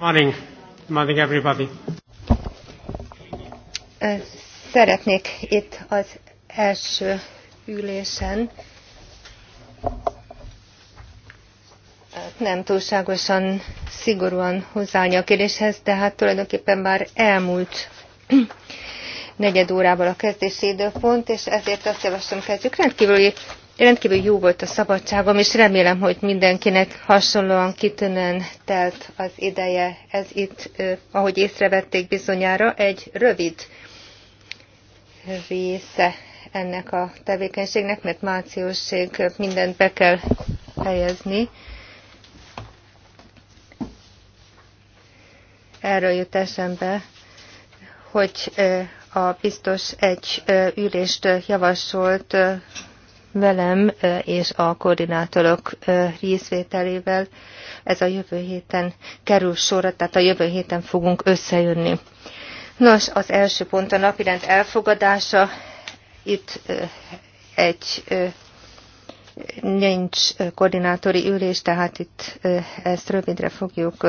Morning. Morning everybody. Szeretnék itt az első ülésen nem túlságosan szigorúan hozzáállni a kérdéshez, de hát tulajdonképpen már elmúlt negyed órával a kezdési időpont, és ezért azt javaslom kezdjük. Rendkívüli Rendkívül jó volt a szabadságom, és remélem, hogy mindenkinek hasonlóan kitűnően telt az ideje. Ez itt, ahogy észrevették bizonyára, egy rövid része ennek a tevékenységnek, mert márciusig mindent be kell helyezni. Erről jut eszembe, hogy a biztos egy ülést javasolt velem és a koordinátorok részvételével. Ez a jövő héten kerül sorra, tehát a jövő héten fogunk összejönni. Nos, az első pont a napirend elfogadása. Itt egy nincs koordinátori ülés, tehát itt ezt rövidre fogjuk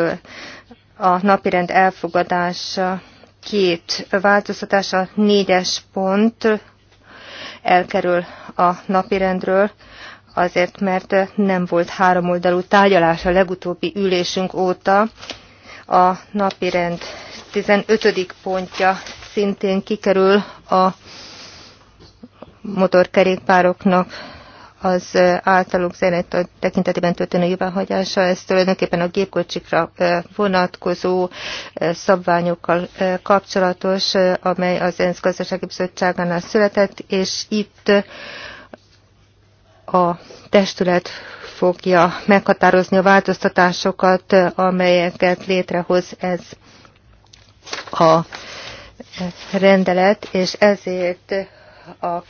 a napirend elfogadása két változtatása, négyes pont, elkerül a napirendről, azért mert nem volt háromoldalú tárgyalás a legutóbbi ülésünk óta. A napirend 15. pontja szintén kikerül a motorkerékpároknak az általunk szerint a tekintetében történő jóváhagyása, ez tulajdonképpen a gépkocsikra vonatkozó szabványokkal kapcsolatos, amely az ENSZ gazdasági bizottságánál született, és itt a testület fogja meghatározni a változtatásokat, amelyeket létrehoz ez a rendelet, és ezért a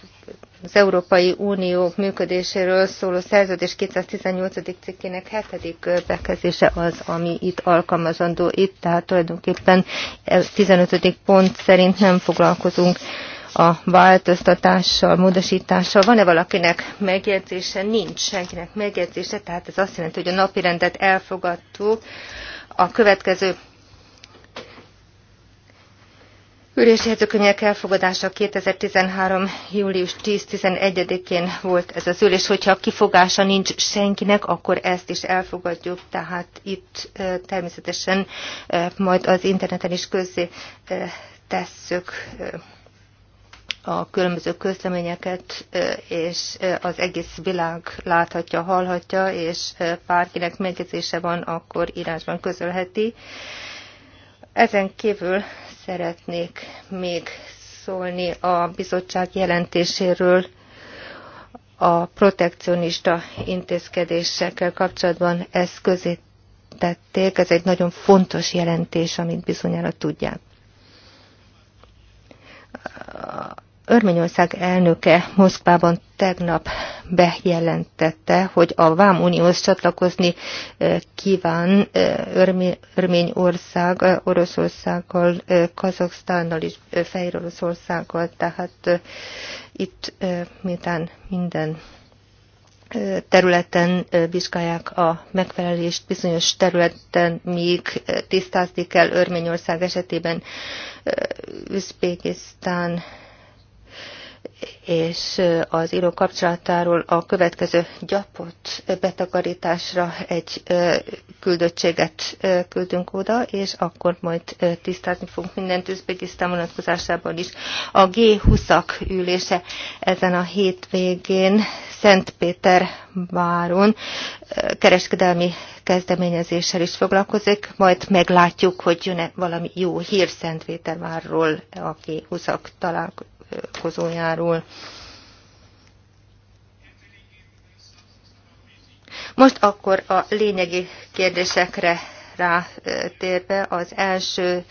az Európai Unió működéséről szóló szerződés 218. cikkének hetedik bekezdése az, ami itt alkalmazandó itt, tehát tulajdonképpen 15. pont szerint nem foglalkozunk a változtatással, módosítással. Van-e valakinek megjegyzése? Nincs senkinek megjegyzése, tehát ez azt jelenti, hogy a napirendet elfogadtuk. A következő Ülési jegyzőkönyvek elfogadása 2013. július 10-11-én volt ez az ülés. Hogyha kifogása nincs senkinek, akkor ezt is elfogadjuk. Tehát itt természetesen majd az interneten is közzé tesszük a különböző közleményeket, és az egész világ láthatja, hallhatja, és bárkinek megjegyzése van, akkor írásban közölheti. Ezen kívül szeretnék még szólni a bizottság jelentéséről a protekcionista intézkedésekkel kapcsolatban. Ezt közé tették, ez egy nagyon fontos jelentés, amit bizonyára tudják Örményország elnöke Moszkvában tegnap bejelentette, hogy a Vám Unióhoz csatlakozni kíván Örményország, Oroszországgal, Kazaksztánnal és Fehér Oroszországgal, tehát itt miután minden területen vizsgálják a megfelelést, bizonyos területen még tisztázni kell Örményország esetében Üzbékisztán, és az író kapcsolatáról a következő gyapot betakarításra egy küldöttséget küldünk oda, és akkor majd tisztázni fogunk mindent Üzbegisztán vonatkozásában is. A G20-ak ülése ezen a hétvégén Szentpéterváron kereskedelmi kezdeményezéssel is foglalkozik, majd meglátjuk, hogy jön-e valami jó hír Szentpétervárról a G20-ak találkozó találkozójáról. Most akkor a lényegi kérdésekre rátérve az első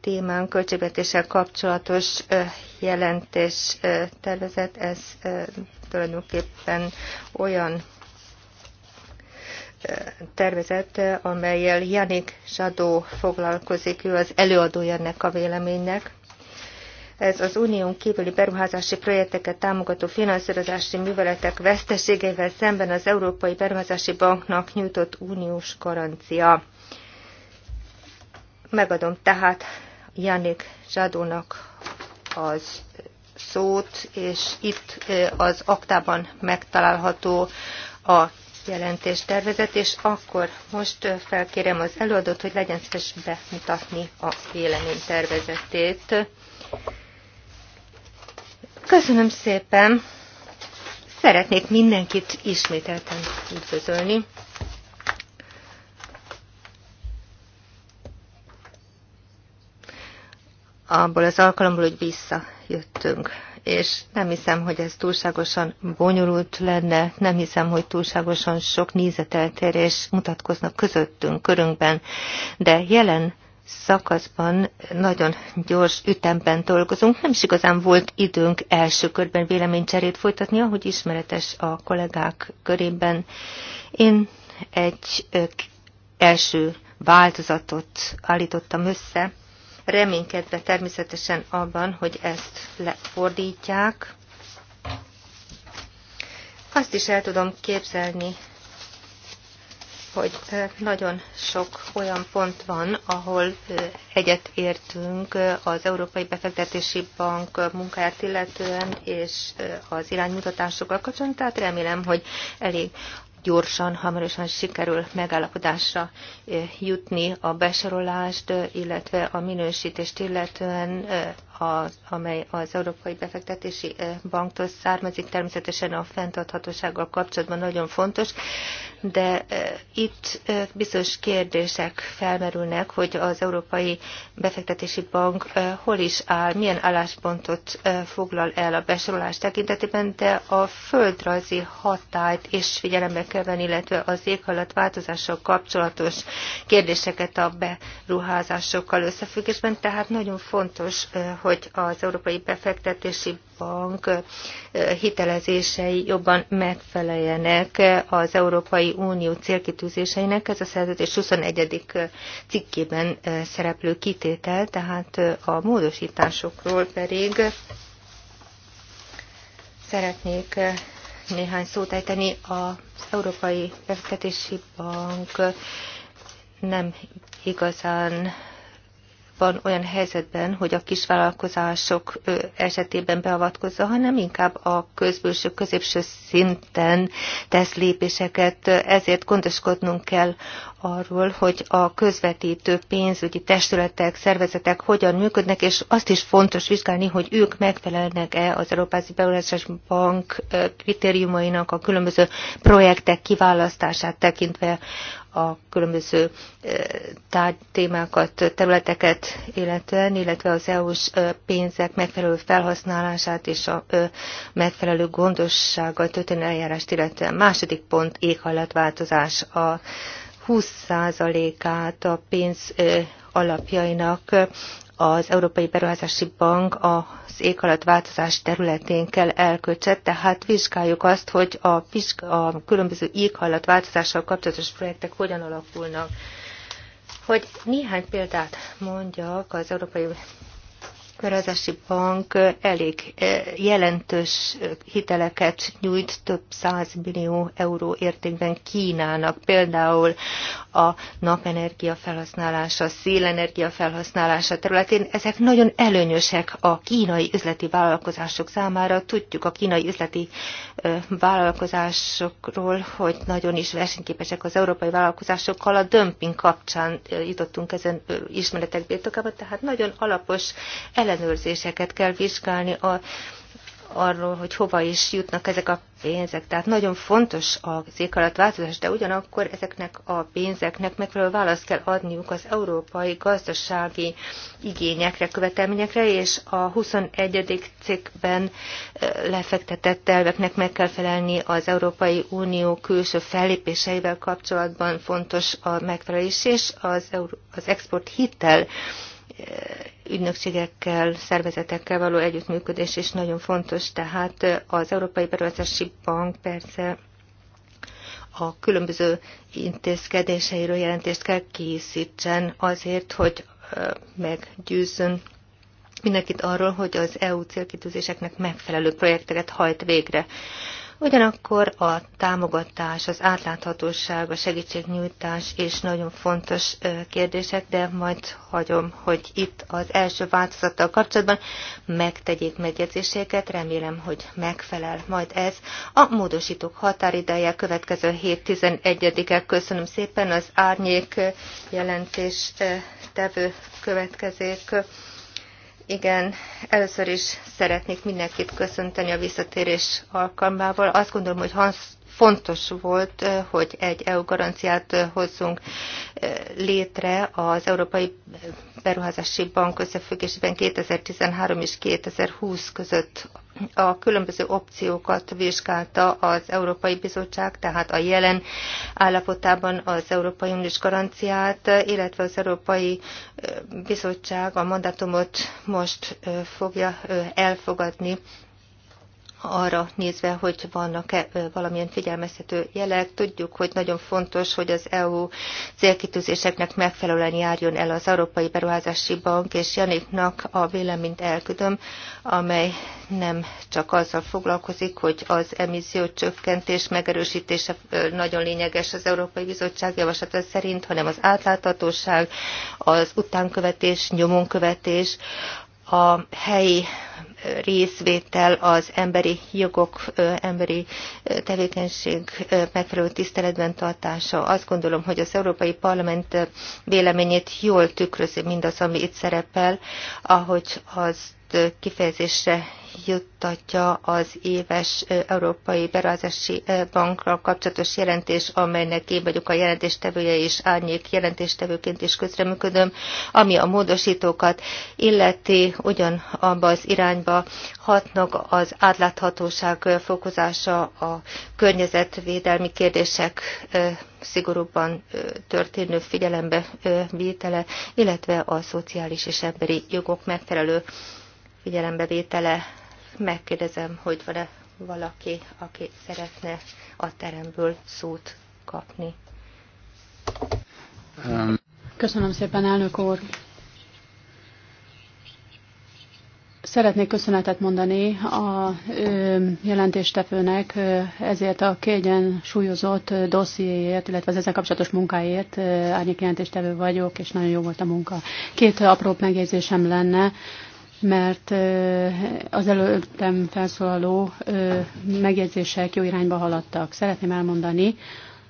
témán költségvetéssel kapcsolatos jelentés tervezet, ez tulajdonképpen olyan tervezet, amelyel Janik Sadó foglalkozik, ő az előadója ennek a véleménynek ez az unión kívüli beruházási projekteket támogató finanszírozási műveletek veszteségeivel szemben az Európai Beruházási Banknak nyújtott uniós garancia. Megadom tehát Janik Zsadónak az szót, és itt az aktában megtalálható a jelentés tervezet és akkor most felkérem az előadót, hogy legyen szíves bemutatni a véleménytervezetét. Köszönöm szépen! Szeretnék mindenkit ismételten üdvözölni. Abból az alkalomból, hogy visszajöttünk. És nem hiszem, hogy ez túlságosan bonyolult lenne, nem hiszem, hogy túlságosan sok nézeteltérés mutatkoznak közöttünk, körünkben, de jelen szakaszban nagyon gyors ütemben dolgozunk. Nem is igazán volt időnk első körben véleménycserét folytatni, ahogy ismeretes a kollégák körében. Én egy első változatot állítottam össze, reménykedve természetesen abban, hogy ezt lefordítják. Azt is el tudom képzelni hogy nagyon sok olyan pont van, ahol egyet értünk az Európai Befektetési Bank munkáját illetően, és az iránymutatásokkal kapcsolatban, tehát remélem, hogy elég gyorsan, hamarosan sikerül megállapodásra jutni a besorolást, illetve a minősítést illetően, az, amely az Európai Befektetési Banktól származik, természetesen a fenntarthatósággal kapcsolatban nagyon fontos de itt bizonyos kérdések felmerülnek, hogy az Európai Befektetési Bank hol is áll, milyen álláspontot foglal el a besorolás tekintetében, de a földrajzi hatályt is figyelembe kell venni, illetve az éghajlat változások kapcsolatos kérdéseket a beruházásokkal összefüggésben. Tehát nagyon fontos, hogy az Európai Befektetési Bank hitelezései jobban megfeleljenek az európai Európai Unió célkitűzéseinek, ez a szerződés 21. cikkében szereplő kitétel, tehát a módosításokról pedig szeretnék néhány szót ejteni. Az Európai Befektetési Bank nem igazán van olyan helyzetben, hogy a kisvállalkozások esetében beavatkozza, hanem inkább a közbőső, középső szinten tesz lépéseket. Ezért gondoskodnunk kell arról, hogy a közvetítő pénzügyi testületek, szervezetek hogyan működnek, és azt is fontos vizsgálni, hogy ők megfelelnek-e az Európai Beruházás Bank kritériumainak a különböző projektek kiválasztását tekintve a különböző tárgy, témákat, területeket illetően, illetve az EU-s pénzek megfelelő felhasználását és a megfelelő gondossággal történő eljárást illetően. Második pont éghajlatváltozás. A 20%-át a pénz alapjainak az Európai Beruházási Bank az alatt változás területén kell elkötse, tehát vizsgáljuk azt, hogy a, a különböző alatt változással kapcsolatos projektek hogyan alakulnak. Hogy néhány példát mondjak az Európai Körazási Bank eh, elég eh, jelentős eh, hiteleket nyújt, több száz millió euró értékben Kínának, például a napenergia felhasználása, szélenergia felhasználása területén. Ezek nagyon előnyösek a kínai üzleti vállalkozások számára. Tudjuk a kínai üzleti vállalkozásokról, hogy nagyon is versenyképesek az európai vállalkozásokkal. A dömping kapcsán jutottunk ezen ismeretek birtokába, tehát nagyon alapos ele ellenőrzéseket kell vizsgálni a, arról, hogy hova is jutnak ezek a pénzek. Tehát nagyon fontos az változás, de ugyanakkor ezeknek a pénzeknek megfelelő választ kell adniuk az európai gazdasági igényekre, követelményekre, és a 21. cikkben lefektetett elveknek meg kell felelni az Európai Unió külső fellépéseivel kapcsolatban fontos a megfelelés, és az, az export hitel ügynökségekkel, szervezetekkel való együttműködés is nagyon fontos, tehát az Európai Beruházási Bank persze a különböző intézkedéseiről jelentést kell készítsen azért, hogy meggyőzzön mindenkit arról, hogy az EU célkitűzéseknek megfelelő projekteket hajt végre. Ugyanakkor a támogatás, az átláthatóság, a segítségnyújtás is nagyon fontos kérdések, de majd hagyom, hogy itt az első változattal kapcsolatban megtegyék megjegyzéseket. Remélem, hogy megfelel majd ez. A módosítók határideje következő 7.11-e. Köszönöm szépen az árnyék jelentés tevő következék. Igen, először is szeretnék mindenkit köszönteni a visszatérés alkalmával. Azt gondolom, hogy Hans fontos volt, hogy egy EU garanciát hozzunk létre az Európai Beruházási Bank összefüggésében 2013 és 2020 között a különböző opciókat vizsgálta az Európai Bizottság, tehát a jelen állapotában az Európai Uniós garanciát, illetve az Európai Bizottság a mandátumot most fogja elfogadni arra nézve, hogy vannak-e valamilyen figyelmeztető jelek. Tudjuk, hogy nagyon fontos, hogy az EU célkitűzéseknek megfelelően járjon el az Európai Beruházási Bank, és Janiknak a véleményt elküldöm, amely nem csak azzal foglalkozik, hogy az emisszió csökkentés megerősítése nagyon lényeges az Európai Bizottság javaslata szerint, hanem az átláthatóság, az utánkövetés, nyomonkövetés, a helyi részvétel az emberi jogok, emberi tevékenység megfelelő tiszteletben tartása. Azt gondolom, hogy az Európai Parlament véleményét jól tükrözi mindaz, ami itt szerepel, ahogy azt kifejezésre juttatja az éves Európai Beruházási Bankra kapcsolatos jelentés, amelynek én vagyok a jelentéstevője és árnyék jelentéstevőként is közreműködöm, ami a módosítókat illeti ugyanabba az irányba hatnak az átláthatóság fokozása a környezetvédelmi kérdések szigorúbban történő figyelembe vétele, illetve a szociális és emberi jogok megfelelő figyelembevétele. Megkérdezem, hogy van-e valaki, aki szeretne a teremből szót kapni. Um. Köszönöm szépen, elnök úr! Szeretnék köszönetet mondani a jelentéstevőnek ezért a kégyen súlyozott dossziéért, illetve az ezzel kapcsolatos munkáért. Árnyék jelentéstevő vagyok, és nagyon jó volt a munka. Két apró megjegyzésem lenne mert az előttem felszólaló megjegyzések jó irányba haladtak. Szeretném elmondani,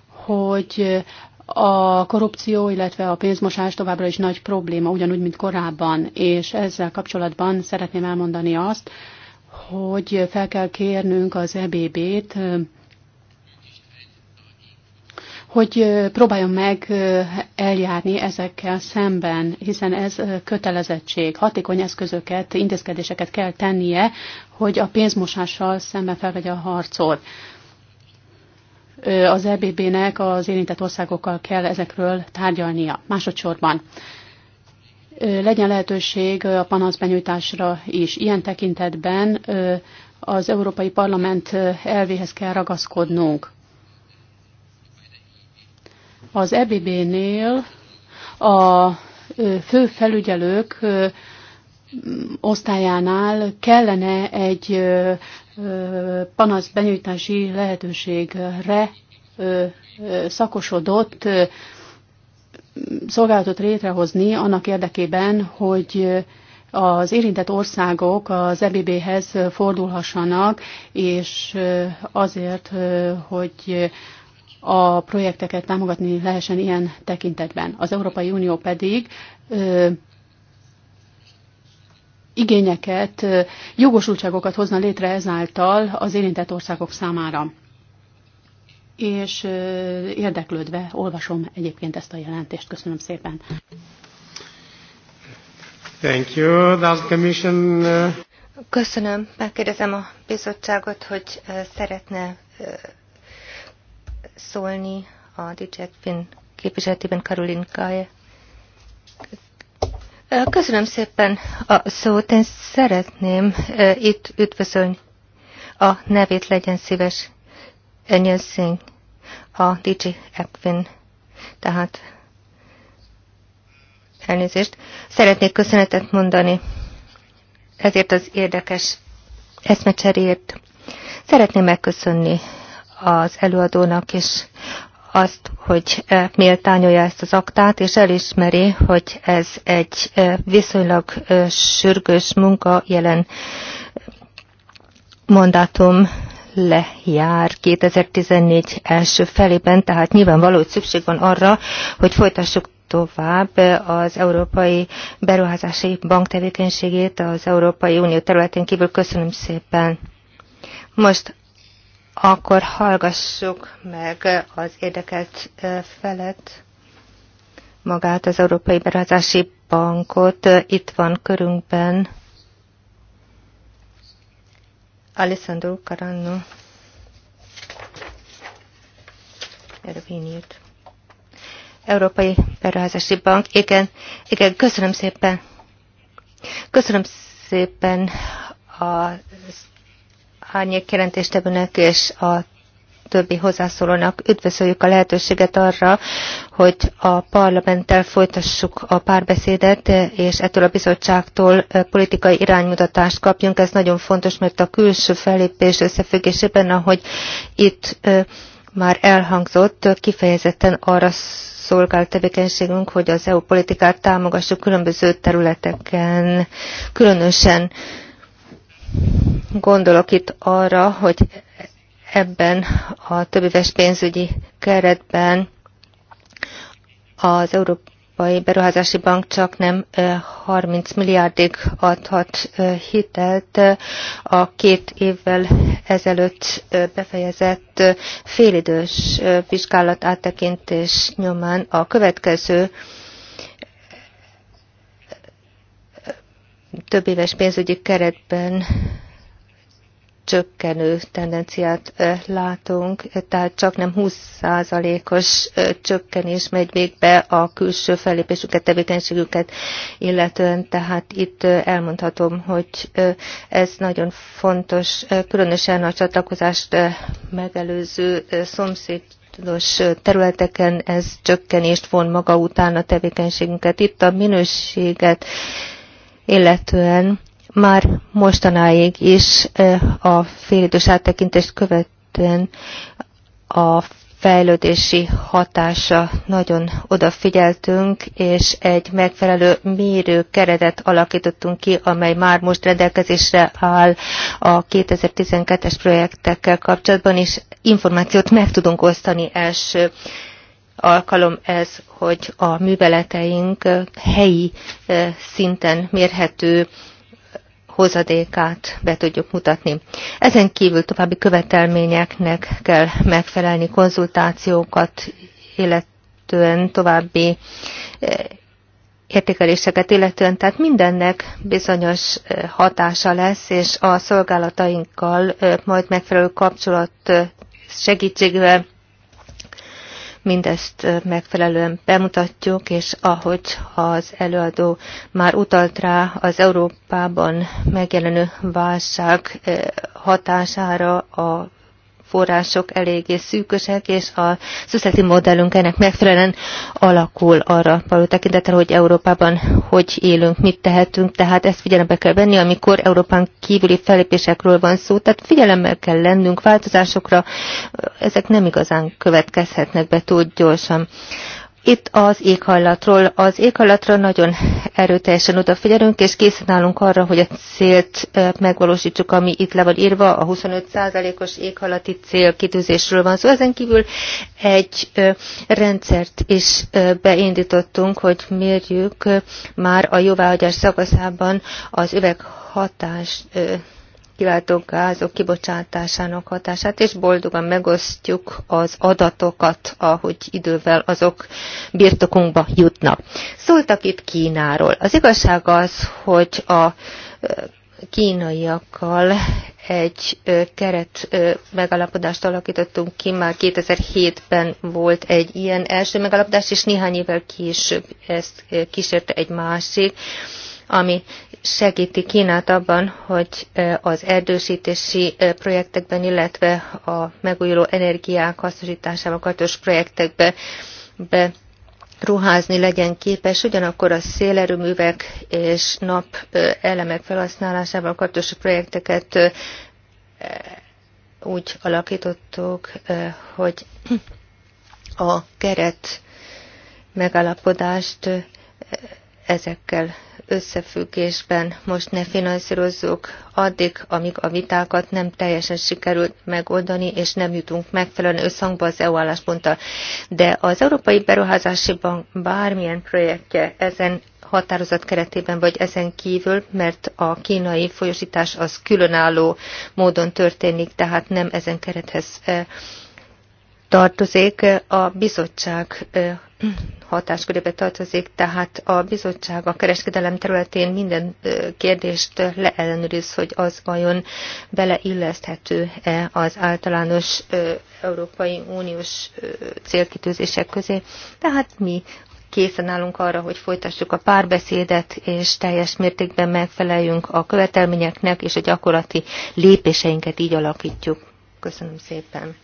hogy a korrupció, illetve a pénzmosás továbbra is nagy probléma, ugyanúgy, mint korábban, és ezzel kapcsolatban szeretném elmondani azt, hogy fel kell kérnünk az EBB-t hogy próbáljon meg eljárni ezekkel szemben, hiszen ez kötelezettség, hatékony eszközöket, intézkedéseket kell tennie, hogy a pénzmosással szemben felvegye a harcot. Az EBB-nek az érintett országokkal kell ezekről tárgyalnia. Másodszorban legyen lehetőség a panaszbenyújtásra is. Ilyen tekintetben az Európai Parlament elvéhez kell ragaszkodnunk. Az EBB-nél a fő felügyelők osztályánál kellene egy panasz benyújtási lehetőségre szakosodott szolgálatot létrehozni annak érdekében, hogy az érintett országok az EBB-hez fordulhassanak, és azért, hogy a projekteket támogatni lehessen ilyen tekintetben. Az Európai Unió pedig ö, igényeket, jogosultságokat hozna létre ezáltal az érintett országok számára. És érdeklődve olvasom egyébként ezt a jelentést. Köszönöm szépen. Thank you. Does commission... Uh, Köszönöm. Megkérdezem a bizottságot, hogy szeretne szólni a Dicsek Finn képviseletében Karolin Kaje. Köszönöm szépen a szót. Én szeretném itt üdvözölni a nevét, legyen szíves. Enyel Singh, a DJ Ekvin. Tehát elnézést. Szeretnék köszönetet mondani ezért az érdekes eszmecseréért. Szeretném megköszönni az előadónak is azt, hogy e, méltányolja ezt az aktát, és elismeri, hogy ez egy e, viszonylag e, sürgős munka jelen mandátum lejár 2014 első felében, tehát nyilvánvaló, hogy szükség van arra, hogy folytassuk tovább az Európai Beruházási Bank tevékenységét az Európai Unió területén kívül. Köszönöm szépen. Most akkor hallgassuk meg az érdekelt felet, magát az Európai Beruházási Bankot. Itt van körünkben Alessandro Caranno Erviniut. Európai Beruházási Bank. Igen, igen, köszönöm szépen. Köszönöm szépen az árnyék jelentéstevőnek és a többi hozzászólónak üdvözöljük a lehetőséget arra, hogy a parlamenttel folytassuk a párbeszédet, és ettől a bizottságtól politikai iránymutatást kapjunk. Ez nagyon fontos, mert a külső fellépés összefüggésében, ahogy itt már elhangzott, kifejezetten arra szolgál tevékenységünk, hogy az EU politikát támogassuk különböző területeken, különösen Gondolok itt arra, hogy ebben a többéves pénzügyi keretben az Európai Beruházási Bank csak nem 30 milliárdig adhat hitelt a két évvel ezelőtt befejezett félidős vizsgálat áttekintés nyomán a következő több éves pénzügyi keretben csökkenő tendenciát látunk, tehát csak nem 20%-os csökkenés megy még be a külső fellépésüket, tevékenységüket illetően, tehát itt elmondhatom, hogy ez nagyon fontos, különösen a csatlakozást megelőző szomszéd területeken ez csökkenést von maga után a tevékenységünket. Itt a minőséget illetően már mostanáig is a félidős áttekintést követően a fejlődési hatása nagyon odafigyeltünk, és egy megfelelő mérő keretet alakítottunk ki, amely már most rendelkezésre áll a 2012-es projektekkel kapcsolatban, és információt meg tudunk osztani első alkalom ez, hogy a műveleteink helyi szinten mérhető hozadékát be tudjuk mutatni. Ezen kívül további követelményeknek kell megfelelni konzultációkat, illetően további értékeléseket illetően, tehát mindennek bizonyos hatása lesz, és a szolgálatainkkal majd megfelelő kapcsolat segítségével mindezt megfelelően bemutatjuk, és ahogy az előadó már utalt rá, az Európában megjelenő válság hatására a források eléggé szűkösek, és a szüzleti modellünk ennek megfelelően alakul arra való tekintettel, hogy Európában hogy élünk, mit tehetünk, tehát ezt figyelembe kell venni, amikor Európán kívüli fellépésekről van szó, tehát figyelemmel kell lennünk változásokra, ezek nem igazán következhetnek be túl gyorsan. Itt az éghajlatról. Az éghajlatra nagyon erőteljesen odafigyelünk, és készen állunk arra, hogy a célt eh, megvalósítsuk, ami itt le van írva, a 25%-os éghajlati cél kitűzésről van szó. Szóval ezen kívül egy eh, rendszert is eh, beindítottunk, hogy mérjük már a jóváhagyás szakaszában az üveghatás kiváltó gázok kibocsátásának hatását, és boldogan megosztjuk az adatokat, ahogy idővel azok birtokunkba jutnak. Szóltak itt Kínáról. Az igazság az, hogy a kínaiakkal egy keret megalapodást alakítottunk ki, már 2007-ben volt egy ilyen első megalapodás, és néhány évvel később ezt kísérte egy másik, ami segíti Kínát abban, hogy az erdősítési projektekben, illetve a megújuló energiák hasznosításával kapcsolatos projektekbe be ruházni legyen képes, ugyanakkor a szélerőművek és nap elemek felhasználásával kapcsolatos projekteket úgy alakítottuk, hogy a keret megállapodást ezekkel összefüggésben most ne finanszírozzuk addig, amíg a vitákat nem teljesen sikerült megoldani, és nem jutunk megfelelően összhangba az EU állásponttal. De az Európai Beruházási Bank bármilyen projektje ezen határozat keretében, vagy ezen kívül, mert a kínai folyosítás az különálló módon történik, tehát nem ezen kerethez eh, tartozik. A bizottság eh, hatáskörébe tartozik, tehát a bizottság a kereskedelem területén minden kérdést leellenőriz, hogy az vajon beleilleszthető-e az általános Európai Uniós célkitűzések közé. Tehát mi készen állunk arra, hogy folytassuk a párbeszédet, és teljes mértékben megfeleljünk a követelményeknek, és a gyakorlati lépéseinket így alakítjuk. Köszönöm szépen.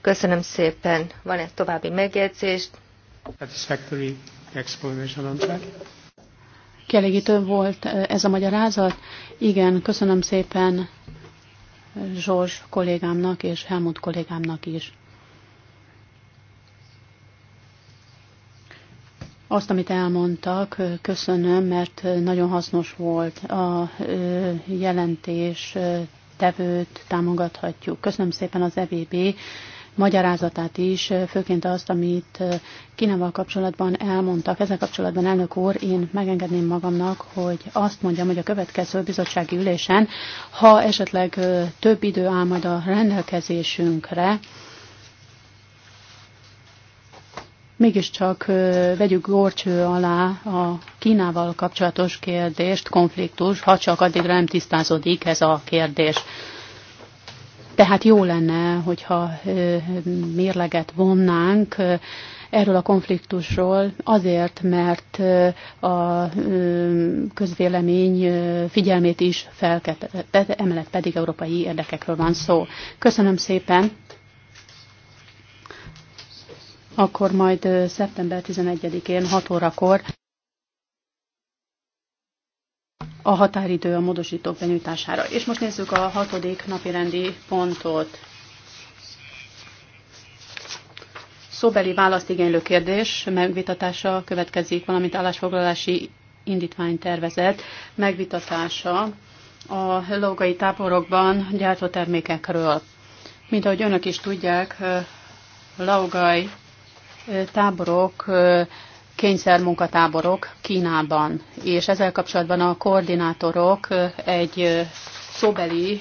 Köszönöm szépen. Van egy további megjegyzést? Satisfactory explanation on track. Kielégítő volt eh, ez a magyarázat. Igen, köszönöm szépen eh, Zsors kollégámnak és Helmut kollégámnak is. Azt, amit elmondtak, eh, köszönöm, mert nagyon hasznos volt a jelentés tevőt támogathatjuk. Köszönöm szépen az EBB magyarázatát is, főként azt, amit eh, Kínával kapcsolatban elmondtak. Ezzel kapcsolatban, elnök úr, én megengedném magamnak, hogy azt mondjam, hogy a következő bizottsági ülésen, ha esetleg eh, több idő áll majd a rendelkezésünkre, mégiscsak eh, vegyük gorcső alá a Kínával kapcsolatos kérdést, konfliktus, ha csak addigra nem tisztázódik ez a kérdés. Tehát jó lenne, hogyha mérleget vonnánk erről a konfliktusról, azért, mert a közvélemény figyelmét is felkeltette, emellett pedig európai érdekekről van szó. Köszönöm szépen! Akkor majd szeptember 11-én 6 órakor a határidő a módosítók benyújtására. És most nézzük a hatodik napi rendi pontot. Szóbeli választ igénylő kérdés megvitatása következik, valamint állásfoglalási indítványtervezet megvitatása a logai táborokban gyártó termékekről. Mint ahogy önök is tudják, eh, logai eh, táborok eh, kényszermunkatáborok Kínában, és ezzel kapcsolatban a koordinátorok egy szóbeli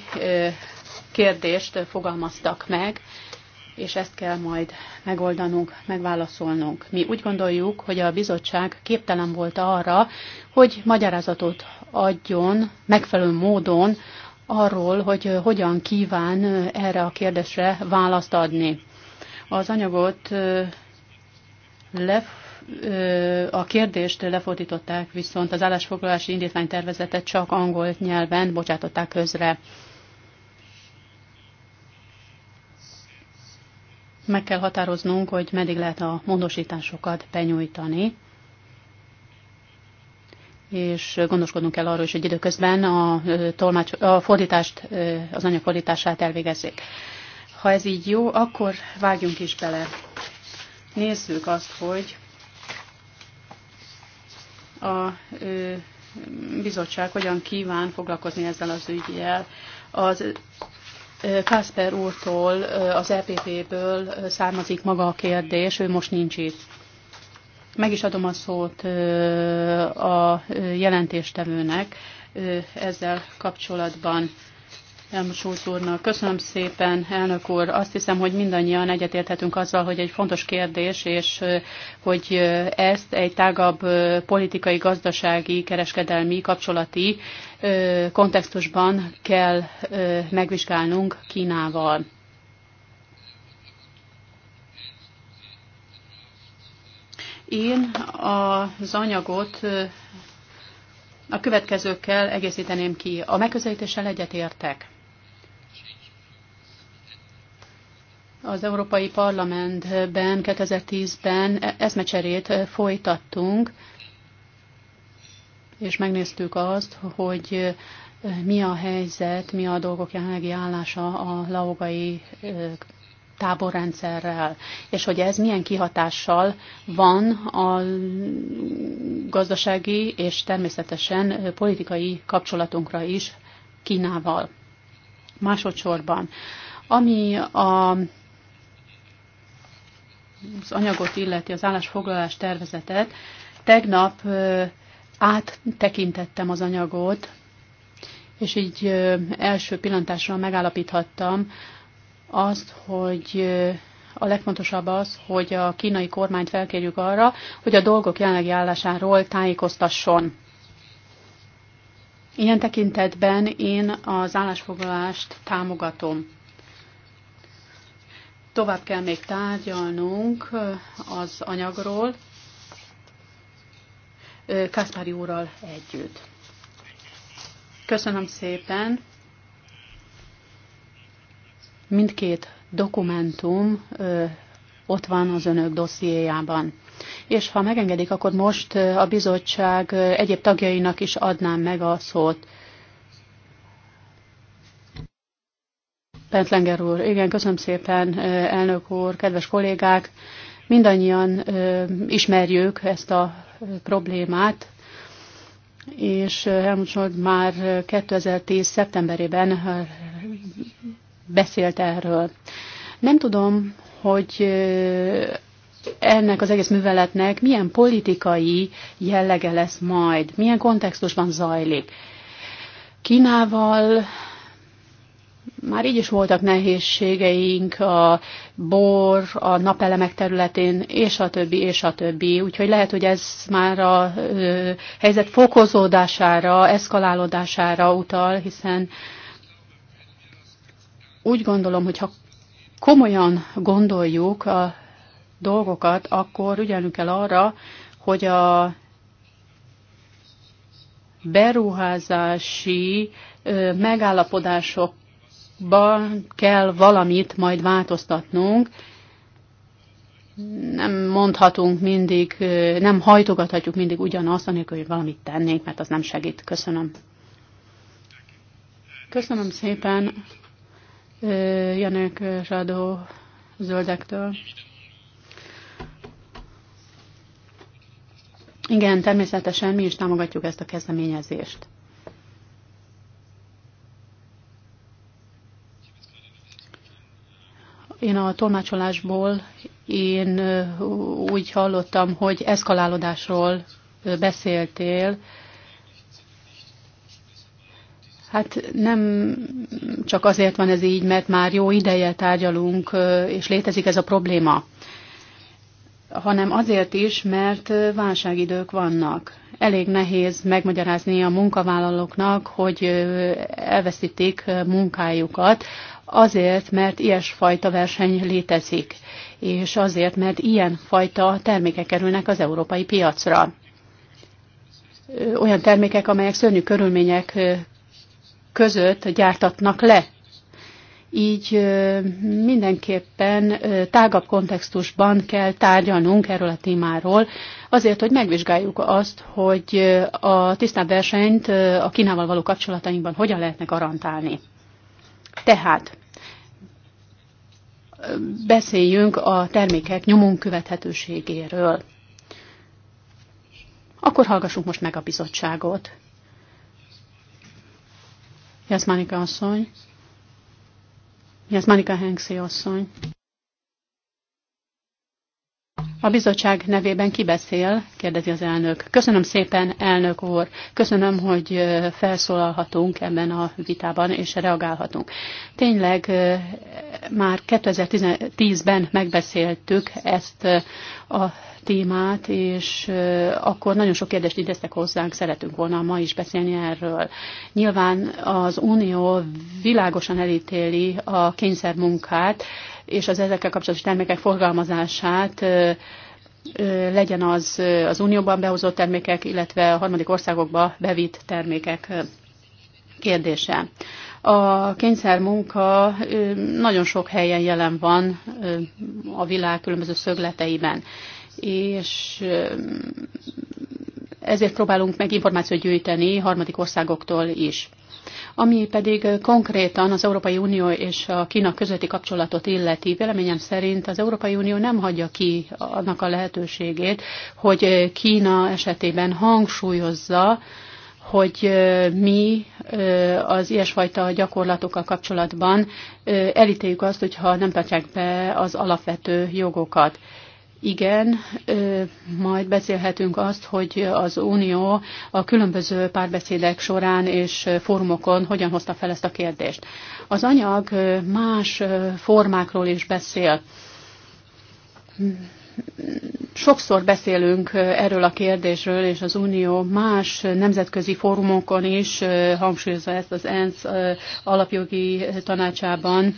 kérdést fogalmaztak meg, és ezt kell majd megoldanunk, megválaszolnunk. Mi úgy gondoljuk, hogy a bizottság képtelen volt arra, hogy magyarázatot adjon megfelelő módon arról, hogy hogyan kíván erre a kérdésre választ adni. Az anyagot lef a kérdést lefordították, viszont az állásfoglalási indítványtervezetet csak angol nyelven bocsátották közre. Meg kell határoznunk, hogy meddig lehet a módosításokat benyújtani, és gondoskodnunk kell arról is, hogy időközben a, tolmács, a fordítást, az anyag fordítását elvégezzék. Ha ez így jó, akkor vágjunk is bele. Nézzük azt, hogy a bizottság hogyan kíván foglalkozni ezzel az ügyjel. Az Kasper úrtól, az EPP-ből származik maga a kérdés, ő most nincs itt. Meg is adom a szót a jelentéstevőnek ezzel kapcsolatban. Elmos úrnak. Köszönöm szépen, elnök úr. Azt hiszem, hogy mindannyian egyetérthetünk azzal, hogy egy fontos kérdés, és hogy ezt egy tágabb politikai, gazdasági, kereskedelmi, kapcsolati kontextusban kell megvizsgálnunk Kínával. Én az anyagot a következőkkel egészíteném ki. A megközelítéssel egyetértek. Az Európai Parlamentben 2010-ben e- eszmecserét e, folytattunk, és megnéztük azt, hogy e, mi a helyzet, mi a dolgok jelenlegi állása a laogai táborrendszerrel, és hogy ez milyen kihatással van a gazdasági és természetesen politikai kapcsolatunkra is Kínával. Másodszorban, ami a az anyagot illeti, az állásfoglalás tervezetet, tegnap áttekintettem az anyagot, és így első pillantásra megállapíthattam azt, hogy a legfontosabb az, hogy a kínai kormányt felkérjük arra, hogy a dolgok jelenlegi állásáról tájékoztasson. Ilyen tekintetben én az állásfoglalást támogatom. Tovább kell még tárgyalnunk az anyagról Kaspari úrral együtt. Köszönöm szépen! Mindkét dokumentum ott van az önök dossziéjában. És ha megengedik, akkor most a bizottság egyéb tagjainak is adnám meg a szót. Pentlenger úr, igen, köszönöm szépen, elnök úr, kedves kollégák. Mindannyian ismerjük ezt a problémát, és Helmut Scholz már 2010. szeptemberében beszélt erről. Nem tudom, hogy ennek az egész műveletnek milyen politikai jellege lesz majd, milyen kontextusban zajlik. Kínával már így is voltak nehézségeink a bor, a napelemek területén, és a többi, és a többi. Úgyhogy lehet, hogy ez már a ö, helyzet fokozódására, eszkalálódására utal, hiszen úgy gondolom, hogy ha komolyan gondoljuk a dolgokat, akkor ügyelünk el arra, hogy a beruházási megállapodások ban kell valamit majd változtatnunk. Nem mondhatunk mindig, nem hajtogathatjuk mindig ugyanazt, anélkül, hogy valamit tennénk, mert az nem segít. Köszönöm. Köszönöm szépen Janek Zsadó zöldektől. Igen, természetesen mi is támogatjuk ezt a kezdeményezést. Én a tolmácsolásból én úgy hallottam, hogy eszkalálódásról beszéltél. Hát nem csak azért van ez így, mert már jó ideje tárgyalunk, és létezik ez a probléma, hanem azért is, mert válságidők vannak. Elég nehéz megmagyarázni a munkavállalóknak, hogy elveszítik munkájukat Azért, mert ilyesfajta verseny létezik, és azért, mert ilyen fajta termékek kerülnek az európai piacra. Olyan termékek, amelyek szörnyű körülmények között gyártatnak le. Így mindenképpen tágabb kontextusban kell tárgyalnunk erről a témáról, azért, hogy megvizsgáljuk azt, hogy a tisztább versenyt a Kínával való kapcsolatainkban hogyan lehetne garantálni. Tehát beszéljünk a termékek nyomon követhetőségéről. Akkor hallgassuk most meg a bizottságot. Jászmánika asszony. Jászmánika Hengszi asszony. A bizottság nevében kibeszél? kérdezi az elnök. Köszönöm szépen, elnök úr. Köszönöm, hogy felszólalhatunk ebben a vitában, és reagálhatunk. Tényleg már 2010-ben megbeszéltük ezt a témát, és akkor nagyon sok kérdést idéztek hozzánk, szeretünk volna ma is beszélni erről. Nyilván az Unió világosan elítéli a kényszermunkát, és az ezekkel kapcsolatos termékek forgalmazását legyen az az Unióban behozott termékek, illetve a harmadik országokba bevitt termékek kérdése. A kényszermunka nagyon sok helyen jelen van a világ különböző szögleteiben, és ezért próbálunk meg információt gyűjteni harmadik országoktól is. Ami pedig konkrétan az Európai Unió és a Kína közötti kapcsolatot illeti, véleményem szerint az Európai Unió nem hagyja ki annak a lehetőségét, hogy Kína esetében hangsúlyozza, hogy mi az ilyesfajta gyakorlatokkal kapcsolatban elítéljük azt, hogyha nem tartják be az alapvető jogokat igen, majd beszélhetünk azt, hogy az Unió a különböző párbeszédek során és fórumokon hogyan hozta fel ezt a kérdést. Az anyag más formákról is beszél. Sokszor beszélünk erről a kérdésről, és az Unió más nemzetközi fórumokon is hangsúlyozza ezt az ENSZ alapjogi tanácsában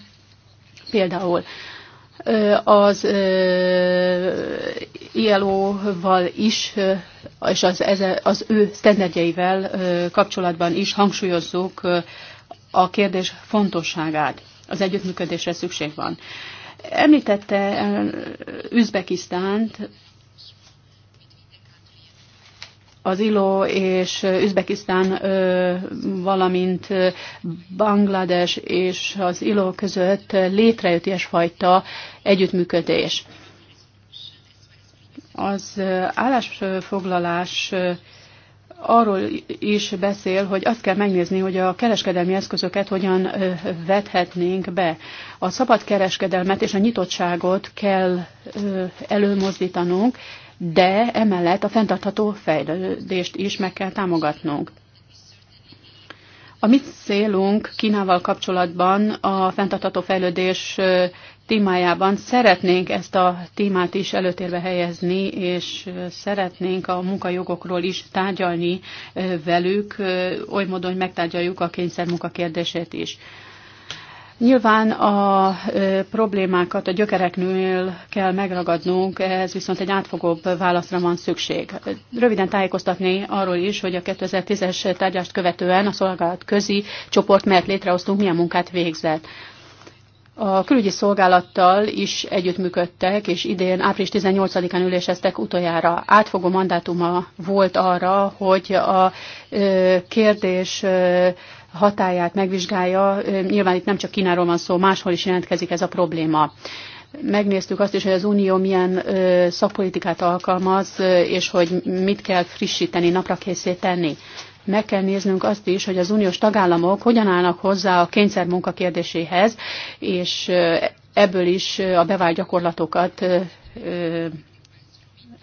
például az ILO-val is, és az, az ő sztenderdjeivel kapcsolatban is hangsúlyozzuk a kérdés fontosságát. Az együttműködésre szükség van. Említette Üzbekisztánt, az ILO és Üzbekisztán, valamint Banglades és az ILO között létrejött ilyesfajta együttműködés. Az állásfoglalás arról is beszél, hogy azt kell megnézni, hogy a kereskedelmi eszközöket hogyan vethetnénk be. A szabad kereskedelmet és a nyitottságot kell előmozdítanunk, de emellett a fenntartható fejlődést is meg kell támogatnunk. A mi célunk Kínával kapcsolatban a fenntartható fejlődés témájában szeretnénk ezt a témát is előtérbe helyezni, és szeretnénk a munkajogokról is tárgyalni velük, oly módon, hogy megtárgyaljuk a munka kérdését is. Nyilván a problémákat a gyökereknél kell megragadnunk, ez viszont egy átfogóbb válaszra van szükség. Röviden tájékoztatni arról is, hogy a 2010-es tárgyást követően a szolgálat közi csoport, mert létrehoztunk, milyen munkát végzett. A külügyi szolgálattal is együttműködtek, és idén április 18-án üléseztek utoljára. Átfogó mandátuma volt arra, hogy a kérdés hatáját megvizsgálja, nyilván itt nem csak Kínáról van szó, máshol is jelentkezik ez a probléma. Megnéztük azt is, hogy az Unió milyen ö, szakpolitikát alkalmaz, és hogy mit kell frissíteni, napra tenni. Meg kell néznünk azt is, hogy az uniós tagállamok hogyan állnak hozzá a kényszermunka kérdéséhez, és ebből is a bevált gyakorlatokat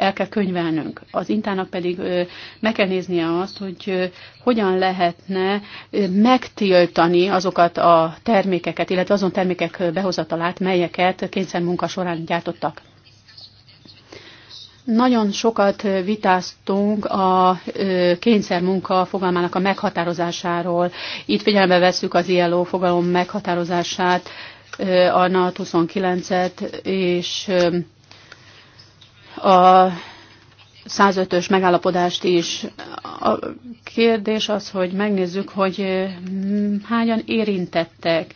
el kell könyvelnünk. Az intának pedig meg kell néznie azt, hogy hogyan lehetne megtiltani azokat a termékeket, illetve azon termékek behozatalát, melyeket kényszermunka során gyártottak. Nagyon sokat vitáztunk a kényszermunka fogalmának a meghatározásáról. Itt figyelembe vesszük az ILO fogalom meghatározását, a NAT 29-et, és a 105-ös megállapodást is. A kérdés az, hogy megnézzük, hogy mm, hányan érintettek,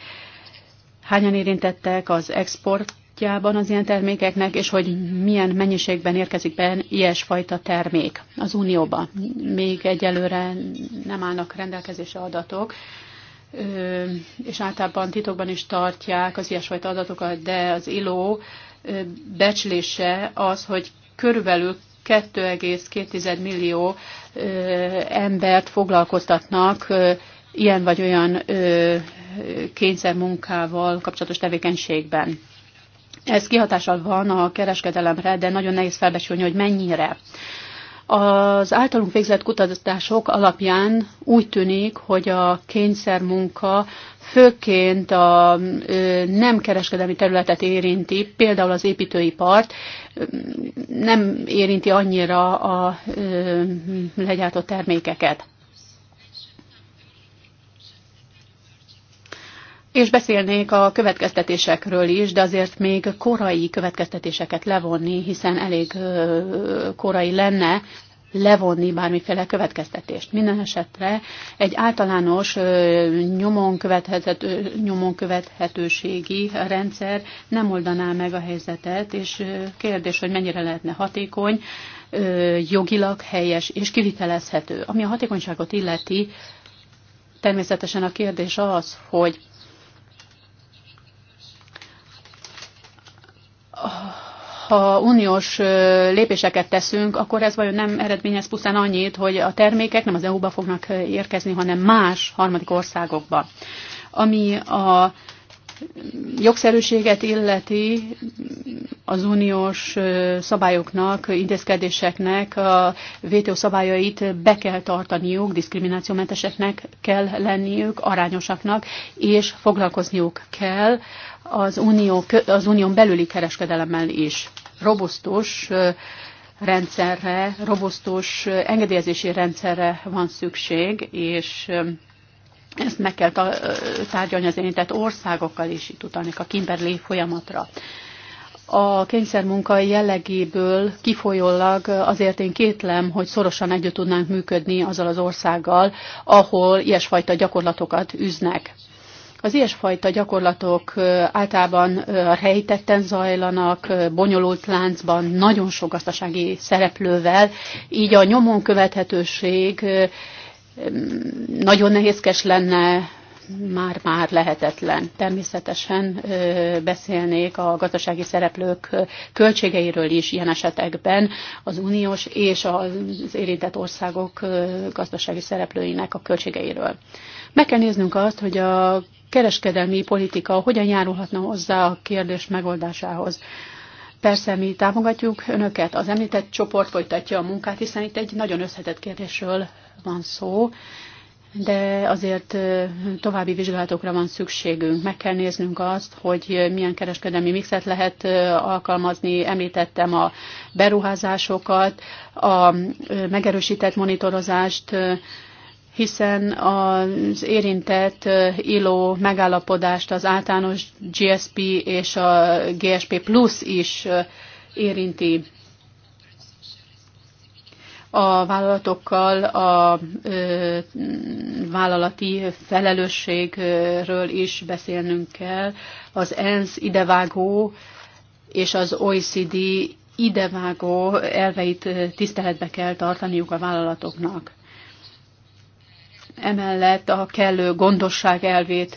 hányan érintettek az exportjában az ilyen termékeknek, és hogy milyen mennyiségben érkezik be ilyesfajta termék az Unióba. Még egyelőre nem állnak rendelkezésre adatok, és általában titokban is tartják az ilyesfajta adatokat, de az ILO becslése az, hogy körülbelül 2,2 millió embert foglalkoztatnak ilyen vagy olyan kényszermunkával kapcsolatos tevékenységben. Ez kihatással van a kereskedelemre, de nagyon nehéz felbecsülni, hogy mennyire. Az általunk végzett kutatások alapján úgy tűnik, hogy a kényszermunka főként a nem kereskedelmi területet érinti, például az építőipart, nem érinti annyira a legyártott termékeket. És beszélnék a következtetésekről is, de azért még korai következtetéseket levonni, hiszen elég korai lenne levonni bármiféle következtetést. Minden esetre egy általános nyomon, követhető, nyomon követhetőségi rendszer nem oldaná meg a helyzetet, és kérdés, hogy mennyire lehetne hatékony, jogilag helyes és kivitelezhető. Ami a hatékonyságot illeti, természetesen a kérdés az, hogy ha uniós lépéseket teszünk, akkor ez vajon nem eredményez pusztán annyit, hogy a termékek nem az EU-ba fognak érkezni, hanem más harmadik országokba. Ami a jogszerűséget illeti az uniós szabályoknak, intézkedéseknek a WTO szabályait be kell tartaniuk, diszkriminációmenteseknek kell lenniük, arányosaknak, és foglalkozniuk kell az, unió, az unión belüli kereskedelemmel is. Robusztus rendszerre, robusztus engedélyezési rendszerre van szükség, és ezt meg kell tárgyalni az érintett országokkal is, itt utalnék a Kimberley folyamatra. A kényszermunka jellegéből kifolyólag azért én kétlem, hogy szorosan együtt tudnánk működni azzal az országgal, ahol ilyesfajta gyakorlatokat üznek. Az ilyesfajta gyakorlatok általában rejtetten zajlanak, bonyolult láncban, nagyon sok gazdasági szereplővel, így a nyomon követhetőség nagyon nehézkes lenne, már-már lehetetlen. Természetesen beszélnék a gazdasági szereplők költségeiről is ilyen esetekben, az uniós és az érintett országok gazdasági szereplőinek a költségeiről. Meg kell néznünk azt, hogy a kereskedelmi politika hogyan járulhatna hozzá a kérdés megoldásához. Persze mi támogatjuk önöket, az említett csoport folytatja a munkát, hiszen itt egy nagyon összetett kérdésről van szó, de azért további vizsgálatokra van szükségünk. Meg kell néznünk azt, hogy milyen kereskedelmi mixet lehet alkalmazni. Említettem a beruházásokat, a megerősített monitorozást, hiszen az érintett ILO megállapodást az általános GSP és a GSP Plus is érinti a vállalatokkal, a vállalati felelősségről is beszélnünk kell. Az ENSZ idevágó és az OECD idevágó elveit tiszteletbe kell tartaniuk a vállalatoknak. Emellett a kellő gondosság elvét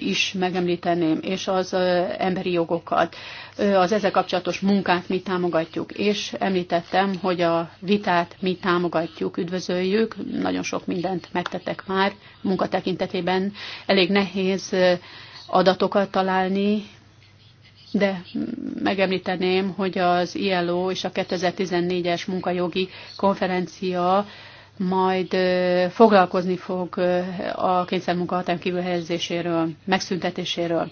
is megemlíteném, és az emberi jogokat, az ezzel kapcsolatos munkát mi támogatjuk, és említettem, hogy a vitát mi támogatjuk, üdvözöljük, nagyon sok mindent megtettek már munkatekintetében. elég nehéz adatokat találni, de megemlíteném, hogy az ILO és a 2014-es munkajogi konferencia majd foglalkozni fog a kényszermunka hatán kívül helyezéséről, megszüntetéséről.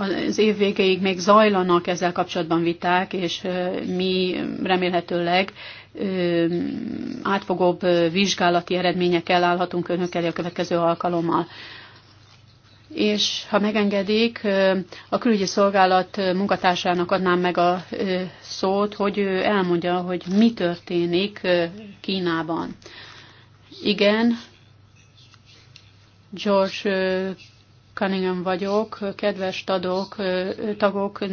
Az év végéig még zajlanak ezzel kapcsolatban viták, és mi remélhetőleg átfogóbb vizsgálati eredményekkel állhatunk önök elé a következő alkalommal és ha megengedik, a külügyi szolgálat munkatársának adnám meg a szót, hogy ő elmondja, hogy mi történik Kínában. Igen, George Cunningham vagyok. Kedves tagok, tagok,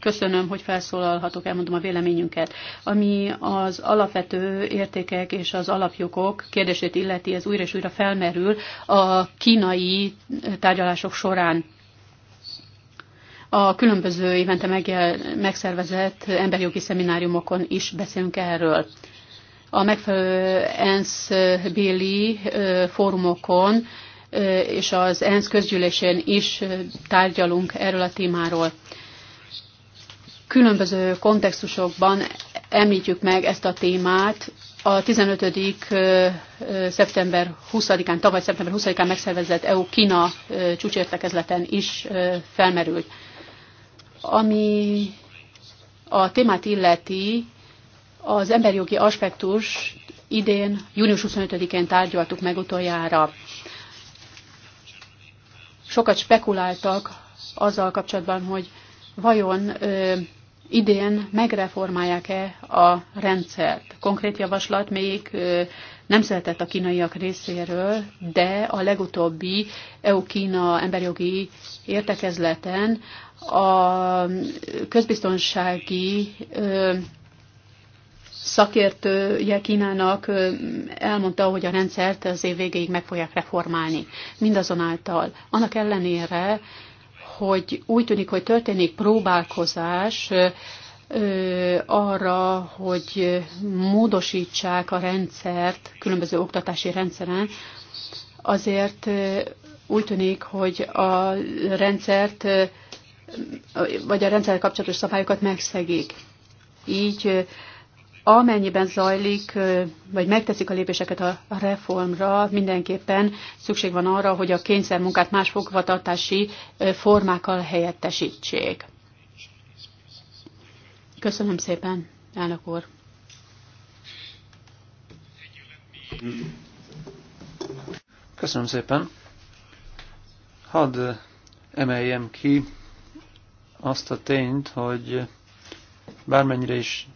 köszönöm, hogy felszólalhatok, elmondom a véleményünket. Ami az alapvető értékek és az alapjogok kérdését illeti, ez újra és újra felmerül a kínai tárgyalások során a különböző évente megszervezett emberjogi szemináriumokon is beszélünk erről. A megfelelő ENSZ béli fórumokon és az ENSZ közgyűlésén is tárgyalunk erről a témáról. Különböző kontextusokban említjük meg ezt a témát. A 15. szeptember 20-án, tavaly szeptember 20-án megszervezett EU-Kína csúcsértekezleten is felmerült. Ami a témát illeti, az emberjogi aspektus idén, június 25-én tárgyaltuk meg utoljára sokat spekuláltak azzal kapcsolatban, hogy vajon ö, idén megreformálják-e a rendszert. Konkrét javaslat még ö, nem született a kínaiak részéről, de a legutóbbi EU-Kína emberjogi értekezleten a közbiztonsági ö, szakértője Kínának elmondta, hogy a rendszert az év végéig meg fogják reformálni. Mindazonáltal, annak ellenére, hogy úgy tűnik, hogy történik próbálkozás arra, hogy módosítsák a rendszert, különböző oktatási rendszeren, azért úgy tűnik, hogy a rendszert, vagy a rendszer kapcsolatos szabályokat megszegik. Így amennyiben zajlik, vagy megteszik a lépéseket a reformra, mindenképpen szükség van arra, hogy a kényszermunkát más fogvatartási formákkal helyettesítsék. Köszönöm szépen, elnök úr. Köszönöm szépen. Hadd emeljem ki azt a tényt, hogy bármennyire is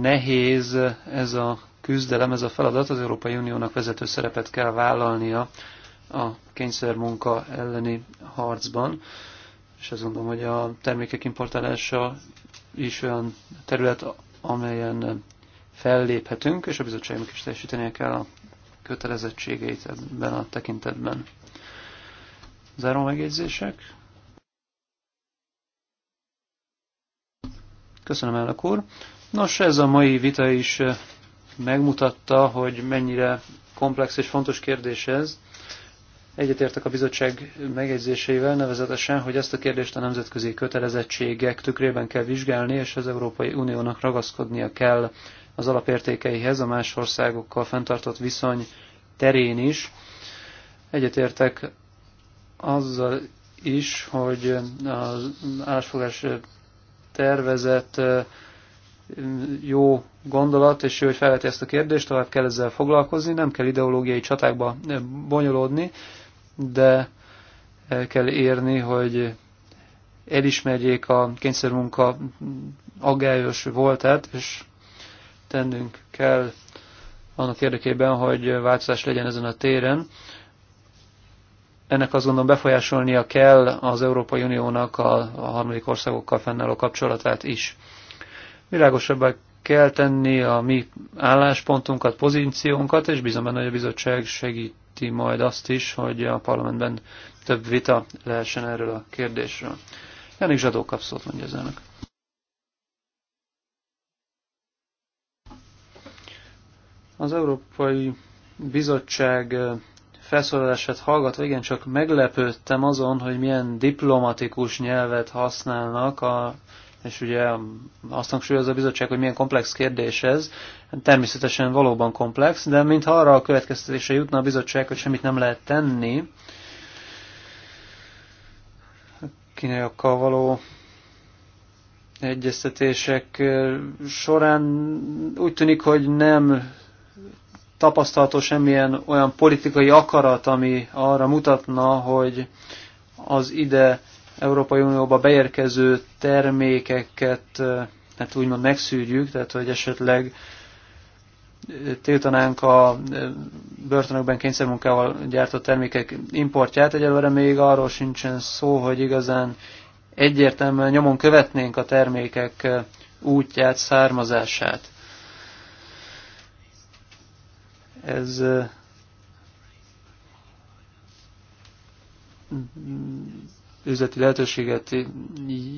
nehéz ez a küzdelem, ez a feladat, az Európai Uniónak vezető szerepet kell vállalnia a kényszermunka elleni harcban, és azt gondolom, hogy a termékek importálása is olyan terület, amelyen felléphetünk, és a bizottságnak is teljesítenie kell a kötelezettségeit ebben a tekintetben. Záró megjegyzések? Köszönöm, elnök úr! Nos, ez a mai vita is eh, megmutatta, hogy mennyire komplex és fontos kérdés ez. Egyetértek a bizottság megjegyzéseivel, nevezetesen, hogy ezt a kérdést a nemzetközi kötelezettségek tükrében kell vizsgálni, és az Európai Uniónak ragaszkodnia kell az alapértékeihez, a más országokkal fenntartott viszony terén is. Egyetértek azzal is, hogy az állásfogás tervezett. Eh, jó gondolat, és ő, hogy felveti ezt a kérdést, tovább kell ezzel foglalkozni, nem kell ideológiai csatákba eh, bonyolódni, de el eh, kell érni, hogy elismerjék a kényszermunka aggályos voltát, és tennünk kell annak érdekében, hogy változás legyen ezen a téren. Ennek azt gondolom befolyásolnia kell az Európai Uniónak a, a harmadik országokkal fennálló kapcsolatát is. Világosabbá kell tenni a mi álláspontunkat, pozíciónkat, és bízom benne, hogy a bizottság segíti majd azt is, hogy a parlamentben több vita lehessen erről a kérdésről. Jánik Zsadó kapszót mondja az elnök. Az Európai Bizottság felszólalását hallgatva igencsak meglepődtem azon, hogy milyen diplomatikus nyelvet használnak a és ugye azt hangsúlyozza a bizottság, hogy milyen komplex kérdés ez. Természetesen valóban komplex, de mintha arra a következtetése jutna a bizottság, hogy semmit nem lehet tenni, kínaiakkal való egyeztetések során úgy tűnik, hogy nem tapasztalható semmilyen olyan politikai akarat, ami arra mutatna, hogy az ide Európai Unióba beérkező termékeket hát úgymond megszűrjük, tehát hogy esetleg tiltanánk a börtönökben kényszermunkával gyártott termékek importját. Egyelőre még arról sincsen szó, hogy igazán egyértelműen nyomon követnénk a termékek útját, származását. Ez üzleti lehetőséget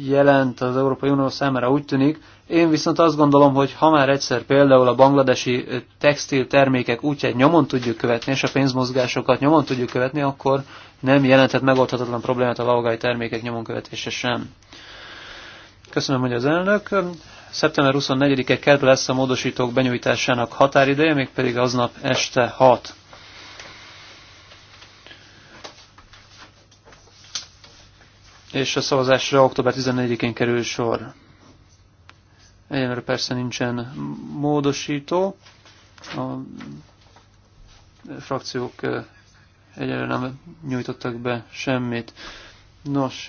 jelent az Európai Unió számára, úgy tűnik. Én viszont azt gondolom, hogy ha már egyszer például a bangladesi textil termékek útját nyomon tudjuk követni, és a pénzmozgásokat nyomon tudjuk követni, akkor nem jelenthet megoldhatatlan problémát a laogai termékek nyomon követése sem. Köszönöm, hogy az elnök. Szeptember 24-e kedve lesz a módosítók benyújtásának határideje, mégpedig aznap este 6. és a szavazásra október 14-én kerül sor. Egyenre persze nincsen módosító, a frakciók egyelőre nem nyújtottak be semmit. Nos,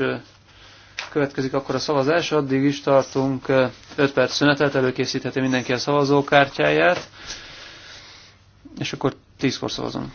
következik akkor a szavazás, addig is tartunk 5 perc szünetet, előkészítheti mindenki a szavazókártyáját, és akkor 10-kor szavazunk.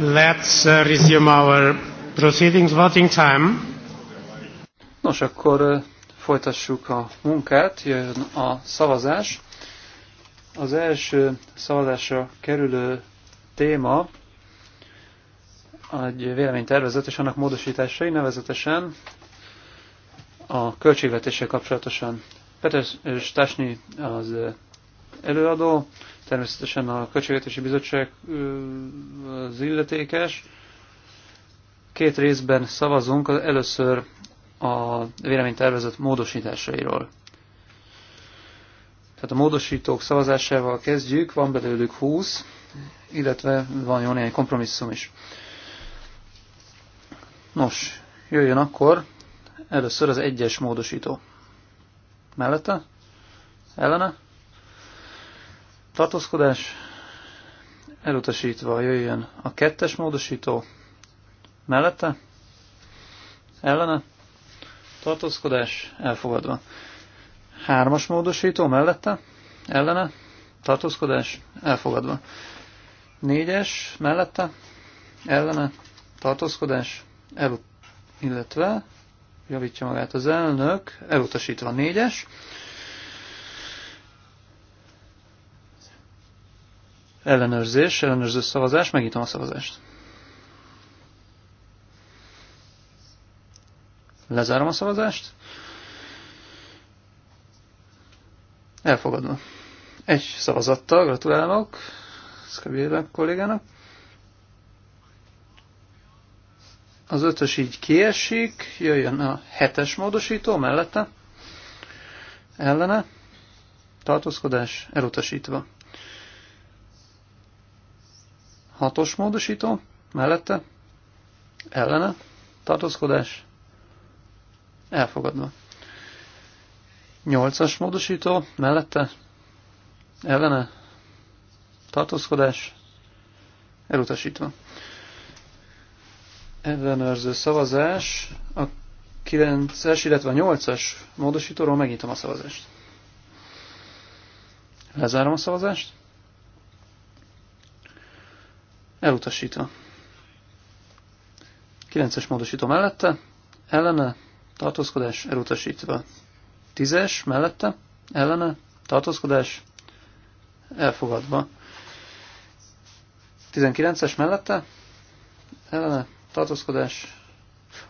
Let's uh, resume our proceedings voting time. Nos, akkor uh, folytassuk a munkát, jön a szavazás. Az első szavazásra kerülő téma egy véleménytervezet és annak módosításai, nevezetesen a költségvetéssel kapcsolatosan Peter Stasny az előadó, természetesen a Költségvetési Bizottság az illetékes. Két részben szavazunk, először a véleménytervezet módosításairól. Tehát a módosítók szavazásával kezdjük, van belőlük 20, illetve van jó néhány kompromisszum is. Nos, jöjjön akkor először az egyes módosító mellette, ellene, tartózkodás, elutasítva jöjjön a kettes módosító, mellette, ellene, tartózkodás, elfogadva. Hármas módosító mellette, ellene, tartózkodás, elfogadva. Négyes mellette, ellene, tartózkodás, el, illetve javítja magát az elnök, elutasítva a négyes. Ellenőrzés, ellenőrző szavazás, megnyitom a szavazást. Lezárom a szavazást. Elfogadva. Egy szavazattal gratulálok Szkabélek kollégának. Az ötös így kiesik, jöjjön a hetes módosító mellette, ellene, tartózkodás elutasítva. Hatos módosító mellette, ellene, tartózkodás elfogadva. Nyolcas módosító mellette, ellene, tartózkodás elutasítva ellenőrző szavazás. A 9-es, illetve a 8-as módosítóról megnyitom a szavazást. Lezárom a szavazást. Elutasítva. 9-es módosító mellette, ellene, tartózkodás, elutasítva. 10-es mellette, ellene, tartózkodás, elfogadva. 19-es mellette, ellene, tartózkodás.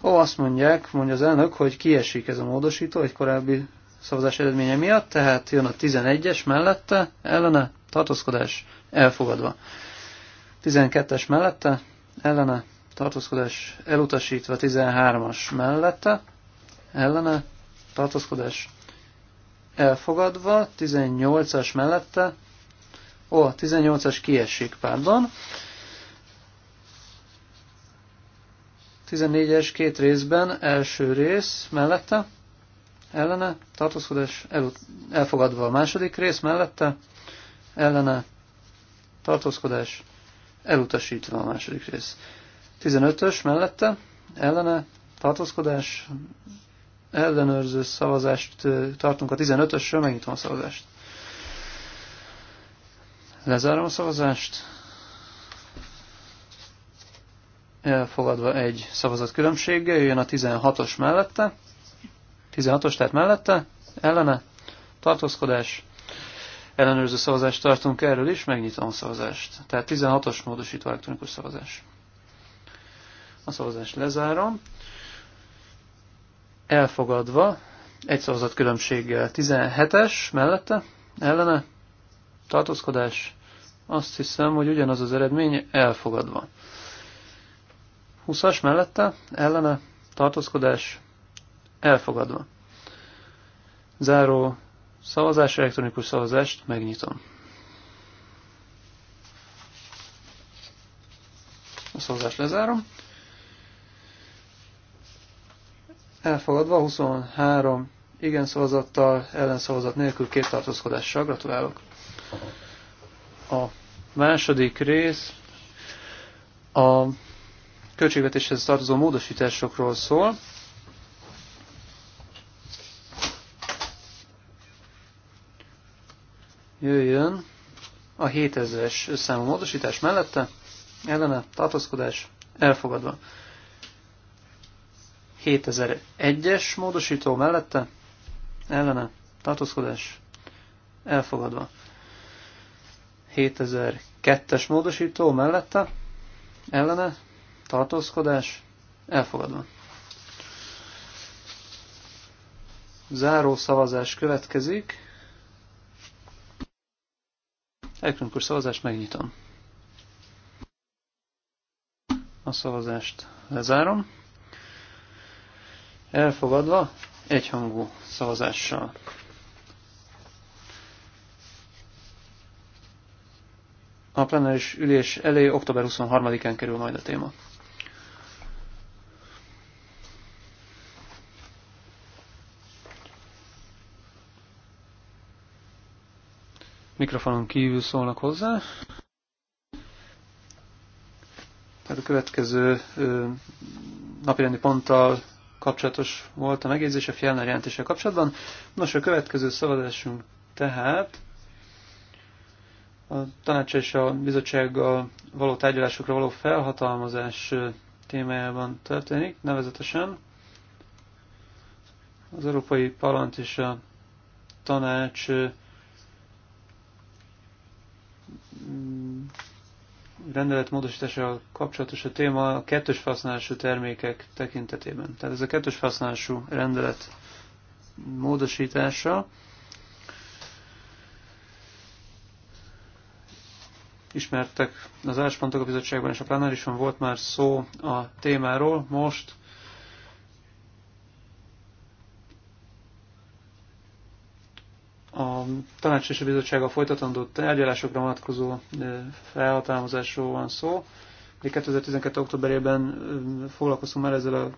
Ó, azt mondják, mondja az elnök, hogy kiesik ez a módosító egy korábbi szavazás eredménye miatt, tehát jön a 11-es mellette, ellene, tartózkodás, elfogadva. 12-es mellette, ellene, tartózkodás, elutasítva, 13-as mellette, ellene, tartózkodás, elfogadva, 18-as mellette, ó, 18-as kiesik, pardon, 14-es két részben, első rész mellette, ellene, tartózkodás el, elfogadva a második rész mellette, ellene, tartózkodás elutasítva a második rész. 15-ös mellette, ellene, tartózkodás, ellenőrző szavazást tartunk a 15-ösről, megnyitom a szavazást. Lezárom a szavazást. elfogadva egy szavazat különbséggel, jöjjön a 16-os mellette, 16-os tehát mellette, ellene, tartózkodás, ellenőrző szavazást tartunk erről is, megnyitom a szavazást. Tehát 16-os módosító elektronikus szavazás. A szavazást lezárom. Elfogadva, egy szavazat különbséggel 17-es mellette, ellene, tartózkodás, azt hiszem, hogy ugyanaz az eredmény elfogadva. 20-as mellette, ellene, tartózkodás, elfogadva. Záró szavazás, elektronikus szavazást megnyitom. A szavazást lezárom. Elfogadva 23 igen szavazattal, szavazat nélkül két tartózkodással. Gratulálok! A második rész a költségvetéshez tartozó módosításokról szól. Jöjjön a 7000-es számú módosítás mellette, ellene tartózkodás elfogadva. 7001-es módosító mellette, ellene tartózkodás elfogadva. 7002-es módosító mellette, ellene tartózkodás, elfogadva. Záró szavazás következik. Elektronikus szavazást megnyitom. A szavazást lezárom. Elfogadva egyhangú szavazással. A plenáris ülés elé október 23-án kerül majd a téma. Mikrofonon kívül szólnak hozzá. Tehát a következő napirendi ponttal kapcsolatos volt a megjegyzés a Fjellner jelentéssel kapcsolatban. Nos, a következő szavazásunk tehát a tanács és a bizottsággal való tárgyalásokra való felhatalmazás témájában történik, nevezetesen az Európai Parlament és a tanács rendelet módosítása kapcsolatos a téma a kettős felhasználású termékek tekintetében. Tehát ez a kettős felhasználású rendelet módosítása ismertek az álláspontok a bizottságban és a plenárison volt már szó a témáról. Most a Tanács és a a folytatandó tárgyalásokra vonatkozó felhatalmazásról van szó. Még 2012. októberében foglalkoztunk már ezzel a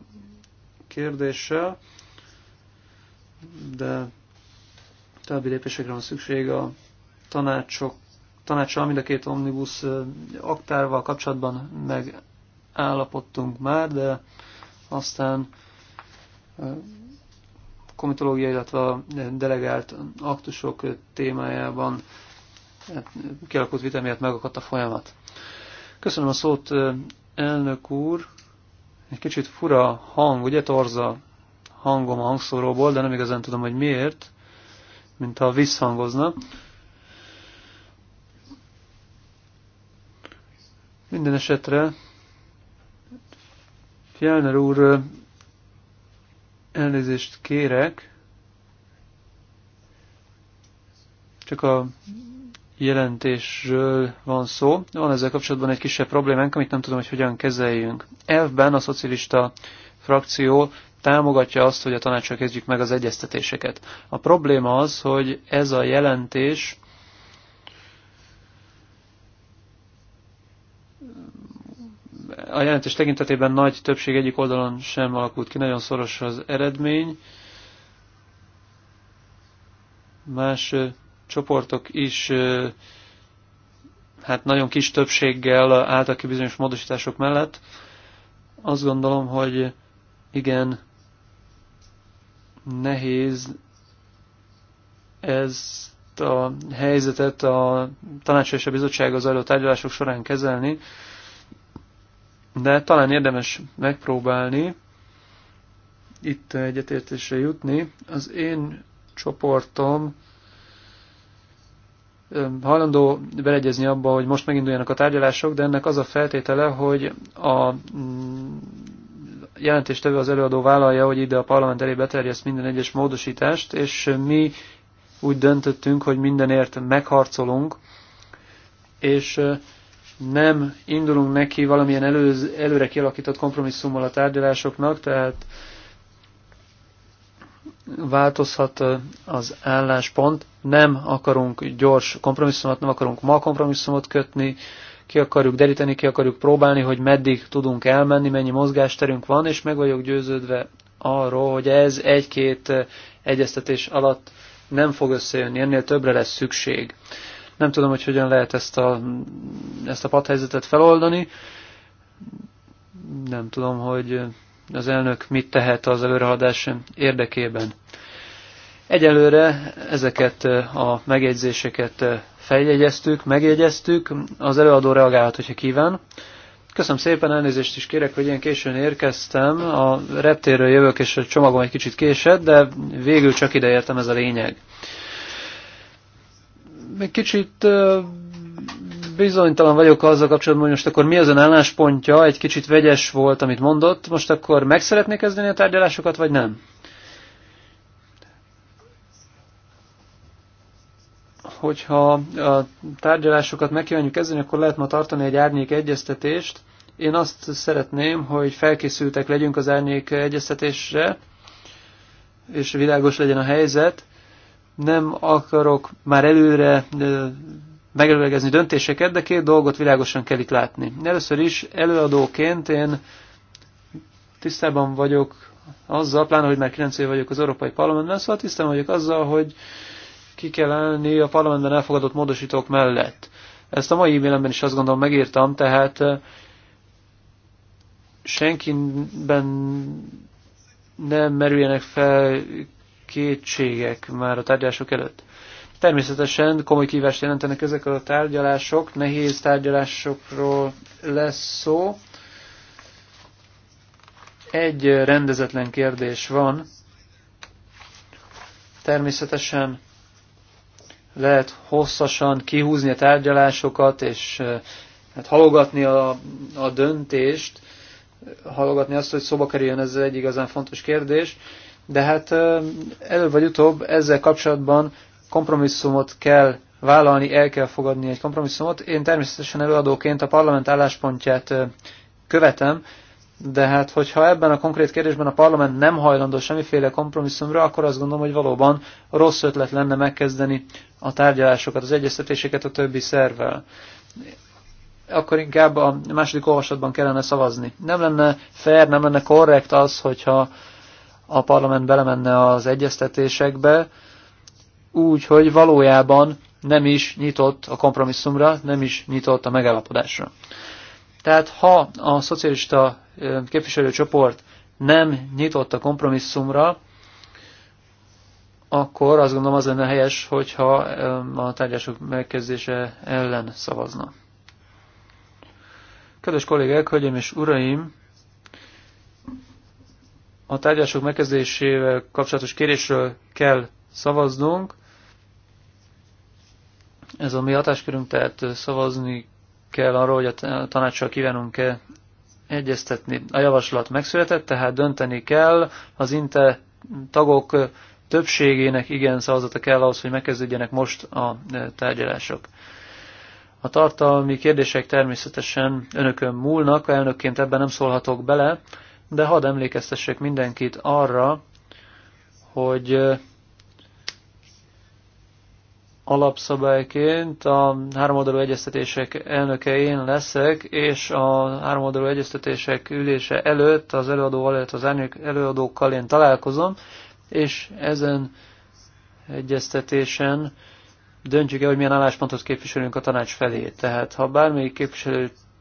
kérdéssel, de további lépésekre van szükség a tanácsok, tanácsal mind a két omnibus aktárval kapcsolatban megállapodtunk már, de aztán komitológia, illetve a delegált aktusok témájában kialakult vita miatt megakadt a folyamat. Köszönöm a szót, elnök úr. Egy kicsit fura hang, ugye torza hangom a hangszóróból, de nem igazán tudom, hogy miért, mint visszhangozna. Minden esetre Fjellner úr Elnézést kérek, csak a jelentésről van szó. Van ezzel kapcsolatban egy kisebb problémánk, amit nem tudom, hogy hogyan kezeljünk. Elvben a szocialista frakció támogatja azt, hogy a tanácsra kezdjük meg az egyeztetéseket. A probléma az, hogy ez a jelentés a jelentés tekintetében nagy többség egyik oldalon sem alakult ki, nagyon szoros az eredmény. Más csoportok is hát nagyon kis többséggel álltak ki bizonyos módosítások mellett. Azt gondolom, hogy igen, nehéz ezt a helyzetet a tanács és a bizottság az előtt tárgyalások során kezelni, de talán érdemes megpróbálni itt egyetértésre jutni. Az én csoportom hajlandó beleegyezni abba, hogy most meginduljanak a tárgyalások, de ennek az a feltétele, hogy a mm, jelentéstevő az előadó vállalja, hogy ide a parlament elé beterjeszt minden egyes módosítást, és mi úgy döntöttünk, hogy mindenért megharcolunk, és nem indulunk neki valamilyen előz, előre kialakított kompromisszummal a tárgyalásoknak, tehát változhat az álláspont. Nem akarunk gyors kompromisszumot, nem akarunk ma kompromisszumot kötni, ki akarjuk deríteni, ki akarjuk próbálni, hogy meddig tudunk elmenni, mennyi mozgásterünk van, és meg vagyok győződve arról, hogy ez egy-két egyeztetés alatt nem fog összejönni, ennél többre lesz szükség. Nem tudom, hogy hogyan lehet ezt a, ezt a padhelyzetet feloldani. Nem tudom, hogy az elnök mit tehet az előrehaladás érdekében. Egyelőre ezeket a megjegyzéseket feljegyeztük, megjegyeztük. Az előadó reagálhat, hogyha kíván. Köszönöm szépen, elnézést is kérek, hogy ilyen későn érkeztem. A reptérről jövök, és a csomagom egy kicsit késett, de végül csak ide értem ez a lényeg. Kicsit bizonytalan vagyok azzal kapcsolatban, hogy most akkor mi az ön álláspontja, egy kicsit vegyes volt, amit mondott, most akkor meg szeretné kezdeni a tárgyalásokat, vagy nem? Hogyha a tárgyalásokat meg kívánjuk kezdeni, akkor lehet ma tartani egy árnyék egyeztetést. Én azt szeretném, hogy felkészültek legyünk az árnyék egyeztetésre, és világos legyen a helyzet nem akarok már előre megelőlegezni döntéseket, de két dolgot világosan kell itt látni. Először is előadóként én tisztában vagyok azzal, pláne, hogy már 9 év vagyok az Európai Parlamentben, szóval tisztában vagyok azzal, hogy ki kell állni a parlamentben elfogadott módosítók mellett. Ezt a mai e-mailemben is azt gondolom megírtam, tehát senkiben nem merüljenek fel kétségek már a tárgyalások előtt. Természetesen komoly kívást jelentenek ezek a tárgyalások, nehéz tárgyalásokról lesz szó. Egy rendezetlen kérdés van. Természetesen lehet hosszasan kihúzni a tárgyalásokat, és eh, hát halogatni a, a döntést, halogatni azt, hogy szóba kerüljön, ez egy igazán fontos kérdés de hát előbb vagy utóbb ezzel kapcsolatban kompromisszumot kell vállalni, el kell fogadni egy kompromisszumot. Én természetesen előadóként a parlament álláspontját követem, de hát hogyha ebben a konkrét kérdésben a parlament nem hajlandó semmiféle kompromisszumra, akkor azt gondolom, hogy valóban rossz ötlet lenne megkezdeni a tárgyalásokat, az egyeztetéseket a többi szervvel. Akkor inkább a második olvasatban kellene szavazni. Nem lenne fair, nem lenne korrekt az, hogyha a parlament belemenne az egyeztetésekbe, úgy, hogy valójában nem is nyitott a kompromisszumra, nem is nyitott a megállapodásra. Tehát ha a szocialista képviselőcsoport nem nyitott a kompromisszumra, akkor azt gondolom az lenne helyes, hogyha a tárgyások megkezdése ellen szavazna. Kedves kollégák, hölgyeim és uraim, a tárgyalások megkezdésével kapcsolatos kérésről kell szavaznunk. Ez a mi hatáskörünk, tehát szavazni kell arról, hogy a tanácssal kívánunk-e egyeztetni. A javaslat megszületett, tehát dönteni kell. Az inte tagok többségének igen szavazata kell ahhoz, hogy megkezdődjenek most a e, tárgyalások. A tartalmi kérdések természetesen önökön múlnak, elnökként ebben nem szólhatok bele, de hadd emlékeztessek mindenkit arra, hogy alapszabályként a háromoldalú egyeztetések elnöke én leszek, és a háromoldalú egyeztetések ülése előtt az előadóval, illetve az előadókkal én találkozom, és ezen egyeztetésen döntjük el, hogy milyen álláspontot képviselünk a tanács felé. Tehát ha bármelyik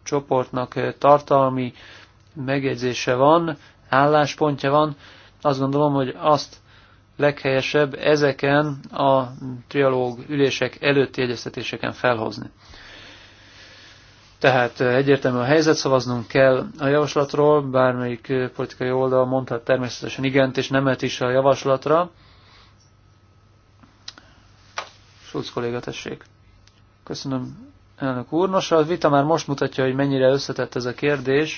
csoportnak tartalmi megjegyzése van, álláspontja van, azt gondolom, hogy azt leghelyesebb ezeken a trialóg ülések előtti egyeztetéseken felhozni. Tehát eh, egyértelmű a helyzet, szavaznunk kell a javaslatról, bármelyik eh, politikai oldal mondhat természetesen igent és nemet is a javaslatra. Sulc kolléga, tessék. Köszönöm, elnök úr. Nos, a vita már most mutatja, hogy mennyire összetett ez a kérdés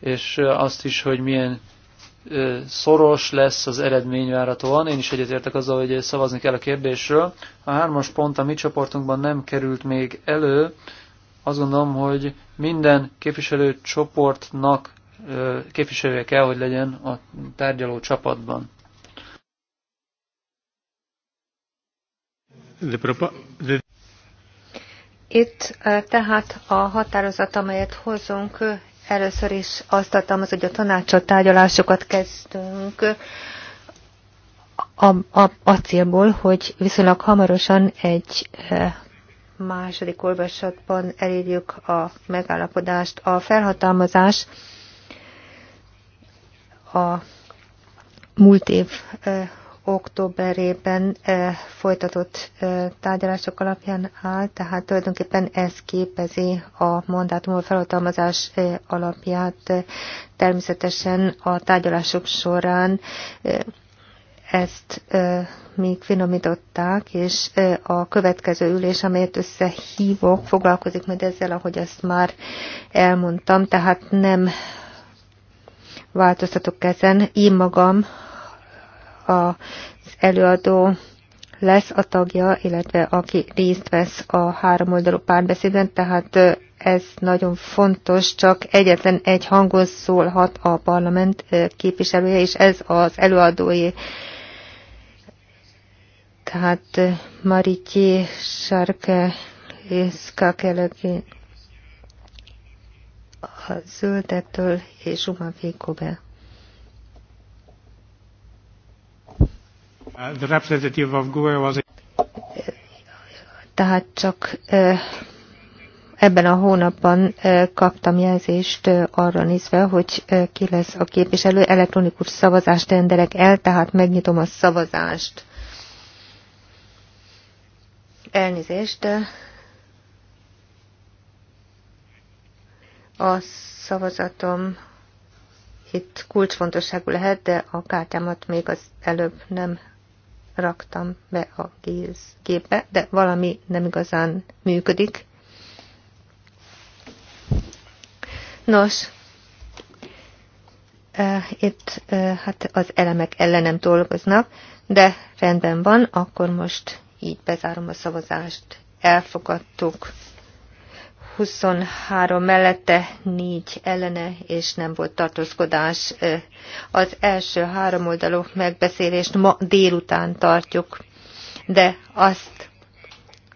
és azt is, hogy milyen szoros lesz az eredmény várhatóan. Én is egyetértek azzal, hogy szavazni kell a kérdésről. A hármas pont a mi csoportunkban nem került még elő. Azt gondolom, hogy minden képviselő csoportnak képviselője kell, hogy legyen a tárgyaló csapatban. Itt tehát a határozat, amelyet hozunk, Először is azt adtam hogy a tanácsot tárgyalásokat kezdtünk a, a, a célból, hogy viszonylag hamarosan egy e, második olvasatban elérjük a megállapodást. A felhatalmazás a múlt év e, októberében eh, folytatott eh, tárgyalások alapján áll, tehát tulajdonképpen ez képezi a mandátum felhatalmazás eh, alapját. Természetesen a tárgyalások során ezt még finomították, és a következő ülés, amelyet összehívok, foglalkozik majd ezzel, ahogy azt már elmondtam, tehát nem változtatok ezen. Én magam az előadó lesz a tagja, illetve aki részt vesz a háromoldalú párbeszédben, tehát ez nagyon fontos, csak egyetlen egy hangon szólhat a parlament képviselője, és ez az előadói. Tehát Marityi Sárke Kakelöki a zöldektől és Uma Vékobe. The representative of Google was... Tehát csak ebben a hónapban kaptam jelzést arra nézve, hogy ki lesz a képviselő. Elektronikus szavazást rendelek el, tehát megnyitom a szavazást. Elnézést. A szavazatom itt kulcsfontosságú lehet, de a kártyámat még az előbb nem raktam be a gépbe, de valami nem igazán működik. Nos, itt hát az elemek ellenem dolgoznak, de rendben van, akkor most így bezárom a szavazást. Elfogadtuk. 23 mellette, 4 ellene, és nem volt tartózkodás. Az első három oldalú megbeszélést ma délután tartjuk, de azt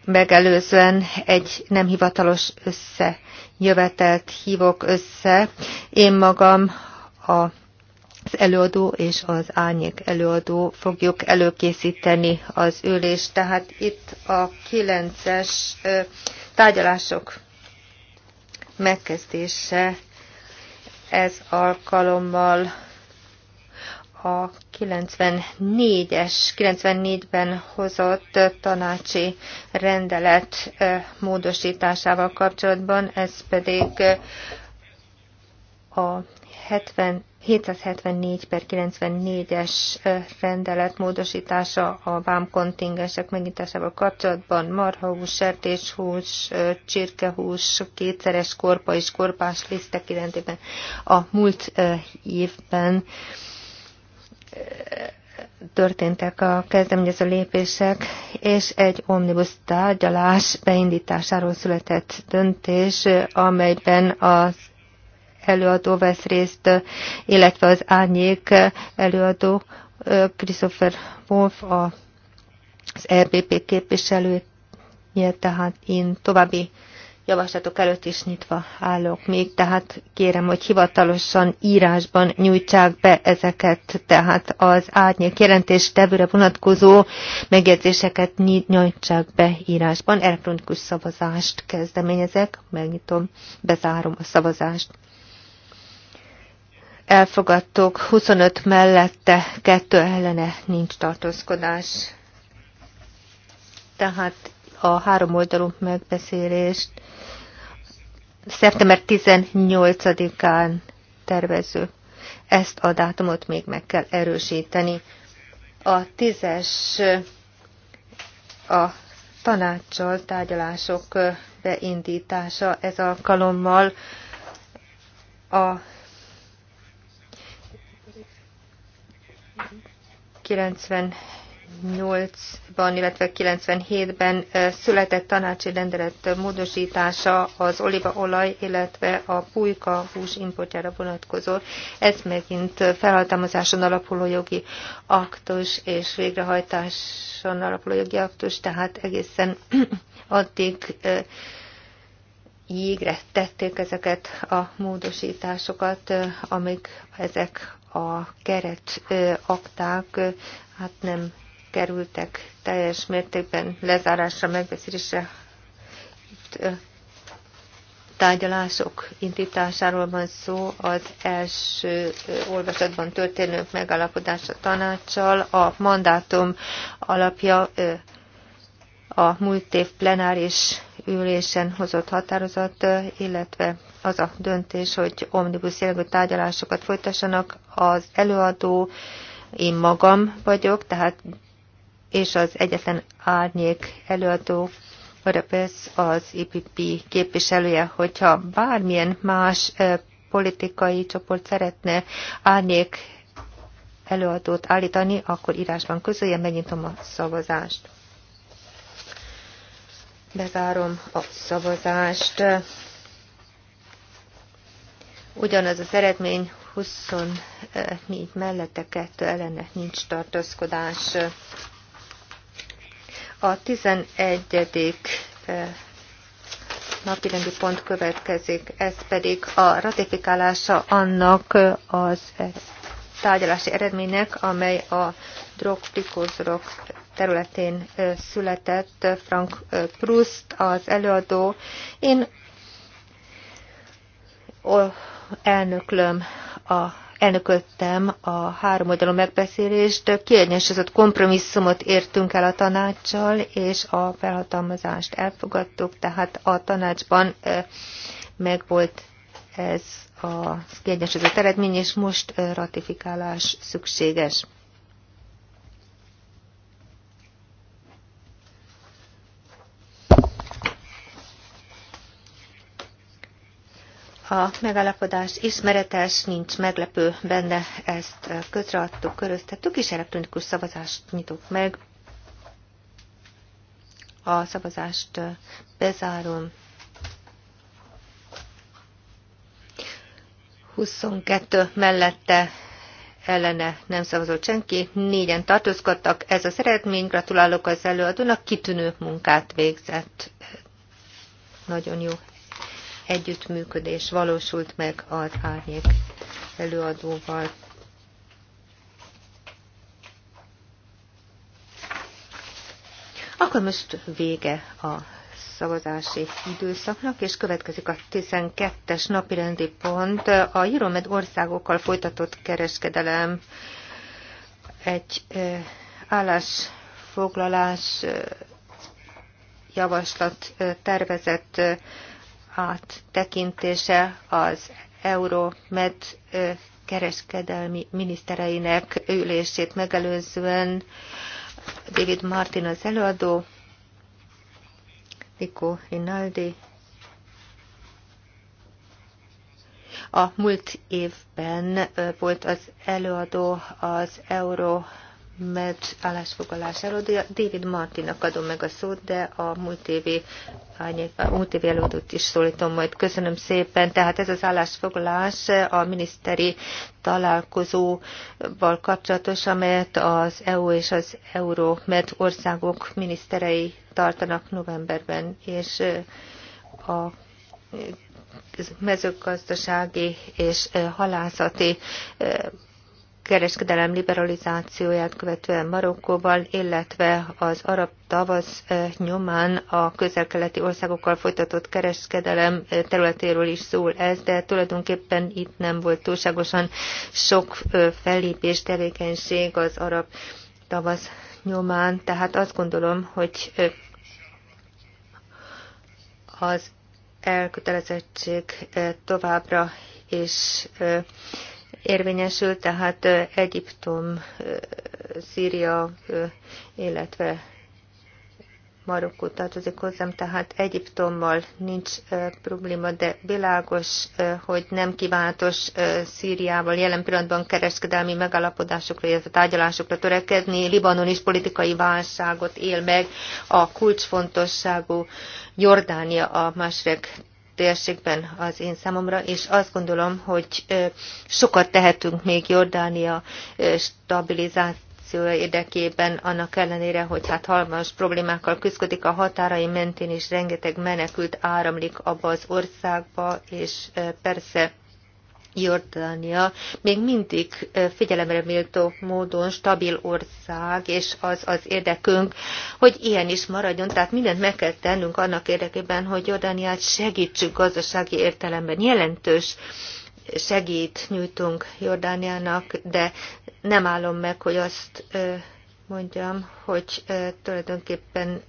megelőzően egy nem hivatalos összejövetelt hívok össze. Én magam a az előadó és az árnyék előadó fogjuk előkészíteni az ülést. Tehát itt a kilences tárgyalások megkezdése ez alkalommal a 94-es, 94-ben hozott tanácsi rendelet módosításával kapcsolatban, ez pedig a 70 774 per 94-es rendelet módosítása a vámkontingensek megnyitásával kapcsolatban marhahús, sertéshús, csirkehús, kétszeres korpa és korpás lisztek irányében a múlt évben történtek a kezdeményező lépések, és egy omnibus tárgyalás beindításáról született döntés, amelyben az előadó vesz részt, illetve az árnyék előadó Christopher Wolf a, az RBP képviselője, tehát én további javaslatok előtt is nyitva állok még, tehát kérem, hogy hivatalosan írásban nyújtsák be ezeket, tehát az árnyék jelentés tevőre vonatkozó megjegyzéseket nyújtsák be írásban. Elektronikus szavazást kezdeményezek, megnyitom, bezárom a szavazást elfogadtok, 25 mellette, kettő ellene nincs tartózkodás. Tehát a három oldalú megbeszélést szeptember 18-án tervező. Ezt a dátumot még meg kell erősíteni. A tízes a tanácssal tárgyalások beindítása ez alkalommal a 98-ban, illetve 97-ben született tanácsi rendelet módosítása az olívaolaj, illetve a pulyka hús importjára vonatkozó. Ez megint felhatalmazáson alapuló jogi aktus és végrehajtáson alapuló jogi aktus, tehát egészen addig jégre tették ezeket a módosításokat, amik ezek a keret akták hát nem kerültek teljes mértékben lezárásra, megbeszélésre. Itt tárgyalások indításáról van szó, az első olvasatban történő megalapodása a tanácssal. A mandátum alapja a múlt év plenáris ülésen hozott határozat, illetve az a döntés, hogy omnibus jellegű tárgyalásokat folytassanak, az előadó én magam vagyok, tehát és az egyetlen árnyék előadó Örepesz az IPP képviselője, hogyha bármilyen más politikai csoport szeretne árnyék előadót állítani, akkor írásban közölje, megnyitom a szavazást. Bezárom a szavazást. Ugyanaz az eredmény 24 mellette 2 ellene nincs tartózkodás. A 11. Eh, napirendi pont következik, ez pedig a ratifikálása annak az eh, tárgyalási eredménynek, amely a drogtikozrok területén született Frank Proust, az előadó. Én elnöklöm a elnököttem a három oldalon megbeszélést, kiegyensúlyozott kompromisszumot értünk el a tanácssal, és a felhatalmazást elfogadtuk, tehát a tanácsban megvolt ez a kiegyensúlyozott eredmény, és most ratifikálás szükséges. a megállapodás ismeretes, nincs meglepő benne, ezt eh, közreadtuk, köröztettük, és elektronikus szavazást nyitok meg. A szavazást eh, bezárom. 22 mellette ellene nem szavazott senki, négyen tartózkodtak. Ez az eredmény, gratulálok az előadónak, kitűnő munkát végzett. Nagyon jó együttműködés valósult meg az árnyék előadóval. Akkor most vége a szavazási időszaknak, és következik a 12-es napirendi pont, a Euromed országokkal folytatott kereskedelem egy állásfoglalás javaslat tervezett áttekintése az Euromed kereskedelmi minisztereinek ülését megelőzően David Martin az előadó, Nico Rinaldi. A múlt évben volt az előadó az Euro mert állásfoglalás elől David Martinnak adom meg a szót, de a múlt évi, a múlt évi előadót is szólítom majd. Köszönöm szépen. Tehát ez az állásfoglalás a miniszteri találkozóval kapcsolatos, amelyet az EU és az Euró med országok miniszterei tartanak novemberben, és a mezőgazdasági és halászati kereskedelem liberalizációját követően Marokkóval, illetve az arab tavasz eh, nyomán a közel-keleti országokkal folytatott kereskedelem eh, területéről is szól ez, de tulajdonképpen itt nem volt túlságosan sok eh, fellépés, tevékenység az arab tavasz nyomán, tehát azt gondolom, hogy az elkötelezettség továbbra is érvényesül, tehát Egyiptom, Szíria, illetve Marokkó tartozik hozzám, tehát Egyiptommal nincs probléma, de világos, hogy nem kívánatos Szíriával jelen pillanatban kereskedelmi megalapodásokra, illetve tárgyalásokra törekedni. Libanon is politikai válságot él meg, a kulcsfontosságú Jordánia a másreg térségben az én számomra, és azt gondolom, hogy sokat tehetünk még Jordánia stabilizáció érdekében, annak ellenére, hogy hát halmas problémákkal küzdik a határai mentén, és rengeteg menekült áramlik abba az országba, és persze Jordánia még mindig figyelemre méltó módon stabil ország, és az az érdekünk, hogy ilyen is maradjon. Tehát mindent meg kell tennünk annak érdekében, hogy Jordániát segítsük gazdasági értelemben. Jelentős segít nyújtunk Jordániának, de nem állom meg, hogy azt mondjam, hogy tulajdonképpen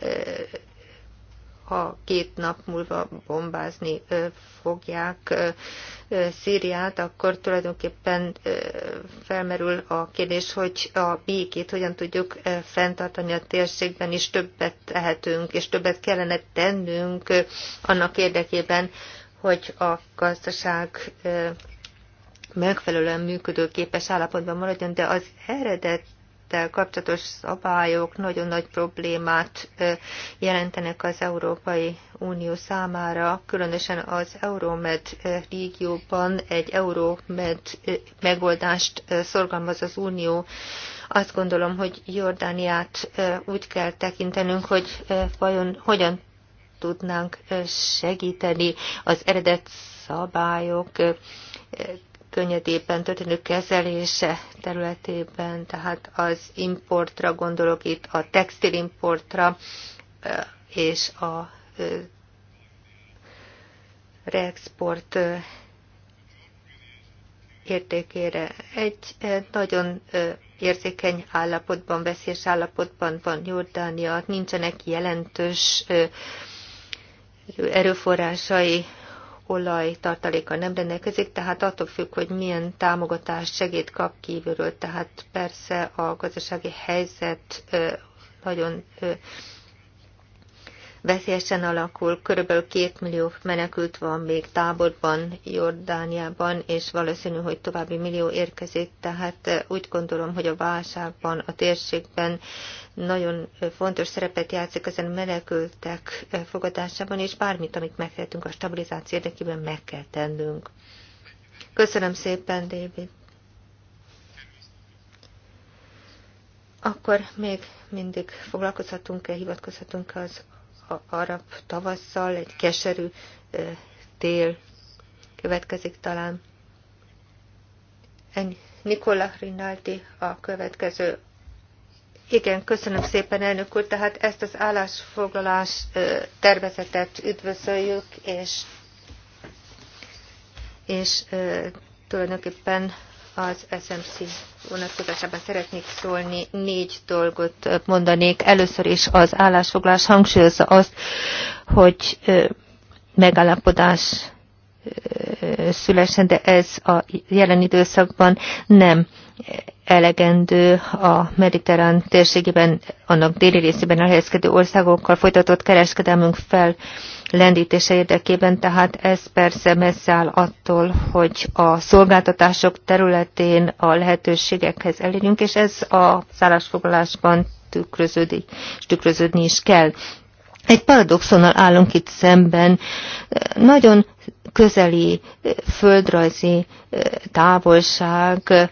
ha két nap múlva bombázni fogják Szíriát, akkor tulajdonképpen felmerül a kérdés, hogy a békét hogyan tudjuk fenntartani a térségben, és többet tehetünk, és többet kellene tennünk annak érdekében, hogy a gazdaság megfelelően működőképes állapotban maradjon, de az eredet rendelettel kapcsolatos szabályok nagyon nagy problémát jelentenek az Európai Unió számára, különösen az Euromed régióban egy Euromed megoldást szorgalmaz az Unió. Azt gondolom, hogy Jordániát úgy kell tekintenünk, hogy vajon hogyan tudnánk segíteni az eredet szabályok könnyedében történő kezelése területében, tehát az importra gondolok itt a textilimportra és a reexport értékére. Egy nagyon érzékeny állapotban, veszélyes állapotban van Jordánia, nincsenek jelentős erőforrásai olaj tartaléka nem rendelkezik, tehát attól függ, hogy milyen támogatást, segít kap kívülről. Tehát persze a gazdasági helyzet nagyon veszélyesen alakul. Körülbelül két millió menekült van még táborban, Jordániában, és valószínű, hogy további millió érkezik, tehát eh, úgy gondolom, hogy a válságban, a térségben nagyon eh, fontos szerepet játszik ezen menekültek eh, fogadásában, és bármit, amit megtehetünk a stabilizáció érdekében, meg kell tennünk. Köszönöm szépen, David. Akkor még mindig foglalkozhatunk-e, hivatkozhatunk az arab tavasszal, egy keserű tél következik talán. Nikola Rinaldi a következő. Igen, köszönöm szépen, elnök úr. Tehát ezt az állásfoglalás tervezetet üdvözöljük, és, és tulajdonképpen az SMC vonatkozásában szeretnék szólni, négy dolgot mondanék. Először is az állásfoglás hangsúlyozza azt, hogy megállapodás szülessen, de ez a jelen időszakban nem elegendő a mediterrán térségében, annak déli részében elhelyezkedő országokkal folytatott kereskedelmünk fel lendítése érdekében, tehát ez persze messze áll attól, hogy a szolgáltatások területén a lehetőségekhez elérjünk, és ez a szállásfoglalásban tükröződik, és tükröződni is kell. Egy paradoxonnal állunk itt szemben. Nagyon közeli földrajzi távolság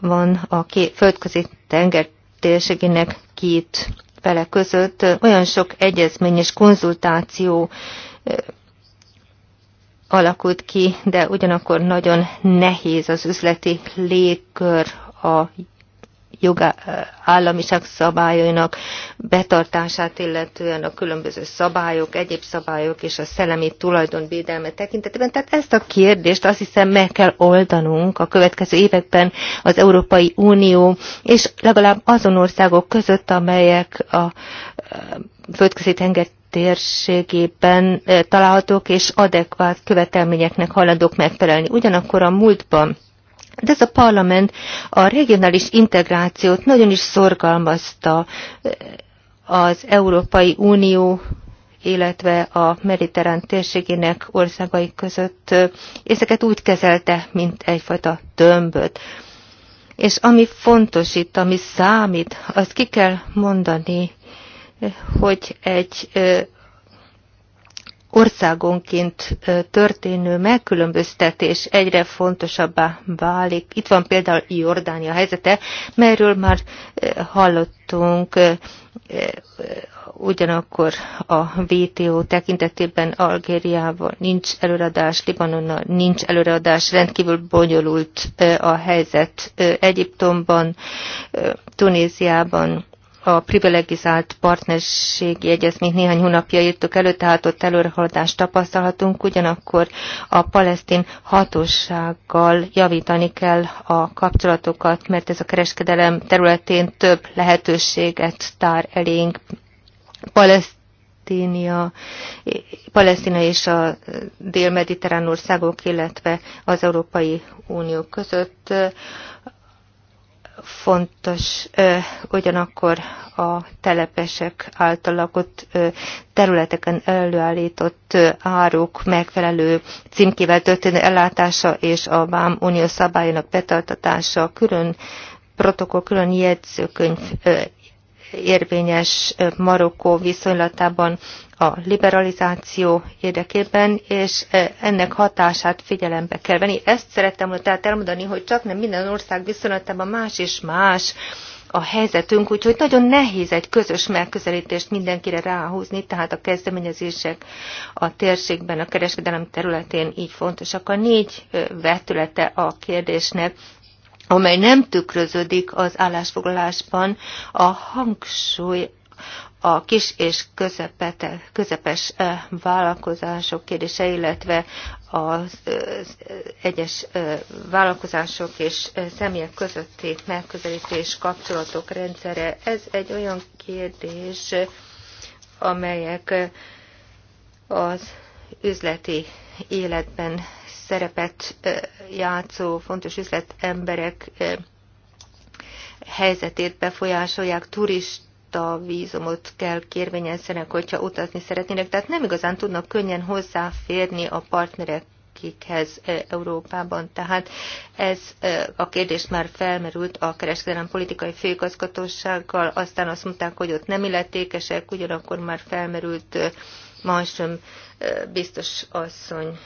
van a két, földközi tenger térségének két fele között. Olyan sok egyezmény és konzultáció alakult ki, de ugyanakkor nagyon nehéz az üzleti légkör a jogállamiság szabályainak betartását, illetően a különböző szabályok, egyéb szabályok és a szellemi tulajdonvédelme tekintetében. Tehát ezt a kérdést azt hiszem meg kell oldanunk a következő években az Európai Unió és legalább azon országok között, amelyek a földközi tenger térségében találhatók és adekvát követelményeknek hajlandók megfelelni. Ugyanakkor a múltban de hát ez a parlament a regionális integrációt nagyon is szorgalmazta eh, az Európai Unió illetve a mediterrán térségének országai között, eh, ezeket úgy kezelte, mint egyfajta tömböt. És ami fontos itt, ami számít, azt ki kell mondani, eh, hogy egy országonként történő megkülönböztetés egyre fontosabbá válik. Itt van például Jordánia helyzete, melyről már hallottunk ugyanakkor a VTO tekintetében Algériával nincs előadás, Libanonnal nincs előadás, rendkívül bonyolult a helyzet Egyiptomban, Tunéziában, a privilegizált partnerségi egyezményt néhány hónapja írtuk elő, tehát ott előrehaladást tapasztalhatunk, ugyanakkor a palesztin hatósággal javítani kell a kapcsolatokat, mert ez a kereskedelem területén több lehetőséget tár elénk. Paleszt Palesztinia, Palesztina és a dél-mediterrán országok, illetve az Európai Unió között fontos ugyanakkor a telepesek által lakott területeken előállított áruk megfelelő címkével történő ellátása és a Vám Unió szabályának betartatása, külön protokoll, külön jegyzőkönyv érvényes Marokkó viszonylatában a liberalizáció érdekében, és ennek hatását figyelembe kell venni. Ezt szerettem volna tehát elmondani, hogy csak nem minden ország viszonylatában más és más a helyzetünk, úgyhogy nagyon nehéz egy közös megközelítést mindenkire ráhúzni, tehát a kezdeményezések a térségben, a kereskedelem területén így fontosak. A négy vetülete a kérdésnek amely nem tükröződik az állásfoglalásban, a hangsúly a kis és közepete, közepes eh, vállalkozások kérdése, illetve az eh, egyes eh, vállalkozások és személyek közötti megközelítés kapcsolatok rendszere. Ez egy olyan kérdés, amelyek az üzleti életben szerepet játszó fontos üzletemberek helyzetét befolyásolják, turista vízumot kell kérvényezzenek, hogyha utazni szeretnének, tehát nem igazán tudnak könnyen hozzáférni a partnerek akikhez Európában. Tehát ez a kérdés már felmerült a kereskedelem politikai főigazgatósággal, aztán azt mondták, hogy ott nem illetékesek, ugyanakkor már felmerült Malmström biztos asszony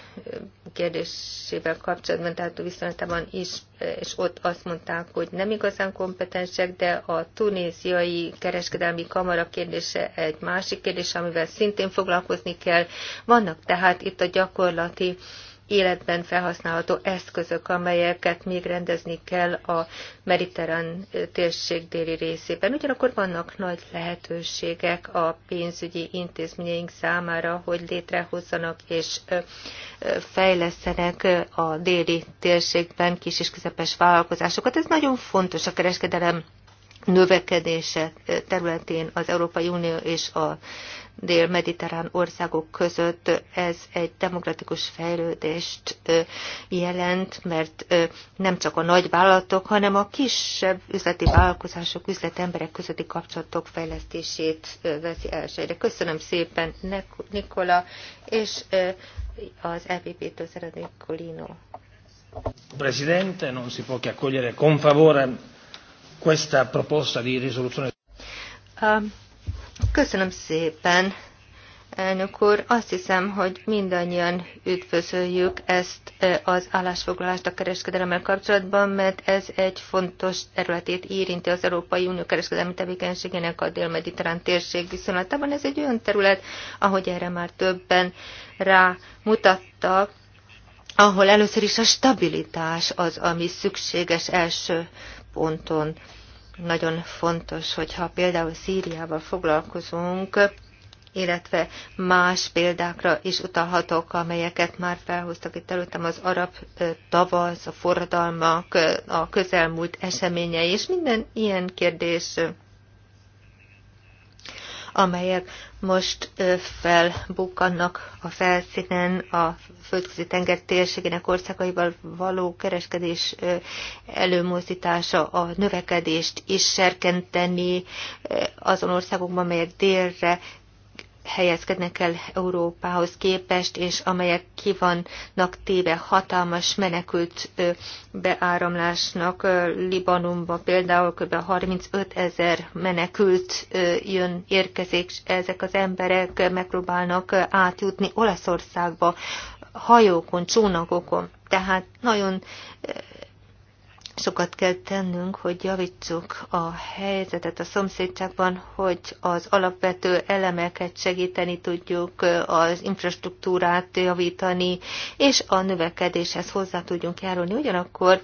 kérdésével kapcsolatban, tehát viszonylatában is, és ott azt mondták, hogy nem igazán kompetensek, de a tunéziai kereskedelmi kamara kérdése egy másik kérdés, amivel szintén foglalkozni kell. Vannak tehát itt a gyakorlati uh, életben felhasználható eszközök, amelyeket még rendezni kell a mediterrán térség déli részében. Ugyanakkor vannak nagy lehetőségek a pénzügyi intézményeink számára, hogy létrehozzanak és fejlesztenek a déli térségben kis és közepes vállalkozásokat. Ez nagyon fontos a kereskedelem növekedése területén az Európai Unió és a dél-mediterrán országok között ez egy demokratikus fejlődést jelent, mert nem csak a nagy vállalatok, hanem a kisebb üzleti vállalkozások, üzletemberek közötti kapcsolatok fejlesztését veszi elsőre. Köszönöm szépen Nikola, és az EPP-től szeretnék Colino. Presidente, non si può che accogliere con favore questa proposta di risoluzione. Um, Köszönöm szépen, elnök úr. Azt hiszem, hogy mindannyian üdvözöljük ezt e, az állásfoglalást a kereskedelemmel kapcsolatban, mert ez egy fontos területét érinti az Európai Unió kereskedelmi tevékenységének a dél-mediterrán térség viszonylatában. Ez egy olyan terület, ahogy erre már többen rámutattak, ahol először is a stabilitás az, ami szükséges első ponton nagyon fontos, hogyha például Szíriával foglalkozunk, illetve más példákra is utalhatok, amelyeket már felhoztak itt előttem, az arab tavasz, a forradalmak, a közelmúlt eseményei, és minden ilyen kérdés, amelyek most felbukkannak a felszínen a földközi tenger térségének országaival való kereskedés előmozdítása a növekedést is serkenteni azon országokban, melyek délre helyezkednek el Európához képest, és amelyek ki vannak téve hatalmas menekült beáramlásnak. Libanonba például kb. 35 ezer menekült jön, érkezik, és ezek az emberek megpróbálnak átjutni Olaszországba hajókon, csónakokon. Tehát nagyon sokat kell tennünk, hogy javítsuk a helyzetet a szomszédságban, hogy az alapvető elemeket segíteni tudjuk, az infrastruktúrát javítani, és a növekedéshez hozzá tudjunk járulni. Ugyanakkor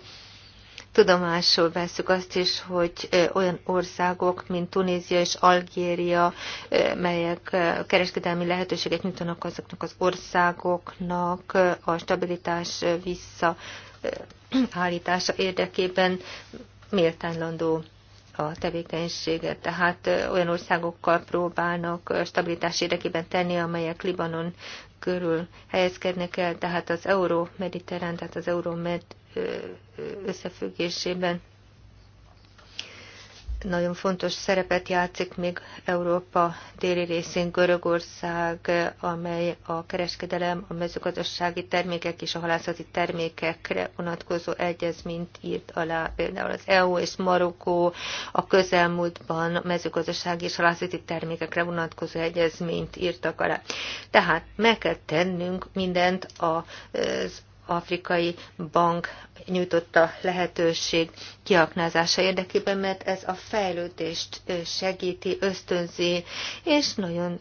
tudomásul veszük azt is, hogy olyan országok, mint Tunézia és Algéria, melyek kereskedelmi lehetőséget nyújtanak azoknak az országoknak, a stabilitás vissza állítása érdekében méltánylandó a tevékenysége. Tehát olyan országokkal próbálnak stabilitás érdekében tenni, amelyek Libanon körül helyezkednek el, tehát az euró-mediterrán, tehát az med összefüggésében nagyon fontos szerepet játszik még Európa déli részén Görögország, amely a kereskedelem, a mezőgazdasági termékek és a halászati termékekre vonatkozó egyezményt írt alá. Például az EU és Marokkó a közelmúltban a mezőgazdasági és halászati termékekre vonatkozó egyezményt írtak alá. Tehát meg kell tennünk mindent az afrikai bank nyújtotta lehetőség kiaknázása érdekében, mert ez a fejlődést segíti, ösztönzi, és nagyon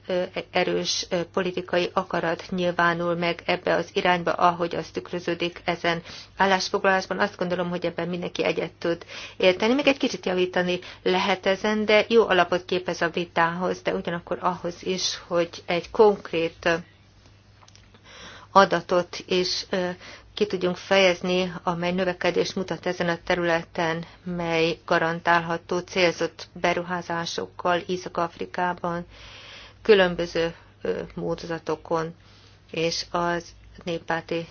erős politikai akarat nyilvánul meg ebbe az irányba, ahogy az tükröződik ezen állásfoglalásban. Azt gondolom, hogy ebben mindenki egyet tud érteni. Még egy kicsit javítani lehet ezen, de jó alapot képez a vitához, de ugyanakkor ahhoz is, hogy egy konkrét adatot is ki tudjunk fejezni, amely növekedést mutat ezen a területen, mely garantálható célzott beruházásokkal Észak-Afrikában, különböző módozatokon, és az néppárti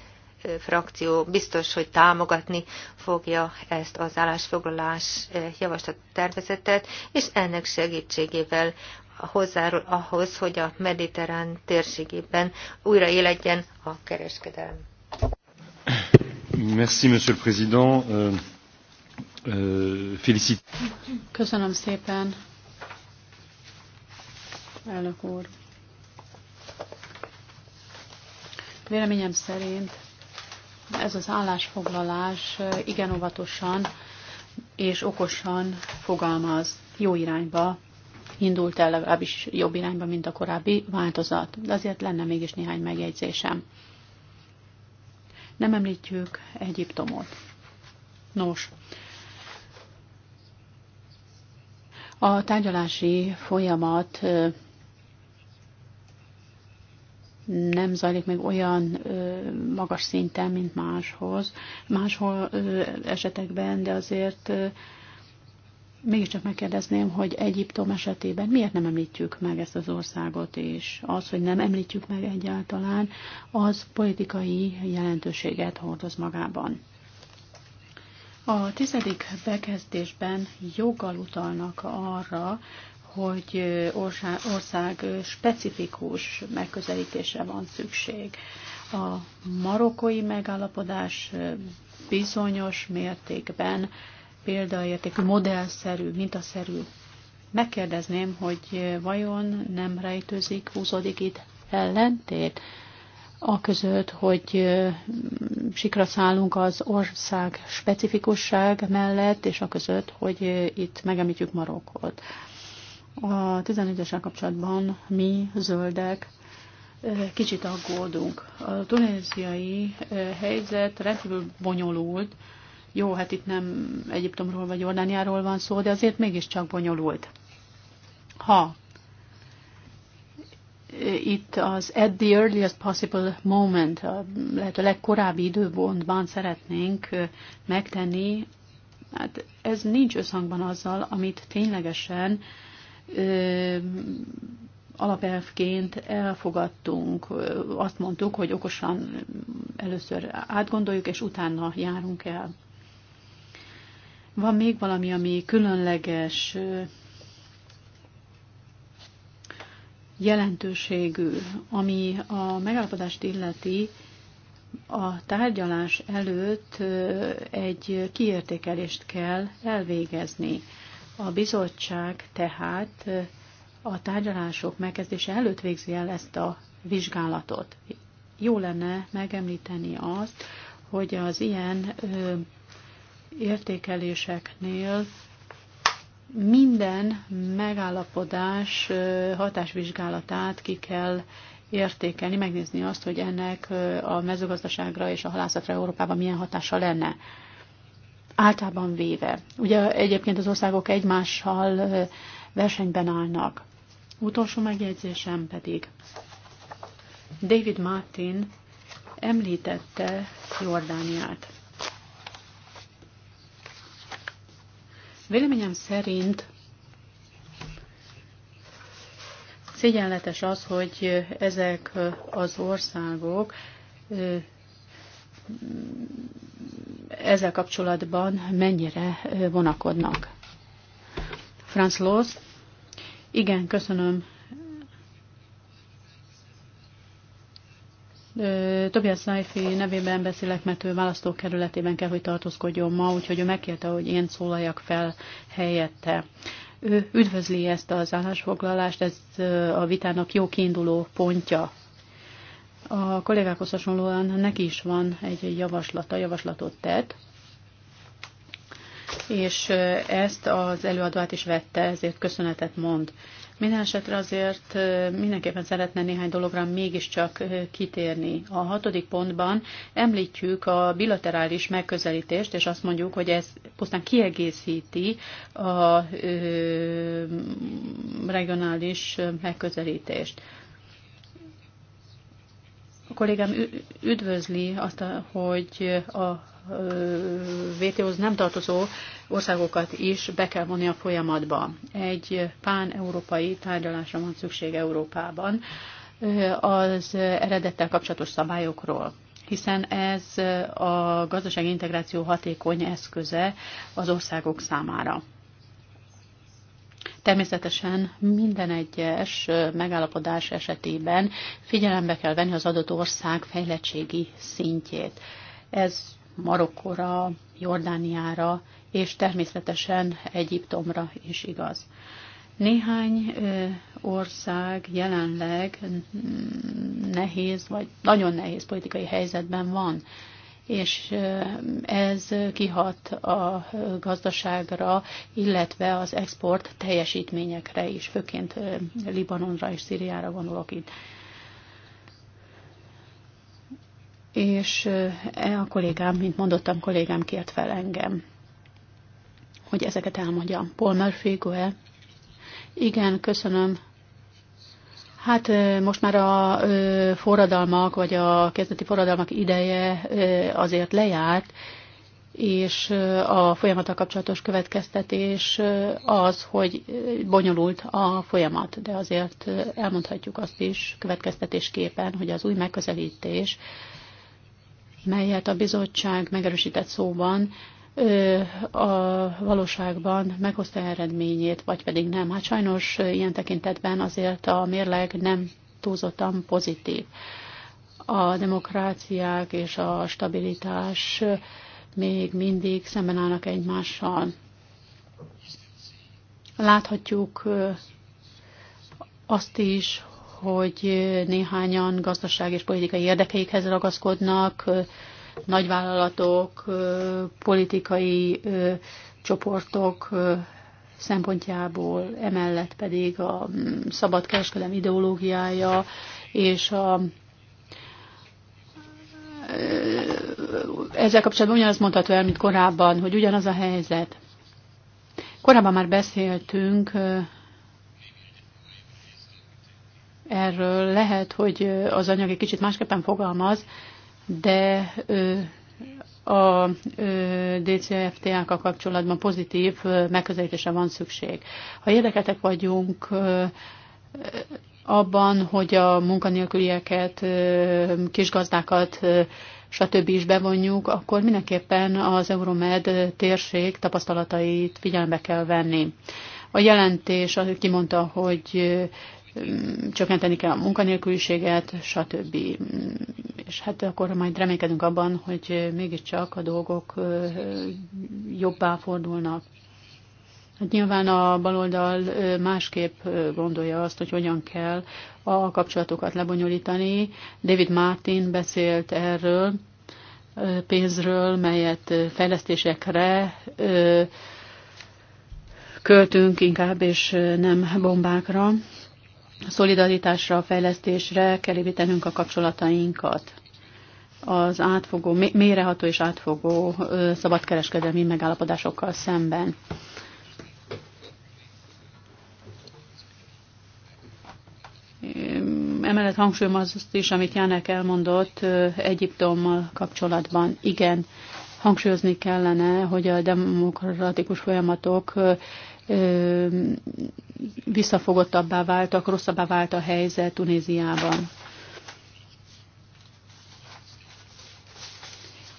frakció biztos, hogy támogatni fogja ezt az állásfoglalás javaslat tervezetet, és ennek segítségével hozzárul ahhoz, hogy a mediterrán térségében újra éledjen a kereskedelem. Merci, Monsieur le Président. Euh, euh, félicit. Köszönöm szépen, elnök úr. Véleményem szerint ez az állásfoglalás igen óvatosan és okosan fogalmaz, jó irányba indult el legalábbis jobb irányba, mint a korábbi változat. De azért lenne mégis néhány megjegyzésem. Nem említjük Egyiptomot. Nos, a tárgyalási folyamat nem zajlik meg olyan ö, magas szinten, mint máshoz, máshol ö, esetekben, de azért ö, mégiscsak megkérdezném, hogy Egyiptom esetében miért nem említjük meg ezt az országot, és az, hogy nem említjük meg egyáltalán, az politikai jelentőséget hordoz magában. A tizedik bekezdésben joggal utalnak arra, hogy ország specifikus megközelítésre van szükség. A marokkói megállapodás bizonyos mértékben példaértékű, modellszerű, mintaszerű. Megkérdezném, hogy vajon nem rejtőzik, húzódik itt ellentét a között, hogy sikra szállunk az ország specifikusság mellett, és a között, hogy itt megemlítjük Marokkot. A 14-esel kapcsolatban mi, zöldek, kicsit aggódunk. A tunéziai helyzet rendkívül bonyolult, jó, hát itt nem Egyiptomról vagy Jordániáról van szó, de azért mégiscsak bonyolult. Ha itt az at the earliest possible moment, a lehető legkorábbi időbontban szeretnénk megtenni, hát ez nincs összhangban azzal, amit ténylegesen ö, alapelvként elfogadtunk. Azt mondtuk, hogy okosan először átgondoljuk, és utána járunk el. Van még valami, ami különleges, jelentőségű, ami a megállapodást illeti, a tárgyalás előtt egy kiértékelést kell elvégezni. A bizottság tehát a tárgyalások megkezdése előtt végzi el ezt a vizsgálatot. Jó lenne megemlíteni azt, hogy az ilyen értékeléseknél minden megállapodás hatásvizsgálatát ki kell értékelni, megnézni azt, hogy ennek a mezőgazdaságra és a halászatra Európában milyen hatása lenne. Általában véve. Ugye egyébként az országok egymással versenyben állnak. Utolsó megjegyzésem pedig. David Martin említette Jordániát. Véleményem szerint szégyenletes az, hogy ezek az országok ezzel kapcsolatban mennyire vonakodnak. Franz Lóz, igen, köszönöm Tobias Szájfi nevében beszélek, mert ő választókerületében kell, hogy tartózkodjon ma, úgyhogy ő megkérte, hogy én szólaljak fel helyette. Ő üdvözli ezt az állásfoglalást, ez a vitának jó kiinduló pontja. A kollégákhoz hasonlóan neki is van egy javaslata, javaslatot tett, és ezt az előadóát is vette, ezért köszönetet mond. Minden esetre azért mindenképpen szeretne néhány dologra mégiscsak kitérni. A hatodik pontban említjük a bilaterális megközelítést, és azt mondjuk, hogy ez pusztán kiegészíti a regionális megközelítést. A kollégám üdvözli azt, hogy a WTO-hoz nem tartozó országokat is be kell vonni a folyamatba. Egy pán-európai tárgyalásra van szükség Európában az eredettel kapcsolatos szabályokról hiszen ez a gazdasági integráció hatékony eszköze az országok számára. Természetesen minden egyes megállapodás esetében figyelembe kell venni az adott ország fejlettségi szintjét. Ez Marokkora, Jordániára és természetesen Egyiptomra is igaz. Néhány ország jelenleg nehéz, vagy nagyon nehéz politikai helyzetben van, és ez kihat a gazdaságra, illetve az export teljesítményekre is, főként Libanonra és Szíriára gondolok itt. és eh, a kollégám, mint mondottam, kollégám kért fel engem, hogy ezeket elmondjam. Paul Murphy, Goe. Igen, köszönöm. Hát eh, most már a eh, forradalmak, vagy a kezdeti forradalmak ideje azért lejárt, és a folyamata kapcsolatos következtetés az, hogy bonyolult a folyamat, de azért elmondhatjuk azt is következtetésképpen, hogy az új megközelítés melyet a bizottság megerősített szóban a valóságban meghozta eredményét, vagy pedig nem. Hát sajnos ilyen tekintetben azért a mérleg nem túlzottan pozitív. A demokráciák és a stabilitás még mindig szemben állnak egymással. Láthatjuk azt is, hogy néhányan gazdaság és politikai érdekeikhez ragaszkodnak, nagyvállalatok, politikai csoportok szempontjából, emellett pedig a mm, szabadkereskedelem ideológiája és a ezzel kapcsolatban ugyanazt mondható el, mint korábban, hogy ugyanaz a helyzet. Korábban már beszéltünk Erről lehet, hogy az anyag egy kicsit másképpen fogalmaz, de a DCFTA-kkal kapcsolatban pozitív megközelítése van szükség. Ha érdeketek vagyunk abban, hogy a munkanélkülieket, kisgazdákat, stb. is bevonjuk, akkor mindenképpen az Euromed térség tapasztalatait figyelembe kell venni. A jelentés kimondta, hogy csökkenteni kell a munkanélküliséget, stb. És hát akkor majd reménykedünk abban, hogy mégiscsak a dolgok jobbá fordulnak. Hát nyilván a baloldal másképp gondolja azt, hogy hogyan kell a kapcsolatokat lebonyolítani. David Martin beszélt erről, pénzről, melyet fejlesztésekre költünk inkább, és nem bombákra szolidaritásra, fejlesztésre kell építenünk a kapcsolatainkat. Az átfogó, méreható és átfogó szabadkereskedelmi megállapodásokkal szemben. Emellett hangsúlyom azt is, amit Jánek elmondott Egyiptommal kapcsolatban. Igen, hangsúlyozni kellene, hogy a demokratikus folyamatok visszafogottabbá váltak, rosszabbá vált a helyzet Tunéziában.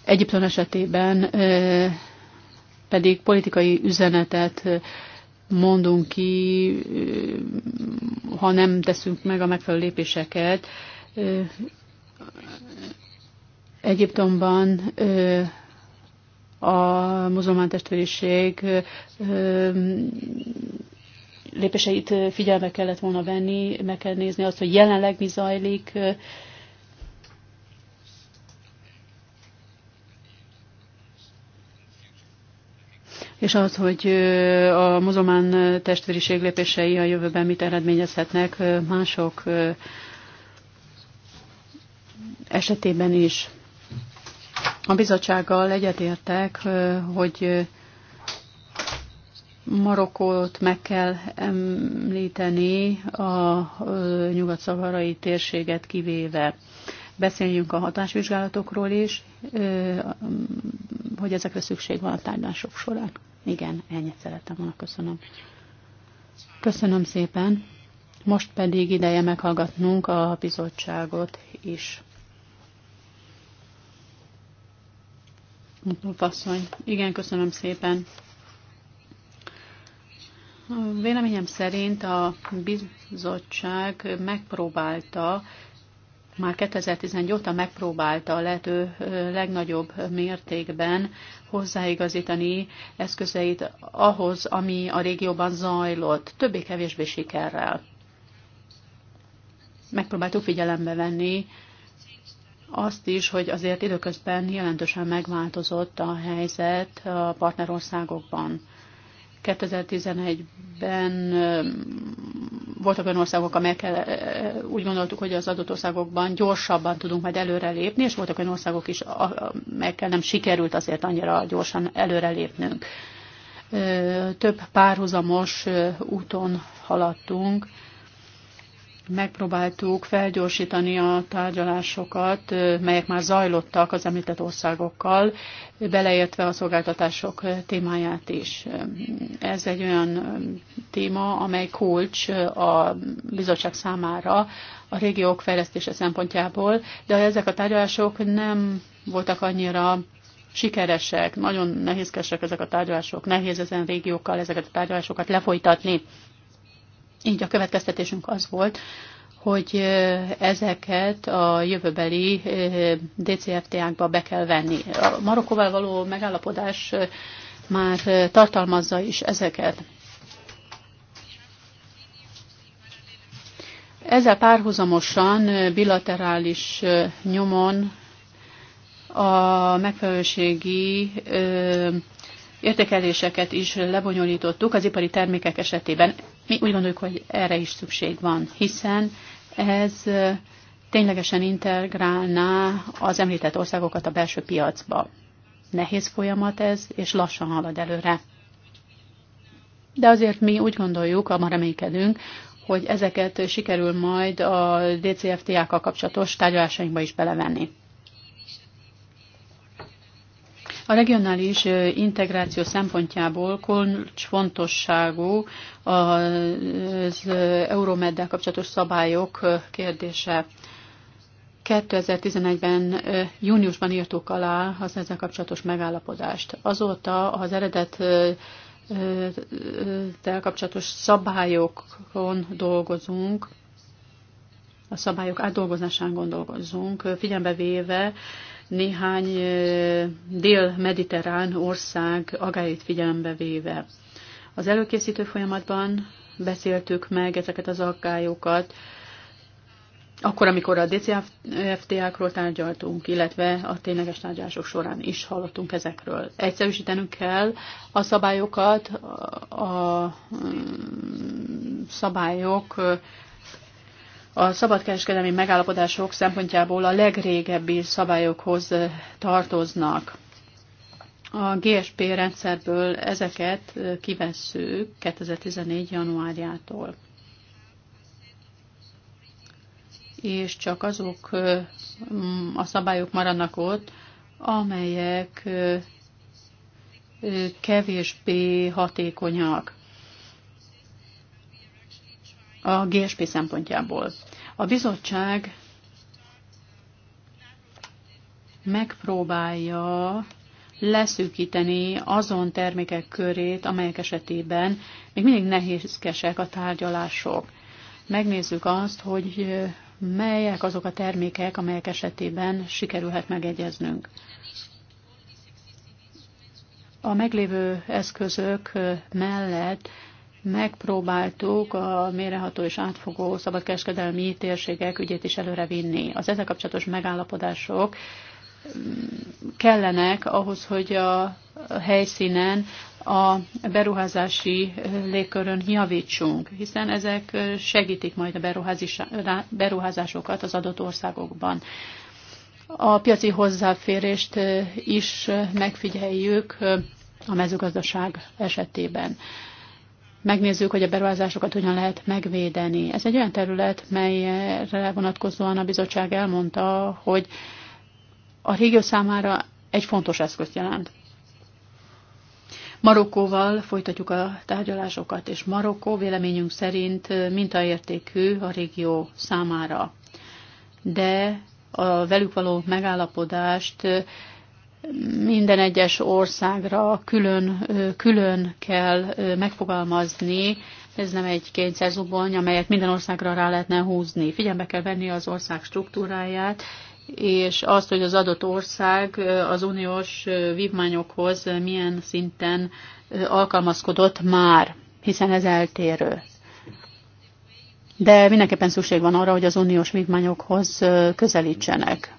Egyiptom esetében pedig politikai üzenetet mondunk ki, ha nem teszünk meg a megfelelő lépéseket. Egyiptomban a muzulmán testvériség lépéseit figyelme kellett volna venni, meg kell nézni azt, hogy jelenleg mi zajlik, és az, hogy a muzulmán testvériség lépései a jövőben mit eredményezhetnek mások esetében is. A bizottsággal egyetértek, hogy Marokkót meg kell említeni a nyugat-szaharai térséget kivéve. Beszéljünk a hatásvizsgálatokról is, hogy ezekre szükség van a tárgyalások során. Igen, ennyit szerettem volna, köszönöm. Köszönöm szépen. Most pedig ideje meghallgatnunk a bizottságot is. Asszony. Igen, köszönöm szépen. Véleményem szerint a bizottság megpróbálta, már 2011 óta megpróbálta a lehető legnagyobb mértékben hozzáigazítani eszközeit ahhoz, ami a régióban zajlott, többé-kevésbé sikerrel. Megpróbáltuk figyelembe venni azt is, hogy azért időközben jelentősen megváltozott a helyzet a partnerországokban. 2011-ben voltak olyan országok, amelyekkel úgy gondoltuk, hogy az adott országokban gyorsabban tudunk majd előrelépni, és voltak olyan országok is, amelyekkel nem sikerült azért annyira gyorsan előrelépnünk. Több párhuzamos úton haladtunk, megpróbáltuk felgyorsítani a tárgyalásokat, melyek már zajlottak az említett országokkal, beleértve a szolgáltatások témáját is. Ez egy olyan téma, amely kulcs a bizottság számára a régiók fejlesztése szempontjából, de ezek a tárgyalások nem voltak annyira sikeresek, nagyon nehézkesek ezek a tárgyalások, nehéz ezen régiókkal ezeket a tárgyalásokat lefolytatni. Így a következtetésünk az volt, hogy ezeket a jövőbeli DCFTA-kba be kell venni. A Marokkóval való megállapodás már tartalmazza is ezeket. Ezzel párhuzamosan bilaterális nyomon a megfelelőségi értékeléseket is lebonyolítottuk az ipari termékek esetében. Mi úgy gondoljuk, hogy erre is szükség van, hiszen ez ténylegesen integrálná az említett országokat a belső piacba. Nehéz folyamat ez, és lassan halad előre. De azért mi úgy gondoljuk, abban reménykedünk, hogy ezeket sikerül majd a DCFTA-kkal kapcsolatos tárgyalásainkba is belevenni. A regionális integráció szempontjából kulcsfontosságú az Euromeddel kapcsolatos szabályok kérdése. 2011-ben júniusban írtuk alá az ezzel kapcsolatos megállapodást. Azóta az eredet tel kapcsolatos szabályokon dolgozunk, a szabályok átdolgozásán gondolkozzunk, figyelembe véve néhány dél-mediterrán ország agályait figyelembe véve. Az előkészítő folyamatban beszéltük meg ezeket az aggályokat, akkor, amikor a DCFTA-król tárgyaltunk, illetve a tényleges tárgyalások során is hallottunk ezekről. Egyszerűsítenünk kell a szabályokat, a mm, szabályok a szabadkereskedelmi megállapodások szempontjából a legrégebbi szabályokhoz eh, tartoznak. A GSP rendszerből ezeket eh, kivesszük 2014. januárjától. És csak azok eh, a szabályok maradnak ott, amelyek kevésbé hatékonyak a GSP szempontjából. A bizottság megpróbálja leszűkíteni azon termékek körét, amelyek esetében még mindig nehézkesek a tárgyalások. Megnézzük azt, hogy melyek azok a termékek, amelyek esetében sikerülhet megegyeznünk. A meglévő eszközök mellett megpróbáltuk a méreható és átfogó szabadkereskedelmi térségek ügyét is előrevinni. Az ezzel kapcsolatos megállapodások mm, kellenek ahhoz, hogy a helyszínen a beruházási légkörön javítsunk, hiszen ezek segítik majd a beruházásokat az adott országokban. A piaci hozzáférést is megfigyeljük a mezőgazdaság esetében megnézzük, hogy a beruházásokat hogyan lehet megvédeni. Ez egy olyan terület, melyre vonatkozóan a bizottság elmondta, hogy a régió számára egy fontos eszközt jelent. Marokkóval folytatjuk a tárgyalásokat, és Marokkó véleményünk szerint mintaértékű a régió számára. De a velük való megállapodást minden egyes országra külön, külön kell megfogalmazni, ez nem egy kényszerzubony, amelyet minden országra rá lehetne húzni. Figyelme kell venni az ország struktúráját, és azt, hogy az adott ország az uniós vívmányokhoz milyen szinten alkalmazkodott már, hiszen ez eltérő. De mindenképpen szükség van arra, hogy az uniós vívmányokhoz közelítsenek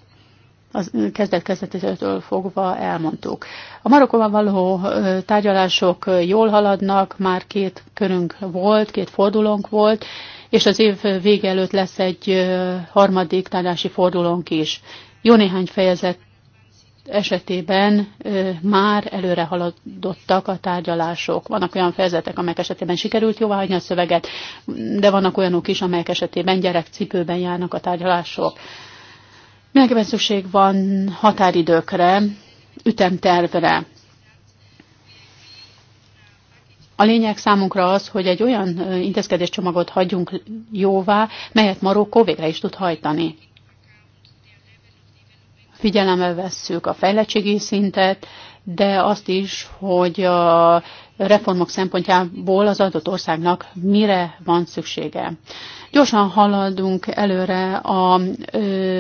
az kezdet-kezdetétől fogva elmondtuk. A Marokkóban való tárgyalások jól haladnak, már két körünk volt, két fordulónk volt, és az év vége előtt lesz egy harmadik tárgyalási fordulónk is. Jó néhány fejezet esetében már előre haladottak a tárgyalások. Vannak olyan fejezetek, amelyek esetében sikerült jóváhagyni a szöveget, de vannak olyanok is, amelyek esetében gyerekcipőben járnak a tárgyalások. Mindenképpen szükség van határidőkre, ütemtervre. A lényeg számunkra az, hogy egy olyan intézkedéscsomagot hagyjunk jóvá, melyet Marokkó végre is tud hajtani. Figyelembe vesszük a fejlettségi szintet, de azt is, hogy a reformok szempontjából az adott országnak mire van szüksége. Gyorsan haladunk előre a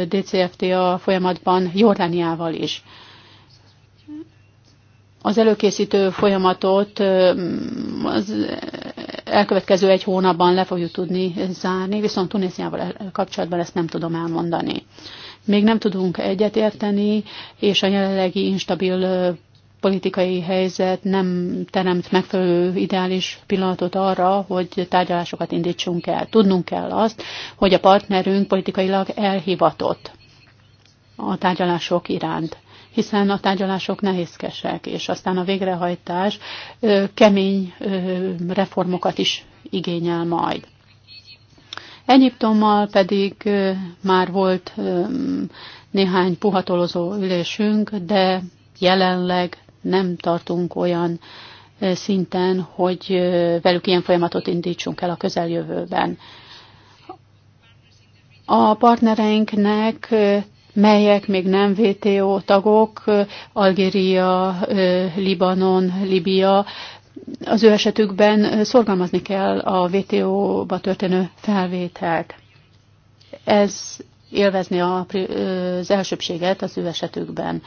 DCFTA folyamatban Jordániával is. Az előkészítő folyamatot az elkövetkező egy hónapban le fogjuk tudni zárni, viszont Tunéziával kapcsolatban ezt nem tudom elmondani. Még nem tudunk egyetérteni, és a jelenlegi instabil politikai helyzet nem teremt megfelelő ideális pillanatot arra, hogy tárgyalásokat indítsunk el. Tudnunk kell azt, hogy a partnerünk politikailag elhivatott a tárgyalások iránt hiszen a tárgyalások nehézkesek, és aztán a végrehajtás kemény reformokat is igényel majd. Egyiptommal pedig már volt néhány puhatolozó ülésünk, de jelenleg nem tartunk olyan szinten, hogy velük ilyen folyamatot indítsunk el a közeljövőben. A partnereinknek, melyek még nem VTO tagok, Algéria, Libanon, Libia, az ő esetükben szorgalmazni kell a vto ba történő felvételt. Ez élvezni az elsőbséget az ő esetükben.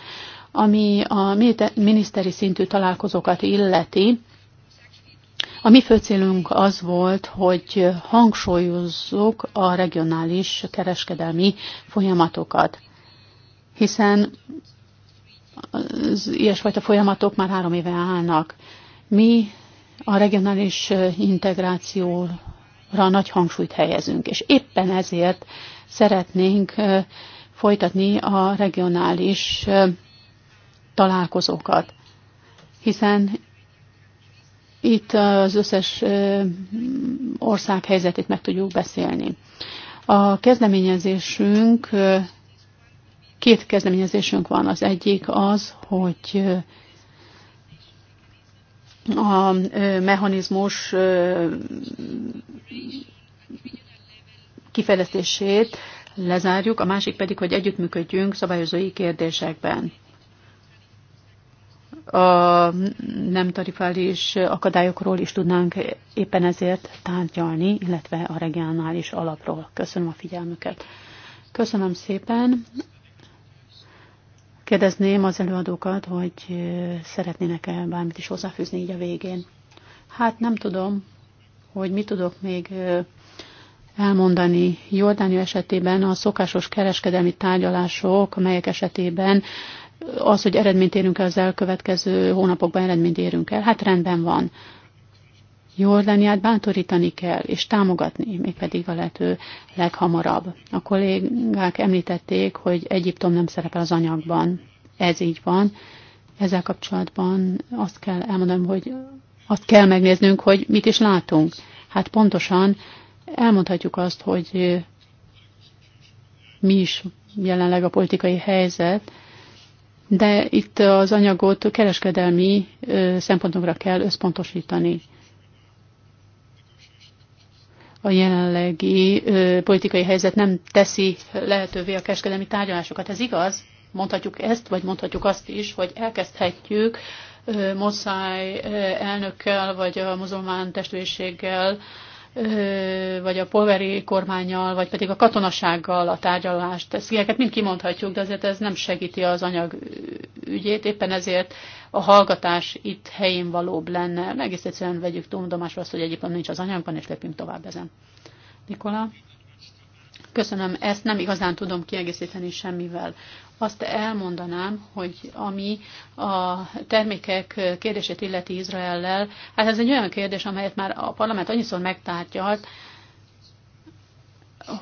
Ami a miniszteri szintű találkozókat illeti, a mi fő célunk az volt, hogy hangsúlyozzuk a regionális kereskedelmi folyamatokat, hiszen az ilyesfajta folyamatok már három éve állnak. Mi a regionális integrációra nagy hangsúlyt helyezünk, és éppen ezért szeretnénk folytatni a regionális találkozókat, hiszen itt az összes ország helyzetét meg tudjuk beszélni. A kezdeményezésünk, két kezdeményezésünk van. Az egyik az, hogy a mechanizmus kifejlesztését lezárjuk, a másik pedig, hogy együttműködjünk szabályozói kérdésekben a nem tarifális akadályokról is tudnánk éppen ezért tárgyalni, illetve a regionális alapról. Köszönöm a figyelmüket. Köszönöm szépen. Kérdezném az előadókat, hogy szeretnének-e bármit is hozzáfűzni így a végén. Hát nem tudom, hogy mit tudok még elmondani. Jordánia esetében a szokásos kereskedelmi tárgyalások, amelyek esetében az, hogy eredményt érünk el az elkövetkező hónapokban, eredményt érünk el, hát rendben van. hát bántorítani kell, és támogatni, mégpedig a lehető leghamarabb. A kollégák említették, hogy Egyiptom nem szerepel az anyagban. Ez így van. Ezzel kapcsolatban azt kell elmondanom, hogy azt kell megnéznünk, hogy mit is látunk. Hát pontosan elmondhatjuk azt, hogy mi is jelenleg a politikai helyzet, de itt az anyagot kereskedelmi szempontokra kell összpontosítani. A jelenlegi politikai helyzet nem teszi lehetővé a kereskedelmi tárgyalásokat. Ez igaz? Mondhatjuk ezt, vagy mondhatjuk azt is, hogy elkezdhetjük Moszáj elnökkel, vagy a muzulmán testvérséggel vagy a polgári kormányjal, vagy pedig a katonasággal a tárgyalást. Ezt ilyeneket mind kimondhatjuk, de azért ez nem segíti az anyag ügyét, éppen ezért a hallgatás itt helyén valóbb lenne. Egész egyszerűen vegyük tudomásra azt, hogy egyébként nincs az anyagban, és lépjünk tovább ezen. Nikola? Köszönöm, ezt nem igazán tudom kiegészíteni semmivel azt elmondanám, hogy ami a termékek kérdését illeti Izraellel, hát ez egy olyan kérdés, amelyet már a parlament annyiszor megtárgyalt,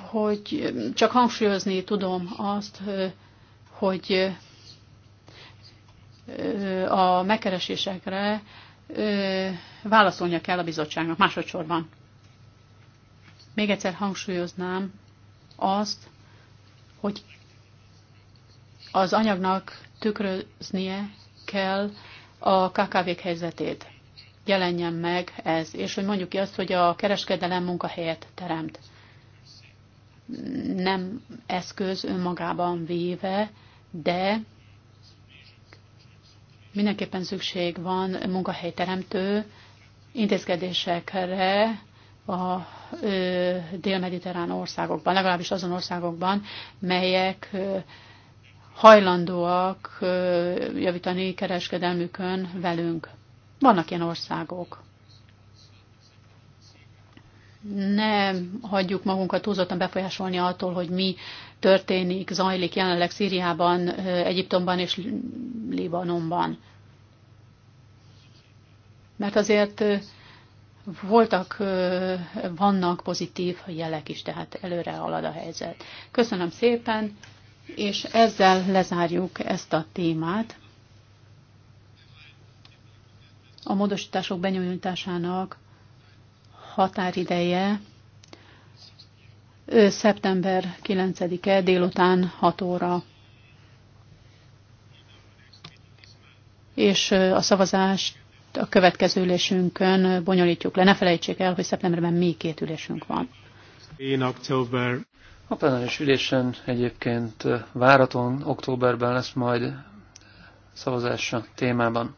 hogy csak hangsúlyozni tudom azt, hogy a megkeresésekre válaszolnia kell a bizottságnak másodszorban. Még egyszer hangsúlyoznám azt, hogy az anyagnak tükröznie kell a kkv helyzetét. Jelenjen meg ez, és hogy mondjuk ki azt, hogy a kereskedelem munkahelyet teremt. Nem eszköz önmagában véve, de mindenképpen szükség van munkahelyteremtő intézkedésekre a dél-mediterrán országokban, legalábbis azon országokban, melyek hajlandóak javítani kereskedelmükön velünk. Vannak ilyen országok. Ne hagyjuk magunkat túlzottan befolyásolni attól, hogy mi történik, zajlik jelenleg Szíriában, Egyiptomban és Libanonban. Mert azért voltak, vannak pozitív jelek is, tehát előre halad a helyzet. Köszönöm szépen, és ezzel lezárjuk ezt a témát. A módosítások benyújtásának határideje szeptember 9-e délután 6 óra. És a szavazást a következő ülésünkön bonyolítjuk le. Ne felejtsék el, hogy szeptemberben még két ülésünk van. In October. A plenáris ülésen egyébként váraton októberben lesz majd szavazása témában.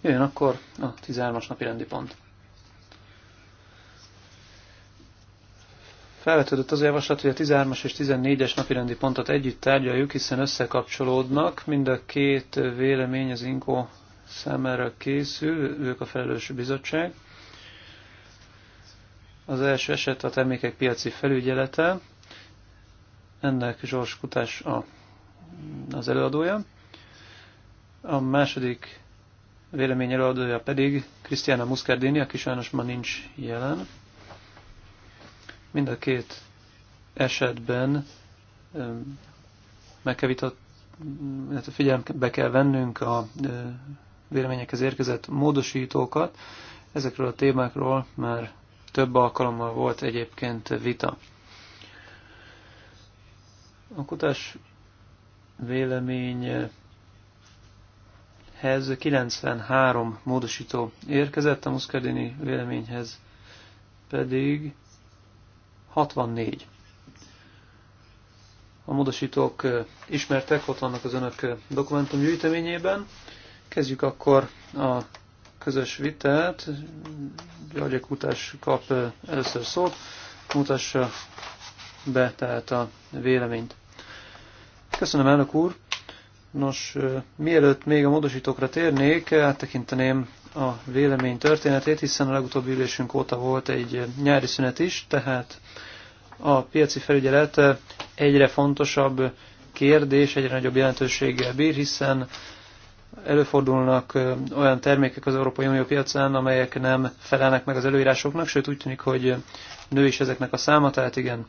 Jöjjön akkor a 13-as napi rendi pont. Felvetődött az a javaslat, hogy a 13-as és 14-es napirendi pontot együtt tárgyaljuk, hiszen összekapcsolódnak. Mind a két vélemény az INKO számára készül, ők a felelős bizottság. Az első eset a termékek piaci felügyelete. Ennek Zsors Kutás a, az előadója. A második vélemény előadója pedig Krisztiána Muscardini, aki sajnos ma nincs jelen. Mind a két esetben meg kell vitat, figyelembe kell vennünk a véleményekhez érkezett módosítókat. Ezekről a témákról már több alkalommal volt egyébként vita. A kutás véleményhez 93 módosító érkezett, a Muscardini véleményhez pedig 64. A módosítók ismertek, ott vannak az önök dokumentumgyűjteményében. Kezdjük akkor a közös vitát. György Kutás kap először szót, mutassa be tehát a véleményt. Köszönöm, elnök úr! Nos, mielőtt még a módosítókra térnék, áttekinteném a vélemény történetét, hiszen a legutóbbi ülésünk óta volt egy nyári szünet is, tehát a piaci felügyelet egyre fontosabb kérdés, egyre nagyobb jelentőséggel bír, hiszen előfordulnak olyan termékek az Európai Unió piacán, amelyek nem felelnek meg az előírásoknak, sőt úgy tűnik, hogy nő is ezeknek a száma, tehát igen,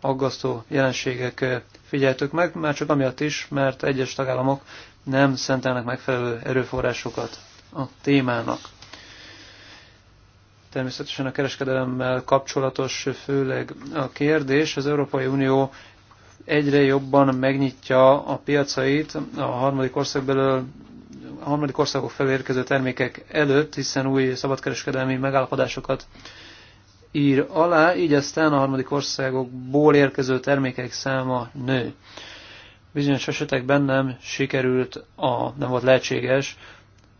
aggasztó jelenségek figyeltük meg, már csak amiatt is, mert egyes tagállamok nem szentelnek megfelelő erőforrásokat a témának. Természetesen a kereskedelemmel kapcsolatos főleg a kérdés. Az Európai Unió egyre jobban megnyitja a piacait a harmadik ország belől a harmadik országok felérkező termékek előtt, hiszen új szabadkereskedelmi megállapodásokat ír alá, így aztán a harmadik országokból érkező termékek száma nő. Bizonyos esetekben nem sikerült, a, nem volt lehetséges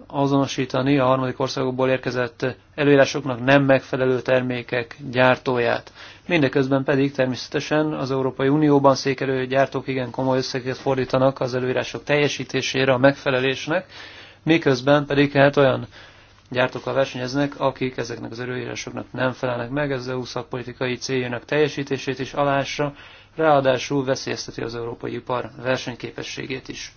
azonosítani a harmadik országokból érkezett előírásoknak nem megfelelő termékek gyártóját. Mindeközben pedig természetesen az Európai Unióban székelő gyártók igen komoly összeget fordítanak az előírások teljesítésére, a megfelelésnek, miközben pedig hát olyan gyártókkal versenyeznek, akik ezeknek az előírásoknak nem felelnek meg, ez az EU szakpolitikai céljának teljesítését is alásra, ráadásul veszélyezteti az európai ipar versenyképességét is.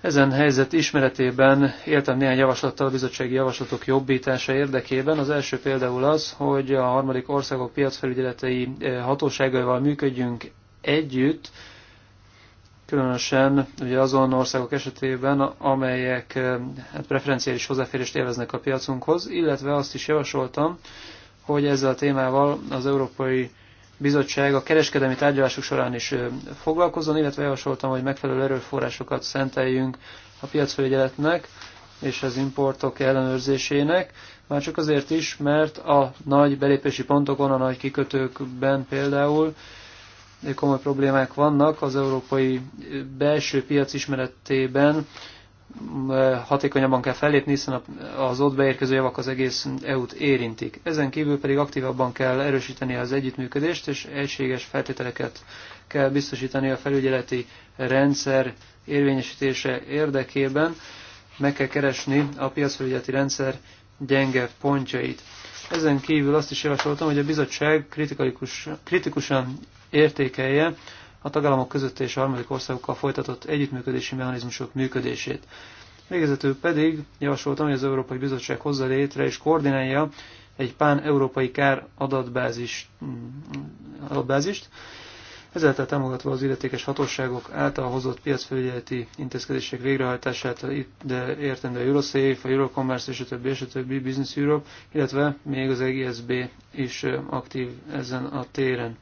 Ezen helyzet ismeretében éltem néhány javaslattal a bizottsági javaslatok jobbítása érdekében. Az első például az, hogy a harmadik országok piacfelügyeletei eh, hatóságaival működjünk együtt, különösen ugye azon országok esetében, amelyek eh, hát preferenciális hozzáférést élveznek a piacunkhoz, illetve azt is javasoltam, hogy ezzel a témával az Európai bizottság a kereskedelmi tárgyalások során is foglalkozzon, illetve javasoltam, hogy megfelelő erőforrásokat szenteljünk a piacfelügyeletnek és az importok ellenőrzésének, már csak azért is, mert a nagy belépési pontokon, a nagy kikötőkben például komoly problémák vannak az európai belső piac ismeretében, hatékonyabban kell fellépni, hiszen az ott beérkező javak az egész EU-t érintik. Ezen kívül pedig aktívabban kell erősíteni az együttműködést, és egységes feltételeket kell biztosítani a felügyeleti rendszer érvényesítése érdekében. Meg kell keresni a piacfelügyeleti rendszer gyenge pontjait. Ezen kívül azt is javasoltam, hogy a bizottság kritikusan értékelje a tagállamok között és a harmadik országokkal folytatott együttműködési mechanizmusok működését. Végezetül pedig javasoltam, hogy az Európai Bizottság hozza létre és koordinálja egy pán-európai kár adatbázis, mm, adatbázist, ezáltal támogatva az illetékes hatóságok által hozott piacfelügyeleti intézkedések végrehajtását, de értendő a Eurosafe, a Eurocommerce és a többi, és a többi Business Europe, illetve még az EGSB is aktív ezen a téren.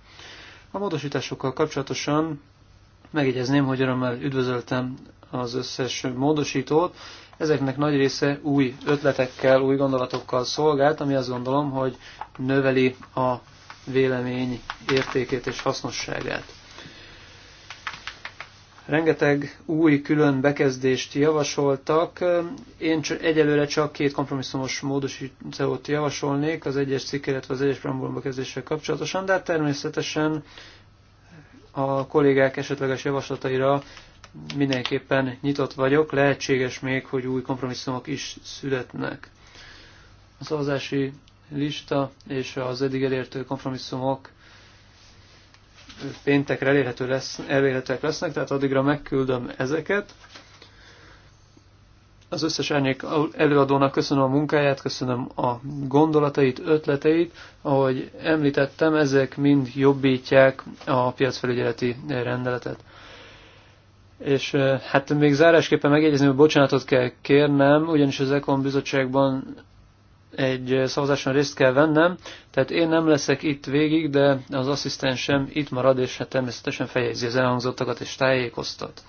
A módosításokkal kapcsolatosan megjegyezném, hogy örömmel üdvözöltem az összes módosítót. Ezeknek nagy része új ötletekkel, új gondolatokkal szolgált, ami azt gondolom, hogy növeli a vélemény értékét és hasznosságát. Rengeteg új külön bekezdést javasoltak. Én egyelőre csak két kompromisszumos módosítót javasolnék az egyes cikk, illetve az egyes preambulum bekezdéssel kapcsolatosan, de hát természetesen a kollégák esetleges javaslataira mindenképpen nyitott vagyok, lehetséges még, hogy új kompromisszumok is születnek. A szavazási lista és az eddig elértő kompromisszumok péntekre elérhető lesz, elérhetőek lesznek, tehát addigra megküldöm ezeket. Az összes elnék előadónak köszönöm a munkáját, köszönöm a gondolatait, ötleteit. Ahogy említettem, ezek mind jobbítják a piacfelügyeleti rendeletet. És eh, hát még zárásképpen megjegyezni, hogy bocsánatot kell kérnem, ugyanis az Ekon bizottságban egy szavazáson részt kell vennem, tehát én nem leszek itt végig, de az asszisztensem itt marad, és hát természetesen fejezi az elhangzottakat és tájékoztat.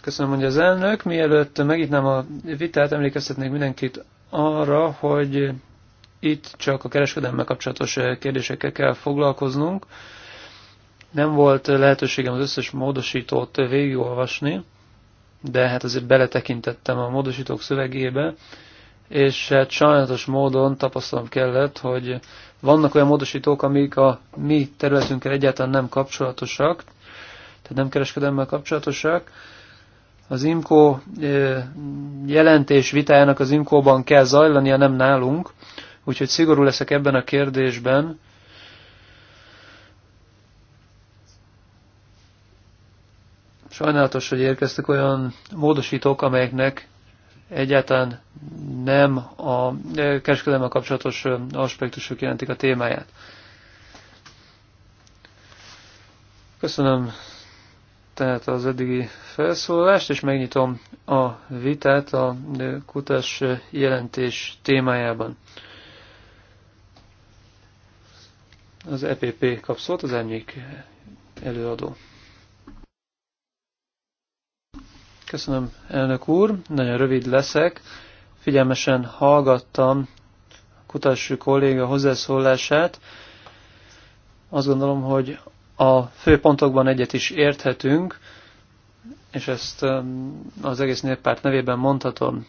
Köszönöm, hogy az elnök. Mielőtt megítnám a vitát, emlékeztetnék mindenkit arra, hogy itt csak a kereskedelme kapcsolatos kérdésekkel kell foglalkoznunk. Nem volt lehetőségem az összes módosítót végigolvasni, de hát azért beletekintettem a módosítók szövegébe, és hát sajnálatos módon tapasztalom kellett, hogy vannak olyan módosítók, amik a mi területünkkel egyáltalán nem kapcsolatosak, tehát nem kereskedemmel kapcsolatosak. Az IMCO jelentés vitájának az IMCO-ban kell zajlania, nem nálunk, úgyhogy szigorú leszek ebben a kérdésben. Sajnálatos, hogy érkeztek olyan módosítók, amelyeknek egyáltalán nem a e, kereskedelemmel kapcsolatos e, aspektusok jelentik a témáját. Köszönöm tehát az eddigi felszólalást, és megnyitom a vitát a e, kutás jelentés témájában. Az EPP kap szót, az emlék előadó. Köszönöm, elnök úr. Nagyon rövid leszek. Figyelmesen hallgattam a kutatási kolléga hozzászólását. Azt gondolom, hogy a fő pontokban egyet is érthetünk, és ezt um, az egész néppárt nevében mondhatom.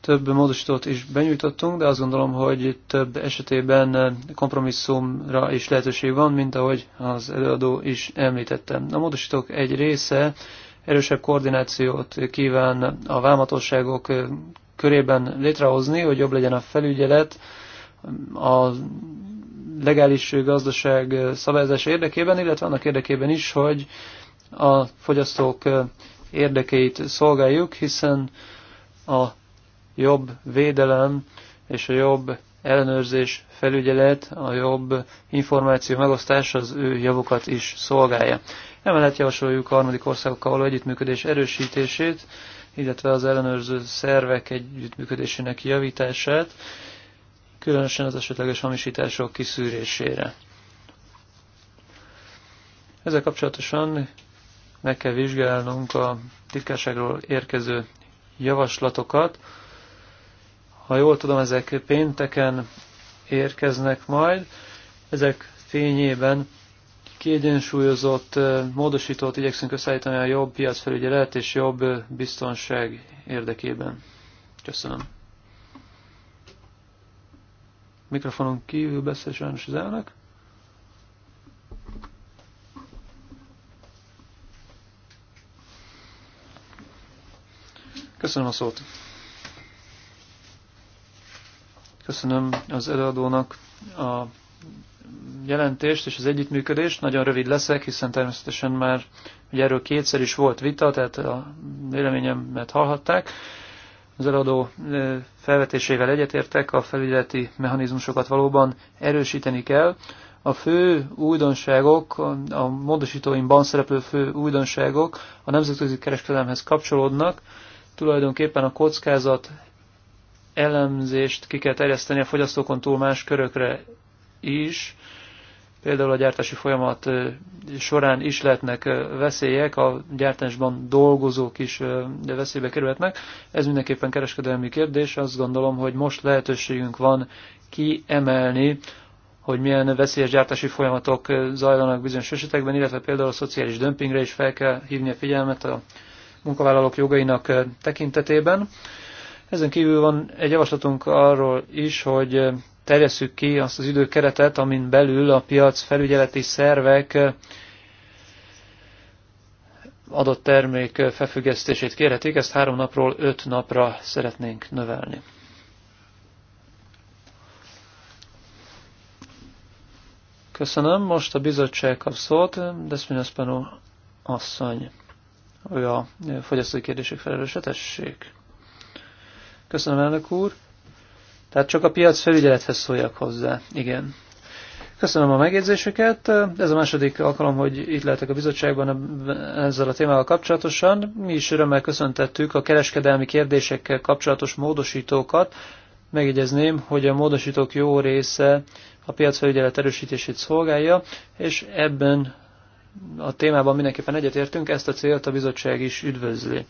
Több módosítót is benyújtottunk, de azt gondolom, hogy több esetében uh, kompromisszumra is lehetőség van, mint ahogy az előadó is említette. A módosítók egy része erősebb koordinációt kíván a vámatosságok körében létrehozni, hogy jobb legyen a felügyelet a legális gazdaság szabályozása érdekében, illetve annak érdekében is, hogy a fogyasztók érdekeit szolgáljuk, hiszen a jobb védelem és a jobb ellenőrzés, felügyelet, a jobb információ megosztás az ő javukat is szolgálja. Emellett javasoljuk a harmadik országokkal való együttműködés erősítését, illetve az ellenőrző szervek együttműködésének javítását, különösen az esetleges hamisítások kiszűrésére. Ezzel kapcsolatosan meg kell vizsgálnunk a titkárságról érkező javaslatokat. Ha jól tudom, ezek pénteken érkeznek majd. Ezek fényében kiegyensúlyozott eh, módosítót igyekszünk összeállítani a jobb piacfelügyelet és jobb eh, biztonság érdekében. Köszönöm. Mikrofonon kívül beszél sajnos az elnök. Köszönöm a szót. Köszönöm az előadónak a jelentést és az együttműködést. Nagyon rövid leszek, hiszen természetesen már ugye erről kétszer is volt vita, tehát a véleményemet hallhatták. Az eladó felvetésével egyetértek, a felügyeleti mechanizmusokat valóban erősíteni kell. A fő újdonságok, a módosítóimban szereplő fő újdonságok a nemzetközi kereskedelemhez kapcsolódnak. Tulajdonképpen a kockázat elemzést ki kell terjeszteni a fogyasztókon túl más körökre is, például a gyártási folyamat során is lehetnek veszélyek, a gyártásban dolgozók is veszélybe kerülhetnek. Ez mindenképpen kereskedelmi kérdés, azt gondolom, hogy most lehetőségünk van kiemelni, hogy milyen veszélyes gyártási folyamatok zajlanak bizonyos esetekben, illetve például a szociális dömpingre is fel kell hívni a figyelmet a munkavállalók jogainak tekintetében. Ezen kívül van egy javaslatunk arról is, hogy terjesszük ki azt az időkeretet, amin belül a piac felügyeleti szervek eh, adott termék eh, felfüggesztését kérhetik, ezt három napról öt napra szeretnénk növelni. Köszönöm, most a bizottság kap szót, Deszminaszpanó asszony, ő a fogyasztói kérdések felelőse, tessék. Köszönöm, elnök úr. Tehát csak a piac felügyelethez szóljak hozzá. Igen. Köszönöm a megjegyzéseket. Ez a második alkalom, hogy itt lehetek a bizottságban ezzel a témával kapcsolatosan. Mi is örömmel köszöntettük a kereskedelmi kérdésekkel kapcsolatos módosítókat. Megjegyezném, hogy a módosítók jó része a piacfelügyelet erősítését szolgálja, és ebben a témában mindenképpen egyetértünk, ezt a célt a bizottság is üdvözli.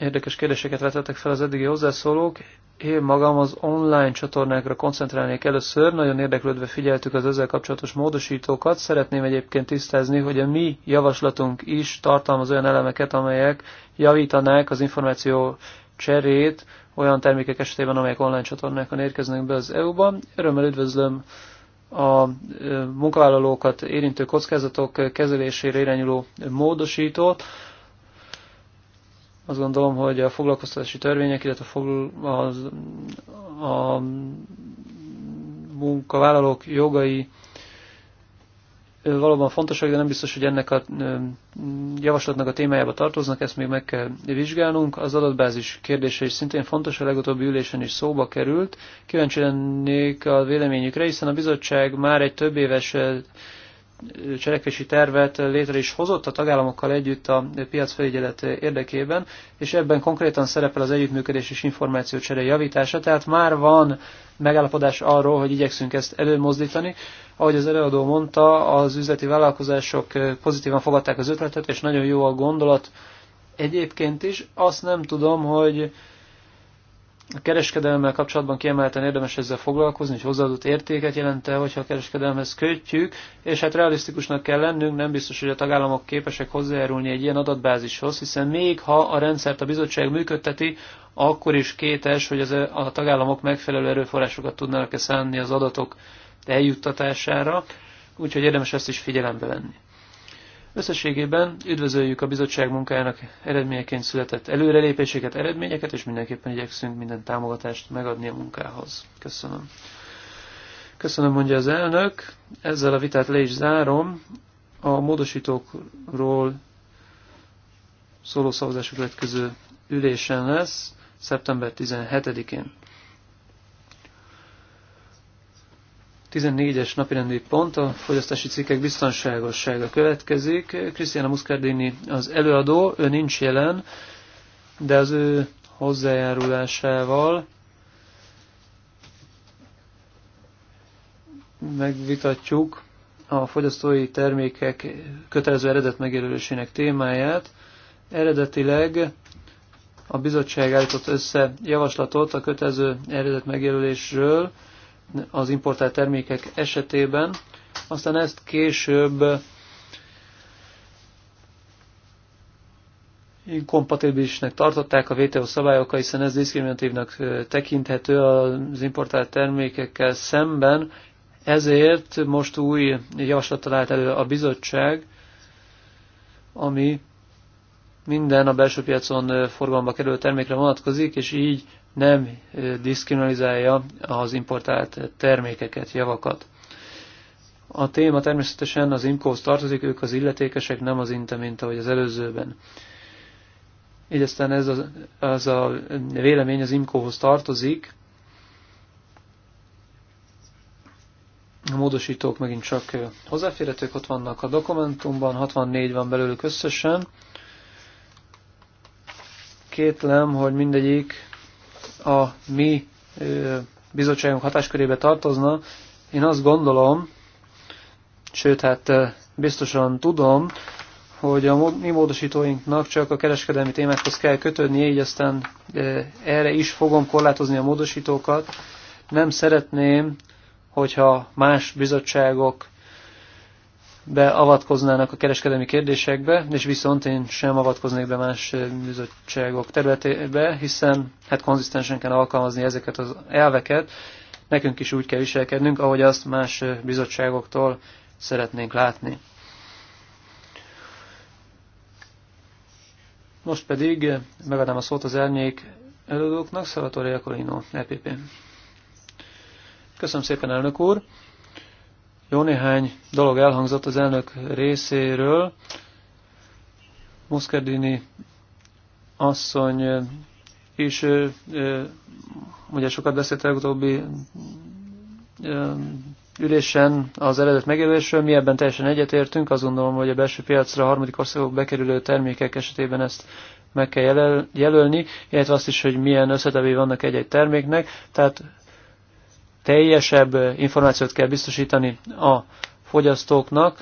érdekes kérdéseket vetettek fel az eddigi hozzászólók. Én magam az online csatornákra koncentrálnék először, nagyon érdeklődve figyeltük az ezzel kapcsolatos módosítókat. Szeretném egyébként tisztázni, hogy a mi javaslatunk is tartalmaz olyan elemeket, amelyek javítanák az információ cserét olyan termékek esetében, amelyek online csatornákon érkeznek be az EU-ban. Örömmel üdvözlöm a munkavállalókat érintő kockázatok kezelésére irányuló módosítót azt gondolom, hogy a foglalkoztatási törvények, illetve a, az, a munkavállalók jogai valóban fontosak, de nem biztos, hogy ennek a javaslatnak a témájába tartoznak, ezt még meg kell vizsgálnunk. Az adatbázis kérdése is szintén fontos, a legutóbbi ülésen is szóba került. Kíváncsi lennék a véleményükre, hiszen a bizottság már egy több éves cselekvési tervet létre is hozott a tagállamokkal együtt a piacfelügyelet érdekében, és ebben konkrétan szerepel az együttműködés és információcsere javítása, tehát már van megállapodás arról, hogy igyekszünk ezt előmozdítani. Ahogy az előadó mondta, az üzleti vállalkozások pozitívan fogadták az ötletet, és nagyon jó a gondolat egyébként is. Azt nem tudom, hogy a kereskedelemmel kapcsolatban kiemelten érdemes ezzel foglalkozni, hogy hozzáadott értéket jelente, hogyha a kereskedelemhez kötjük, és hát realisztikusnak kell lennünk, nem biztos, hogy a tagállamok képesek hozzájárulni egy ilyen adatbázishoz, hiszen még ha a rendszert a bizottság működteti, akkor is kétes, hogy az e- a tagállamok megfelelő erőforrásokat tudnának-e szánni az adatok eljuttatására, úgyhogy érdemes ezt is figyelembe venni. Összességében üdvözöljük a bizottság munkájának eredményeként született előrelépéseket, eredményeket, és mindenképpen igyekszünk minden támogatást megadni a munkához. Köszönöm. Köszönöm, mondja az elnök. Ezzel a vitát le is zárom. A módosítókról szóló szavazás következő ülésen lesz, szeptember 17-én. 14-es napirendi pont, a fogyasztási cikkek biztonságossága következik. Krisztiána Muscardini az előadó, ő nincs jelen, de az ő hozzájárulásával megvitatjuk a fogyasztói termékek kötelező eredet megjelölésének témáját. Eredetileg a bizottság állított össze javaslatot a kötelező eredet megjelölésről, az importált termékek esetében, aztán ezt később inkompatibilisnek tartották a VTO szabályokkal, hiszen ez diszkriminatívnak tekinthető az importált termékekkel szemben, ezért most új javaslat talált elő a bizottság, ami minden a belső piacon forgalomba kerülő termékre vonatkozik, és így nem diszkriminalizálja az importált termékeket, javakat. A téma természetesen az IMCO-hoz tartozik, ők az illetékesek, nem az INTE, mint ahogy az előzőben. Így aztán ez a, az a vélemény az IMCO-hoz tartozik. A módosítók megint csak hozzáférhetők, ott vannak a dokumentumban, 64 van belőlük összesen. Kétlem, hogy mindegyik a mi bizottságunk hatáskörébe tartozna. Én azt gondolom, sőt, hát biztosan tudom, hogy a mi módosítóinknak csak a kereskedelmi témákhoz kell kötődnie, így aztán erre is fogom korlátozni a módosítókat. Nem szeretném, hogyha más bizottságok beavatkoznának a kereskedelmi kérdésekbe, és viszont én sem avatkoznék be más eh, bizottságok területébe, hiszen hát konzisztensen kell alkalmazni ezeket az elveket, nekünk is úgy kell viselkednünk, ahogy azt más eh, bizottságoktól szeretnénk látni. Most pedig eh, megadám a szót az elnyék előadóknak, Salvatore Iacolino, EPP. Köszönöm szépen, elnök úr! Jó néhány dolog elhangzott az elnök részéről. Muscardini asszony is ugye sokat beszélt legutóbbi ülésen az eredet megjelölésről, mi ebben teljesen egyetértünk, azt gondolom, hogy a belső piacra a harmadik országok bekerülő termékek esetében ezt meg kell jelölni, illetve azt is, hogy milyen összetevői vannak egy-egy terméknek, tehát teljesebb információt kell biztosítani a fogyasztóknak.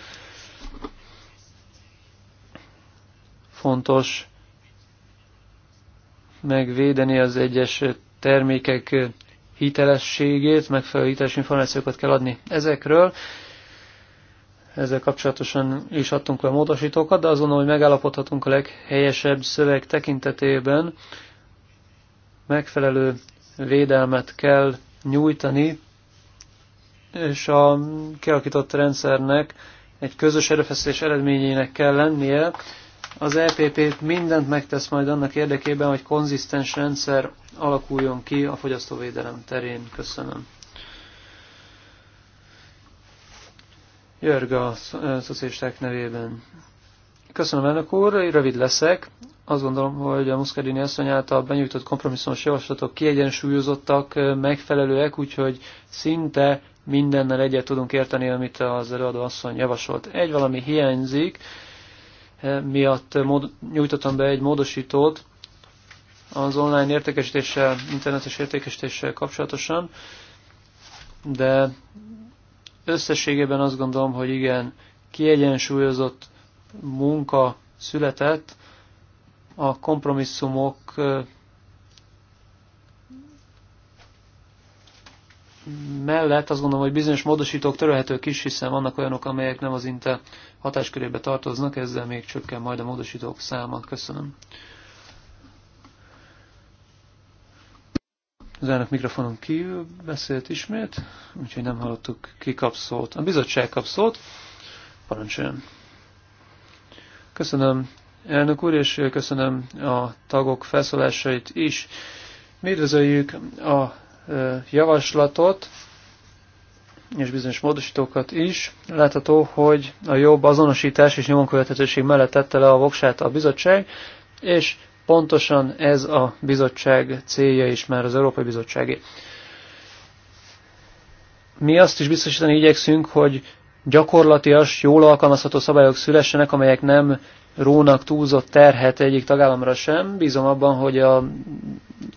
Fontos megvédeni az egyes termékek hitelességét, megfelelő hiteles információkat kell adni ezekről. Ezzel kapcsolatosan is adtunk le módosítókat, de azonnal, hogy megállapodhatunk a leghelyesebb szöveg tekintetében, megfelelő védelmet kell nyújtani, és a kialakított rendszernek egy közös erőfeszítés eredményének kell lennie. Az EPP mindent megtesz majd annak érdekében, hogy konzisztens rendszer alakuljon ki a fogyasztóvédelem terén. Köszönöm. Jörg a szocialisták nevében. Köszönöm, elnök úr, rövid leszek azt gondolom, hogy a Muscadini asszony által benyújtott kompromisszumos javaslatok kiegyensúlyozottak, megfelelőek, úgyhogy szinte mindennel egyet tudunk érteni, amit az előadó asszony javasolt. Egy valami hiányzik, miatt nyújtottam be egy módosítót az online értékesítéssel, internetes értékesítéssel kapcsolatosan, de összességében azt gondolom, hogy igen, kiegyensúlyozott munka született, a kompromisszumok mellett azt gondolom, hogy bizonyos módosítók törölhetők is, hiszen vannak olyanok, amelyek nem az inte hatáskörébe tartoznak, ezzel még csökken majd a módosítók száma. Köszönöm. Az elnök mikrofonon kívül beszélt ismét, úgyhogy nem hallottuk, ki kap szót. A bizottság kap szót. Parancsoljon. Köszönöm, elnök úr, és köszönöm a tagok felszólásait is. Mi a javaslatot, és bizonyos módosítókat is. Látható, hogy a jobb azonosítás és nyomonkövethetőség mellett tette le a voksát a bizottság, és pontosan ez a bizottság célja is már az Európai Bizottságé. Mi azt is biztosítani igyekszünk, hogy gyakorlatias, jól alkalmazható szabályok szülessenek, amelyek nem rónak túlzott terhet egyik tagállamra sem. Bízom abban, hogy a,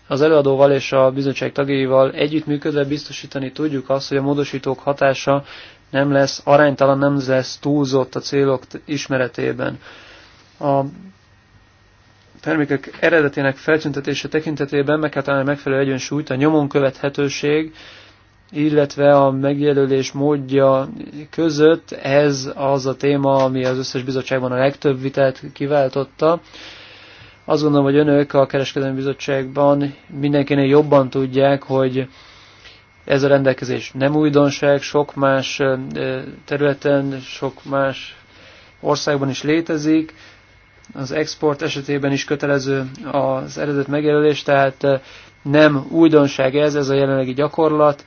az előadóval és a bizottság tagjaival együttműködve biztosítani tudjuk azt, hogy a módosítók hatása nem lesz aránytalan, nem lesz túlzott a célok ismeretében. A termékek eredetének feltüntetése tekintetében meg kell találni megfelelő egyensúlyt, a nyomon követhetőség, illetve a megjelölés módja között ez az a téma, ami az összes bizottságban a legtöbb vitát kiváltotta. Azt gondolom, hogy önök a kereskedelmi bizottságban mindenkinél jobban tudják, hogy ez a rendelkezés nem újdonság, sok más területen, sok más országban is létezik. Az export esetében is kötelező az eredet megjelölés, tehát nem újdonság ez, ez a jelenlegi gyakorlat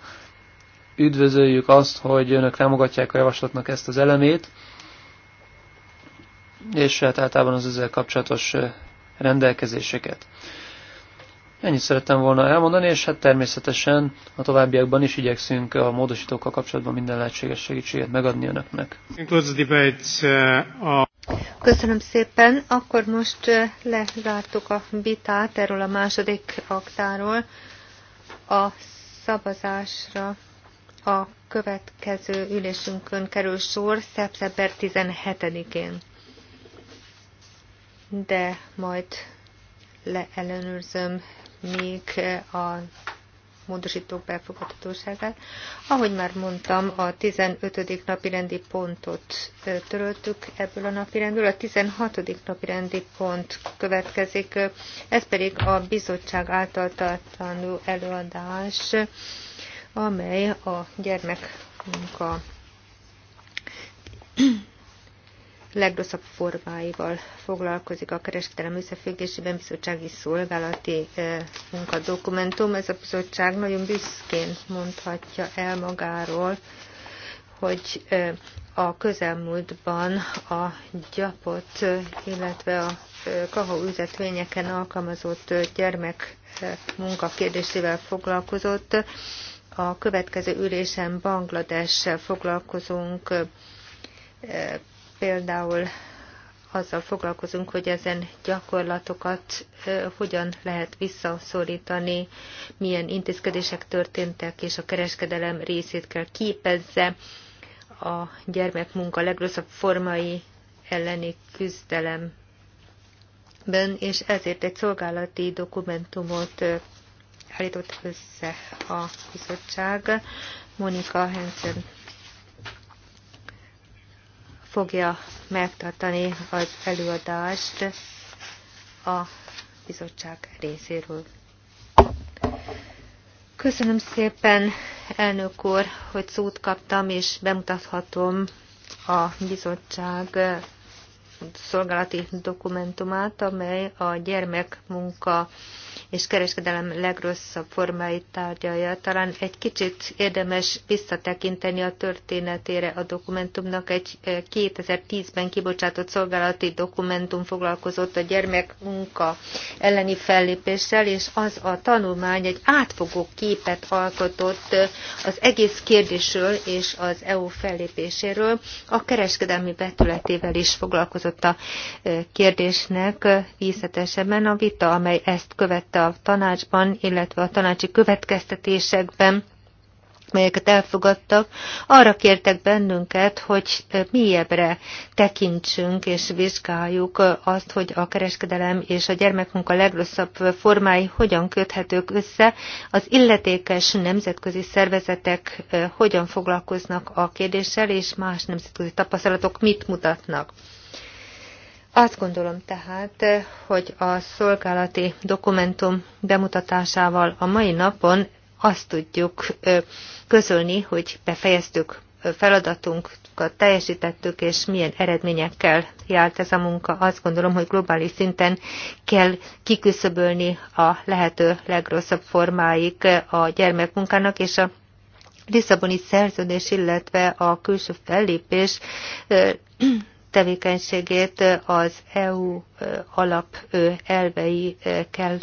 üdvözöljük azt, hogy önök támogatják a javaslatnak ezt az elemét, és hát általában az ezzel kapcsolatos rendelkezéseket. Ennyit szerettem volna elmondani, és hát természetesen a továbbiakban is igyekszünk a módosítókkal kapcsolatban minden lehetséges segítséget megadni önöknek. Köszönöm szépen. Akkor most lezártuk a vitát erről a második aktáról. A szavazásra a következő ülésünkön kerül sor szeptember 17-én. De majd leellenőrzöm még a módosítók befogadhatóságát. Ahogy már mondtam, a 15. napi rendi pontot töröltük ebből a napi rendből. A 16. napi rendi pont következik, ez pedig a bizottság által tartandó előadás amely a munka legrosszabb formáival foglalkozik a kereskedelem összefüggésében bizottsági szolgálati eh, munkadokumentum. Ez a bizottság nagyon büszkén mondhatja el magáról, hogy eh, a közelmúltban a gyapot, illetve a eh, kaha üzetvényeken alkalmazott gyermek munka kérdésével foglalkozott. A következő ülésen Bangladessel foglalkozunk, például azzal foglalkozunk, hogy ezen gyakorlatokat hogyan lehet visszaszorítani, milyen intézkedések történtek, és a kereskedelem részét kell képezze a gyermekmunka legrosszabb formai elleni küzdelemben, és ezért egy szolgálati dokumentumot állított össze a bizottság. Monika Hansen fogja megtartani az előadást a bizottság részéről. Köszönöm szépen, elnök úr, hogy szót kaptam, és bemutathatom a bizottság szolgálati dokumentumát, amely a gyermekmunka és kereskedelem legrosszabb formáit tárgyalja. Talán egy kicsit érdemes visszatekinteni a történetére a dokumentumnak. Egy 2010-ben eh, kibocsátott szolgálati dokumentum foglalkozott a gyermekmunka elleni fellépéssel, és az a tanulmány egy átfogó képet alkotott eh, az egész kérdésről és az EU fellépéséről. A kereskedelmi betületével is foglalkozott hangzott a kérdésnek részletesebben a vita, amely ezt követte a tanácsban, illetve a tanácsi következtetésekben melyeket elfogadtak, arra kértek bennünket, hogy mélyebbre tekintsünk és vizsgáljuk azt, hogy a kereskedelem és a gyermekmunka legrosszabb formái hogyan köthetők össze, az illetékes nemzetközi szervezetek hogyan foglalkoznak a kérdéssel, és más nemzetközi tapasztalatok mit mutatnak. Azt gondolom tehát, hogy a szolgálati dokumentum bemutatásával a mai napon azt tudjuk közölni, hogy befejeztük feladatunkat, teljesítettük, és milyen eredményekkel járt ez a munka. Azt gondolom, hogy globális szinten kell kiküszöbölni a lehető legrosszabb formáig a gyermekmunkának, és a Lisszaboni szerződés, illetve a külső fellépés tevékenységét az EU alap elvei kell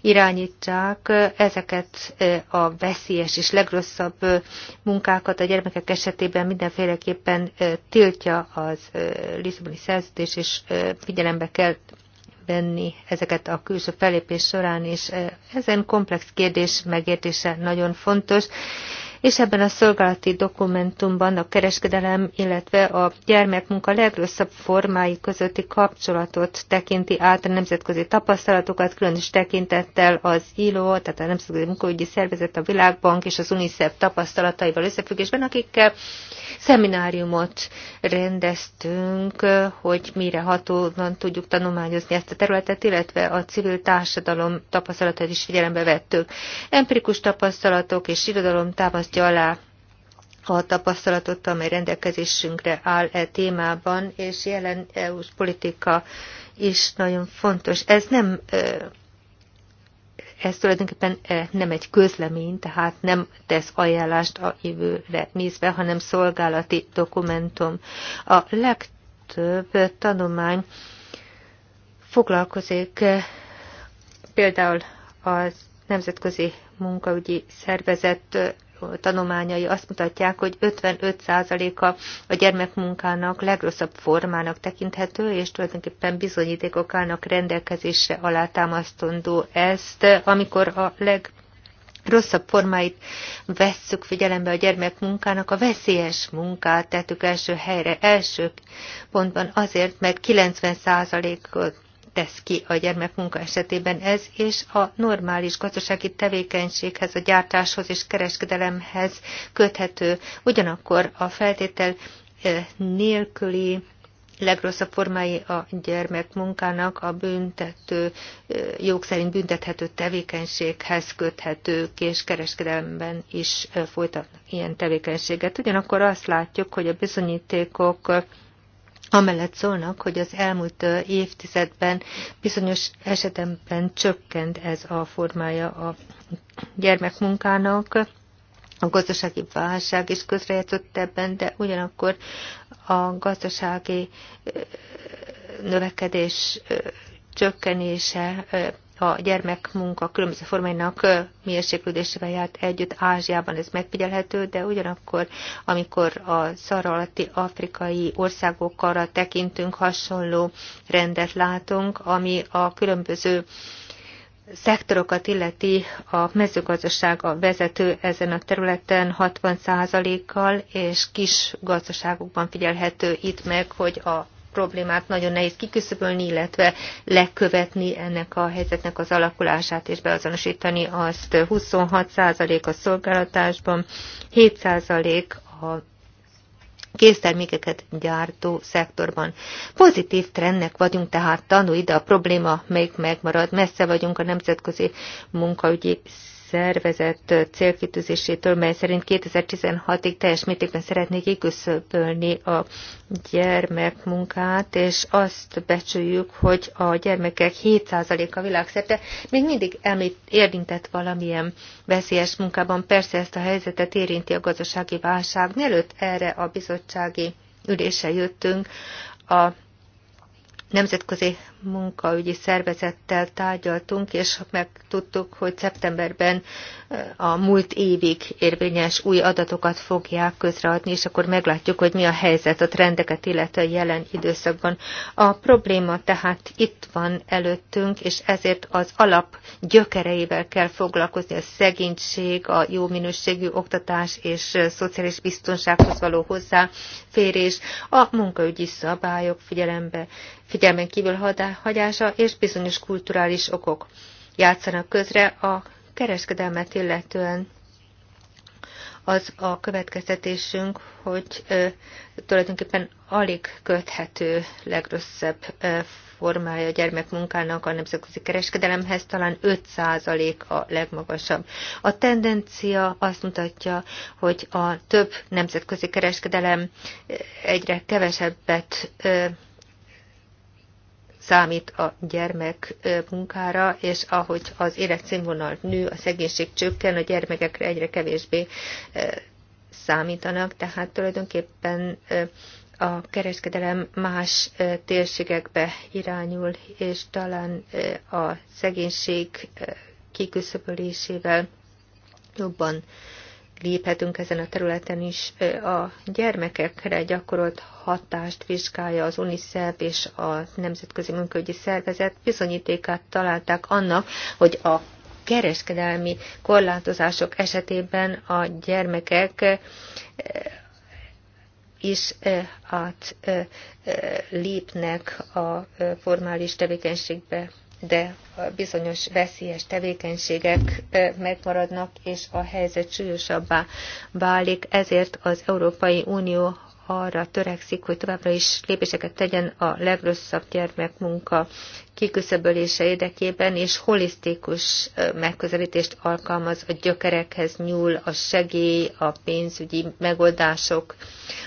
irányítsák ezeket a veszélyes és legrosszabb munkákat a gyermekek esetében mindenféleképpen tiltja az Lisszaboni szerződés, és figyelembe kell venni ezeket a külső felépés során, és ezen komplex kérdés megértése nagyon fontos, és ebben a szolgálati dokumentumban a kereskedelem, illetve a gyermekmunka legrosszabb formái közötti kapcsolatot tekinti át a nemzetközi tapasztalatokat, különös tekintettel az ILO, tehát a Nemzetközi Munkaügyi Szervezet, a Világbank és az UNICEF tapasztalataival összefüggésben, akikkel szemináriumot rendeztünk, hogy mire hatóan tudjuk tanulmányozni ezt a területet, illetve a civil társadalom tapasztalatait is figyelembe vettük. Empirikus tapasztalatok és irodalom támasztja alá a tapasztalatot, amely rendelkezésünkre áll e témában, és jelen EU-s politika is nagyon fontos. Ez nem, ez tulajdonképpen nem egy közlemény, tehát nem tesz ajánlást a jövőre nézve, hanem szolgálati dokumentum. A legtöbb tanulmány foglalkozik például az Nemzetközi Munkaügyi Szervezet tanulmányai azt mutatják, hogy 55%-a a gyermekmunkának legrosszabb formának tekinthető, és tulajdonképpen bizonyítékok állnak rendelkezésre alátámasztandó ezt, amikor a leg rosszabb formáit vesszük figyelembe a gyermekmunkának, a veszélyes munkát tettük első helyre, első pontban azért, mert 90%-ot tesz ki a gyermekmunka esetében ez, és a normális gazdasági tevékenységhez, a gyártáshoz és kereskedelemhez köthető. Ugyanakkor a feltétel eh, nélküli legrosszabb formái a gyermekmunkának a büntető, eh, jog szerint büntethető tevékenységhez köthetők, és kereskedelemben is eh, folytatnak ilyen tevékenységet. Ugyanakkor azt látjuk, hogy a bizonyítékok amellett szólnak, hogy az elmúlt évtizedben bizonyos esetemben csökkent ez a formája a gyermekmunkának, a gazdasági válság is közrejátszott ebben, de ugyanakkor a gazdasági növekedés csökkenése a gyermekmunka különböző formáinak mérséklődésével járt együtt. Ázsiában ez megfigyelhető, de ugyanakkor, amikor a szaralati afrikai országokra tekintünk, hasonló rendet látunk, ami a különböző szektorokat illeti a mezőgazdaság a vezető ezen a területen 60%-kal, és kis gazdaságokban figyelhető itt meg, hogy a problémát nagyon nehéz kiküszöbölni, illetve lekövetni ennek a helyzetnek az alakulását és beazonosítani azt 26% a szolgálatásban, 7% a késztermékeket gyártó szektorban. Pozitív trendnek vagyunk tehát tanulj, de a probléma még megmarad. Messze vagyunk a nemzetközi munkaügyi szervezet célkitűzésétől, mely szerint 2016-ig teljes mértékben szeretnék kiküszöbölni a gyermekmunkát, és azt becsüljük, hogy a gyermekek 7%-a világszerte még mindig említ, érintett valamilyen veszélyes munkában. Persze ezt a helyzetet érinti a gazdasági válság. Mielőtt erre a bizottsági ülésre jöttünk, a nemzetközi munkaügyi szervezettel tárgyaltunk, és megtudtuk, hogy szeptemberben eh, a múlt évig érvényes új adatokat fogják közreadni, és akkor meglátjuk, hogy mi a helyzet a trendeket, illetve a jelen időszakban. A probléma tehát itt van előttünk, és ezért az alap gyökereivel kell foglalkozni, a szegénység, a jó minőségű oktatás és eh, szociális biztonsághoz való hozzáférés, a munkaügyi szabályok figyelembe figyelmen kívül hagyása és bizonyos kulturális okok játszanak közre a kereskedelmet illetően. Az a következtetésünk, hogy ö, tulajdonképpen alig köthető legrosszabb ö, formája a gyermekmunkának a nemzetközi kereskedelemhez, talán 5% a legmagasabb. A tendencia azt mutatja, hogy a több nemzetközi kereskedelem egyre kevesebbet számít a gyermek munkára, és ahogy az életszínvonal nő, a szegénység csökken, a gyermekekre egyre kevésbé számítanak, tehát tulajdonképpen a kereskedelem más térségekbe irányul, és talán a szegénység kiküszöbölésével jobban léphetünk ezen a területen is. A gyermekekre gyakorolt hatást vizsgálja az UNICEF és a Nemzetközi Munkaügyi Szervezet. Bizonyítékát találták annak, hogy a kereskedelmi korlátozások esetében a gyermekek is lépnek a formális tevékenységbe de bizonyos veszélyes tevékenységek megmaradnak, és a helyzet súlyosabbá válik, ezért az Európai Unió arra törekszik, hogy továbbra is lépéseket tegyen a legrosszabb gyermekmunka kiküszöbölése érdekében, és holisztikus megközelítést alkalmaz a gyökerekhez nyúl, a segély, a pénzügyi megoldások,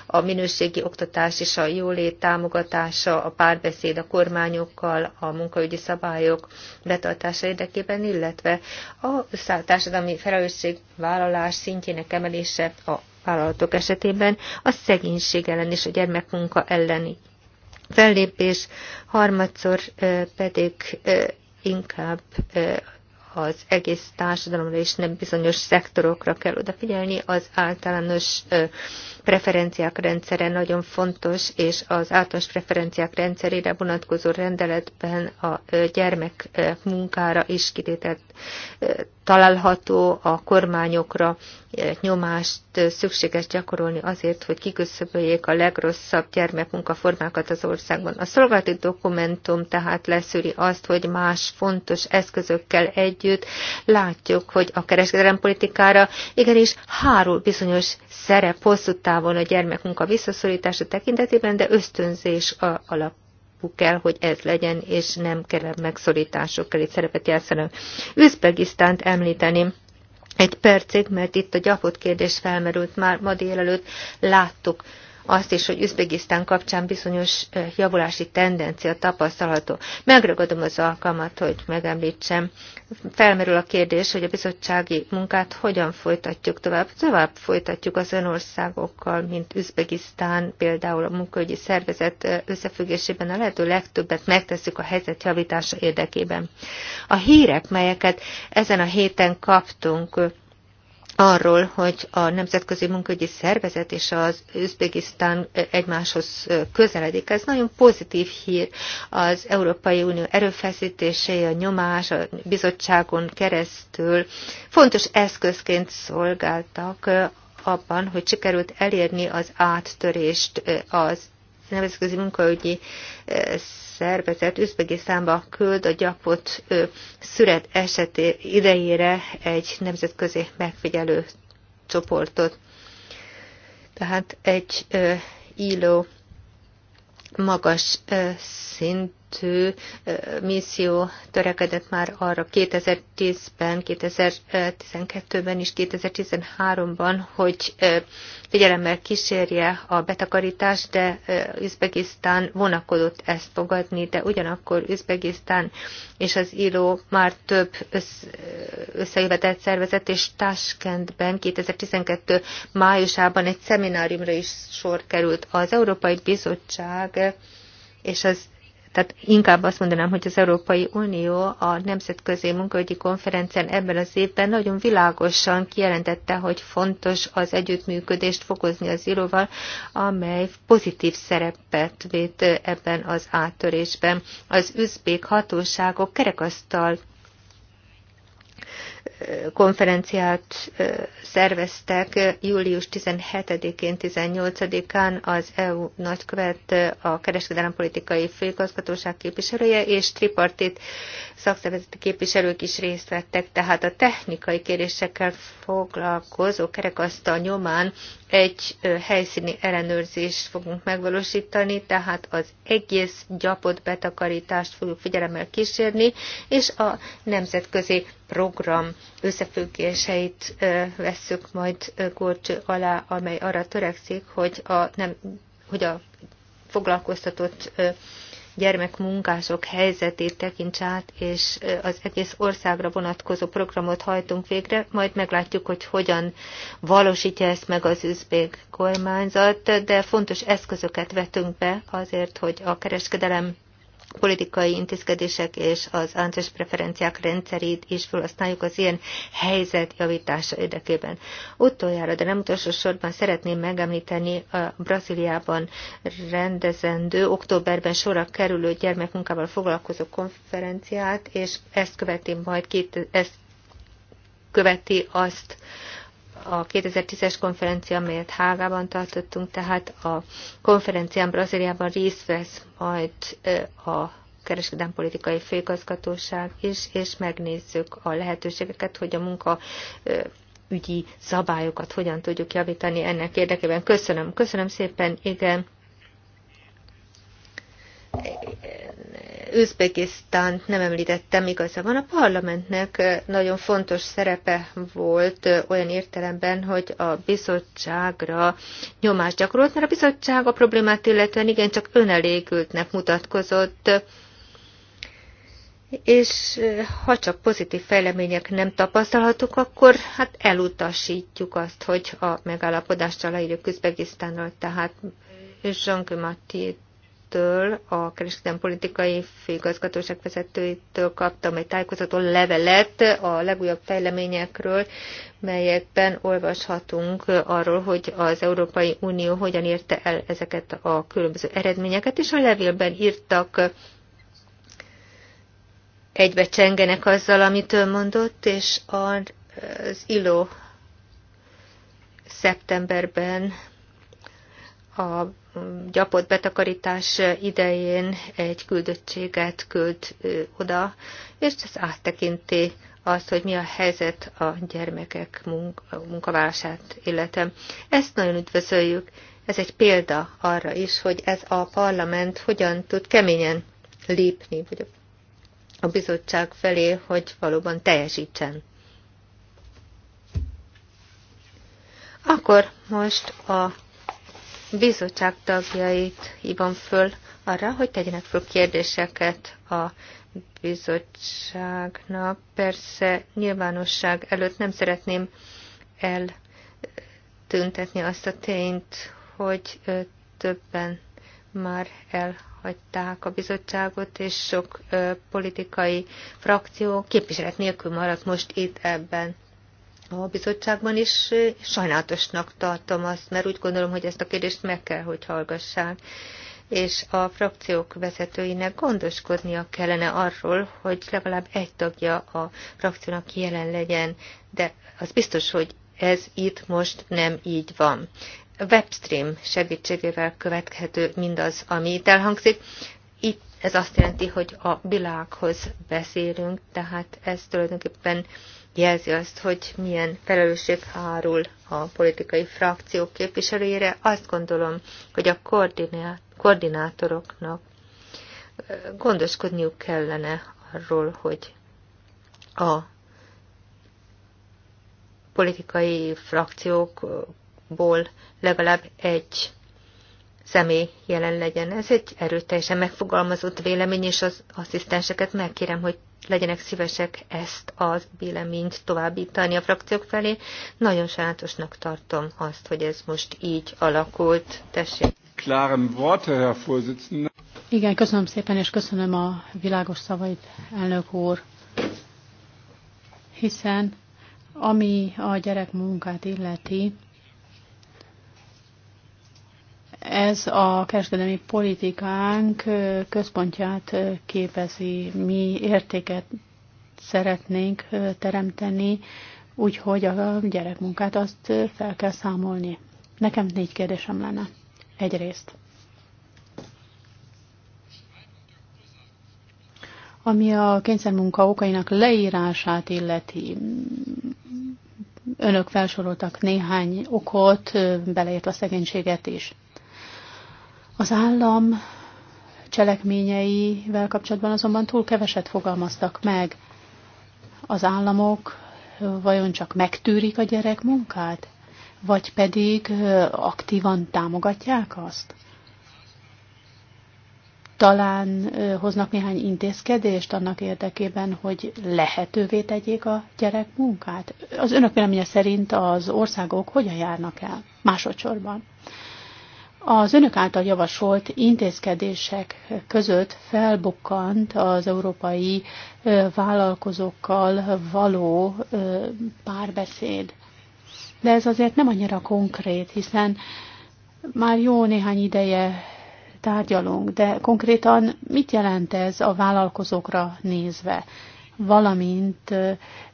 a minőségi oktatás és a jólét támogatása, a párbeszéd a kormányokkal, a munkaügyi szabályok betartása érdekében, illetve a társadalmi felelősségvállalás szintjének emelése a vállalatok esetében a szegénység ellen és a gyermekmunka elleni fellépés, harmadszor pedig inkább az egész társadalomra és nem bizonyos szektorokra kell odafigyelni. Az általános preferenciák rendszere nagyon fontos, és az általános preferenciák rendszerére vonatkozó rendeletben a gyermek munkára is kitételt található a kormányokra eh, nyomást eh, szükséges gyakorolni azért, hogy kiküszöböljék a legrosszabb gyermekmunkaformákat az országban. A szolgálati dokumentum tehát leszűri azt, hogy más fontos eszközökkel együtt látjuk, hogy a kereskedelempolitikára igenis hárul bizonyos szerep hosszú távon a gyermekmunka visszaszorítása tekintetében, de ösztönzés alap kell, hogy ez legyen, és nem kell megszorításokkal itt szerepet játszanak. Üzbegisztánt említeni egy percig, mert itt a gyapott kérdés felmerült már ma délelőtt, láttuk azt is, hogy Üzbegisztán kapcsán bizonyos javulási tendencia tapasztalható. Megragadom az alkalmat, hogy megemlítsem. Felmerül a kérdés, hogy a bizottsági munkát hogyan folytatjuk tovább. Tovább folytatjuk az önországokkal, mint Üzbegisztán, például a munkaügyi szervezet összefüggésében a lehető legtöbbet megteszük a helyzet javítása érdekében. A hírek, melyeket ezen a héten kaptunk, arról, hogy a Nemzetközi Munkaügyi Szervezet és az Üzbegisztán eh, egymáshoz eh, közeledik. Ez nagyon pozitív hír az Európai Unió erőfeszítései, a nyomás a bizottságon keresztül fontos eszközként szolgáltak eh, abban, hogy sikerült elérni az áttörést az Nemzetközi Munkaügyi Szervezet Üzbegisztánba küld a gyapot szüret eseté idejére egy nemzetközi megfigyelő csoportot. Tehát egy ö, illó magas ö, szint vezető misszió törekedett már arra 2010-ben, 2012-ben és 2013-ban, hogy figyelemmel kísérje a betakarítást, de Üzbegisztán vonakodott ezt fogadni, de ugyanakkor Üzbegisztán és az író már több összejövetelt szervezet, és Táskentben 2012 májusában egy szemináriumra is sor került. Az Európai Bizottság és az tehát inkább azt mondanám, hogy az Európai Unió a Nemzetközi Munkaügyi Konferencián ebben az évben nagyon világosan kijelentette, hogy fontos az együttműködést fokozni az íróval, amely pozitív szerepet vét ebben az áttörésben. Az üzbék hatóságok kerekasztal konferenciát szerveztek július 17-én, 18-án az EU nagykövet, a kereskedelempolitikai főigazgatóság képviselője és tripartit szakszervezeti képviselők is részt vettek, tehát a technikai kérésekkel foglalkozó kerekasztal nyomán egy helyszíni ellenőrzést fogunk megvalósítani, tehát az egész gyapott betakarítást fogjuk figyelemmel kísérni, és a nemzetközi program összefüggéseit vesszük majd górcső alá, amely arra törekszik, hogy a, nem, hogy a foglalkoztatott gyermekmunkások helyzetét tekints át, és az egész országra vonatkozó programot hajtunk végre, majd meglátjuk, hogy hogyan valósítja ezt meg az üzbék kormányzat, de fontos eszközöket vetünk be azért, hogy a kereskedelem politikai intézkedések és az antres preferenciák rendszerét is felhasználjuk az ilyen helyzet javítása érdekében. Utoljára, de nem utolsó sorban szeretném megemlíteni a Brazíliában rendezendő, októberben sorra kerülő gyermekmunkával foglalkozó konferenciát, és ezt követi majd két, ezt követi azt a 2010-es konferencia, amelyet Hágában tartottunk, tehát a konferencián Brazíliában részt vesz majd a kereskedelmpolitikai főigazgatóság is, és megnézzük a lehetőségeket, hogy a munka ügyi szabályokat hogyan tudjuk javítani ennek érdekében. Köszönöm, köszönöm szépen, igen. Üzbegisztánt nem említettem, igaza van, a parlamentnek nagyon fontos szerepe volt olyan értelemben, hogy a bizottságra nyomást gyakorolt, mert a bizottság a problémát illetően igencsak önelégültnek mutatkozott, és ha csak pozitív fejlemények nem tapasztalhatók, akkor hát elutasítjuk azt, hogy a megállapodást aláírjuk Üzbegisztánról, tehát Jean-Guy től a kereskedelmi politikai főigazgatóság vezetőitől kaptam egy tájékoztató levelet a legújabb fejleményekről, melyekben olvashatunk arról, hogy az Európai Unió hogyan érte el ezeket a különböző eredményeket, és a levélben írtak egybe csengenek azzal, amit ő mondott, és az ILO szeptemberben a gyapott betakarítás idején egy küldöttséget küld oda, és ez áttekinti azt, hogy mi a helyzet a gyermekek munka, illetem. illetve. Ezt nagyon üdvözöljük. Ez egy példa arra is, hogy ez a parlament hogyan tud keményen lépni vagy a bizottság felé, hogy valóban teljesítsen. Akkor most a bizottság tagjait föl arra, hogy tegyenek föl kérdéseket a bizottságnak. Persze nyilvánosság előtt nem szeretném eltüntetni azt a tényt, hogy többen már elhagyták a bizottságot, és sok ö, politikai frakció képviselet nélkül maradt most itt ebben a bizottságban is sajnálatosnak tartom azt, mert úgy gondolom, hogy ezt a kérdést meg kell, hogy hallgassák és a frakciók vezetőinek gondoskodnia kellene arról, hogy legalább egy tagja a frakciónak jelen legyen, de az biztos, hogy ez itt most nem így van. A webstream segítségével követhető mindaz, ami itt elhangzik. Itt ez azt jelenti, hogy a világhoz beszélünk, tehát ez tulajdonképpen jelzi azt, hogy milyen felelősség hárul a politikai frakciók képviselőjére. Azt gondolom, hogy a koordinátoroknak gondoskodniuk kellene arról, hogy a politikai frakciókból legalább egy személy jelen legyen. Ez egy erőteljesen megfogalmazott vélemény, és az asszisztenseket megkérem, hogy legyenek szívesek ezt az véleményt továbbítani a frakciók felé. Nagyon sajátosnak tartom azt, hogy ez most így alakult. Tessék. Klaren Worte, Herr Vorsitzender. Igen, köszönöm szépen, és köszönöm a világos szavait, elnök úr. Hiszen ami a gyerek munkát illeti, ez a kereskedelmi politikánk központját képezi. Mi értéket szeretnénk teremteni, úgyhogy a gyerekmunkát azt fel kell számolni. Nekem négy kérdésem lenne. Egyrészt. Ami a kényszermunka okainak leírását illeti, önök felsoroltak néhány okot, beleértve a szegénységet is. Az állam cselekményeivel kapcsolatban azonban túl keveset fogalmaztak meg. Az államok vajon csak megtűrik a gyerek munkát, vagy pedig aktívan támogatják azt? Talán hoznak néhány intézkedést annak érdekében, hogy lehetővé tegyék a gyerek munkát? Az önök véleménye szerint az országok hogyan járnak el másodszorban? Az önök által javasolt intézkedések között felbukkant az európai vállalkozókkal való párbeszéd. De ez azért nem annyira konkrét, hiszen már jó néhány ideje tárgyalunk, de konkrétan mit jelent ez a vállalkozókra nézve? Valamint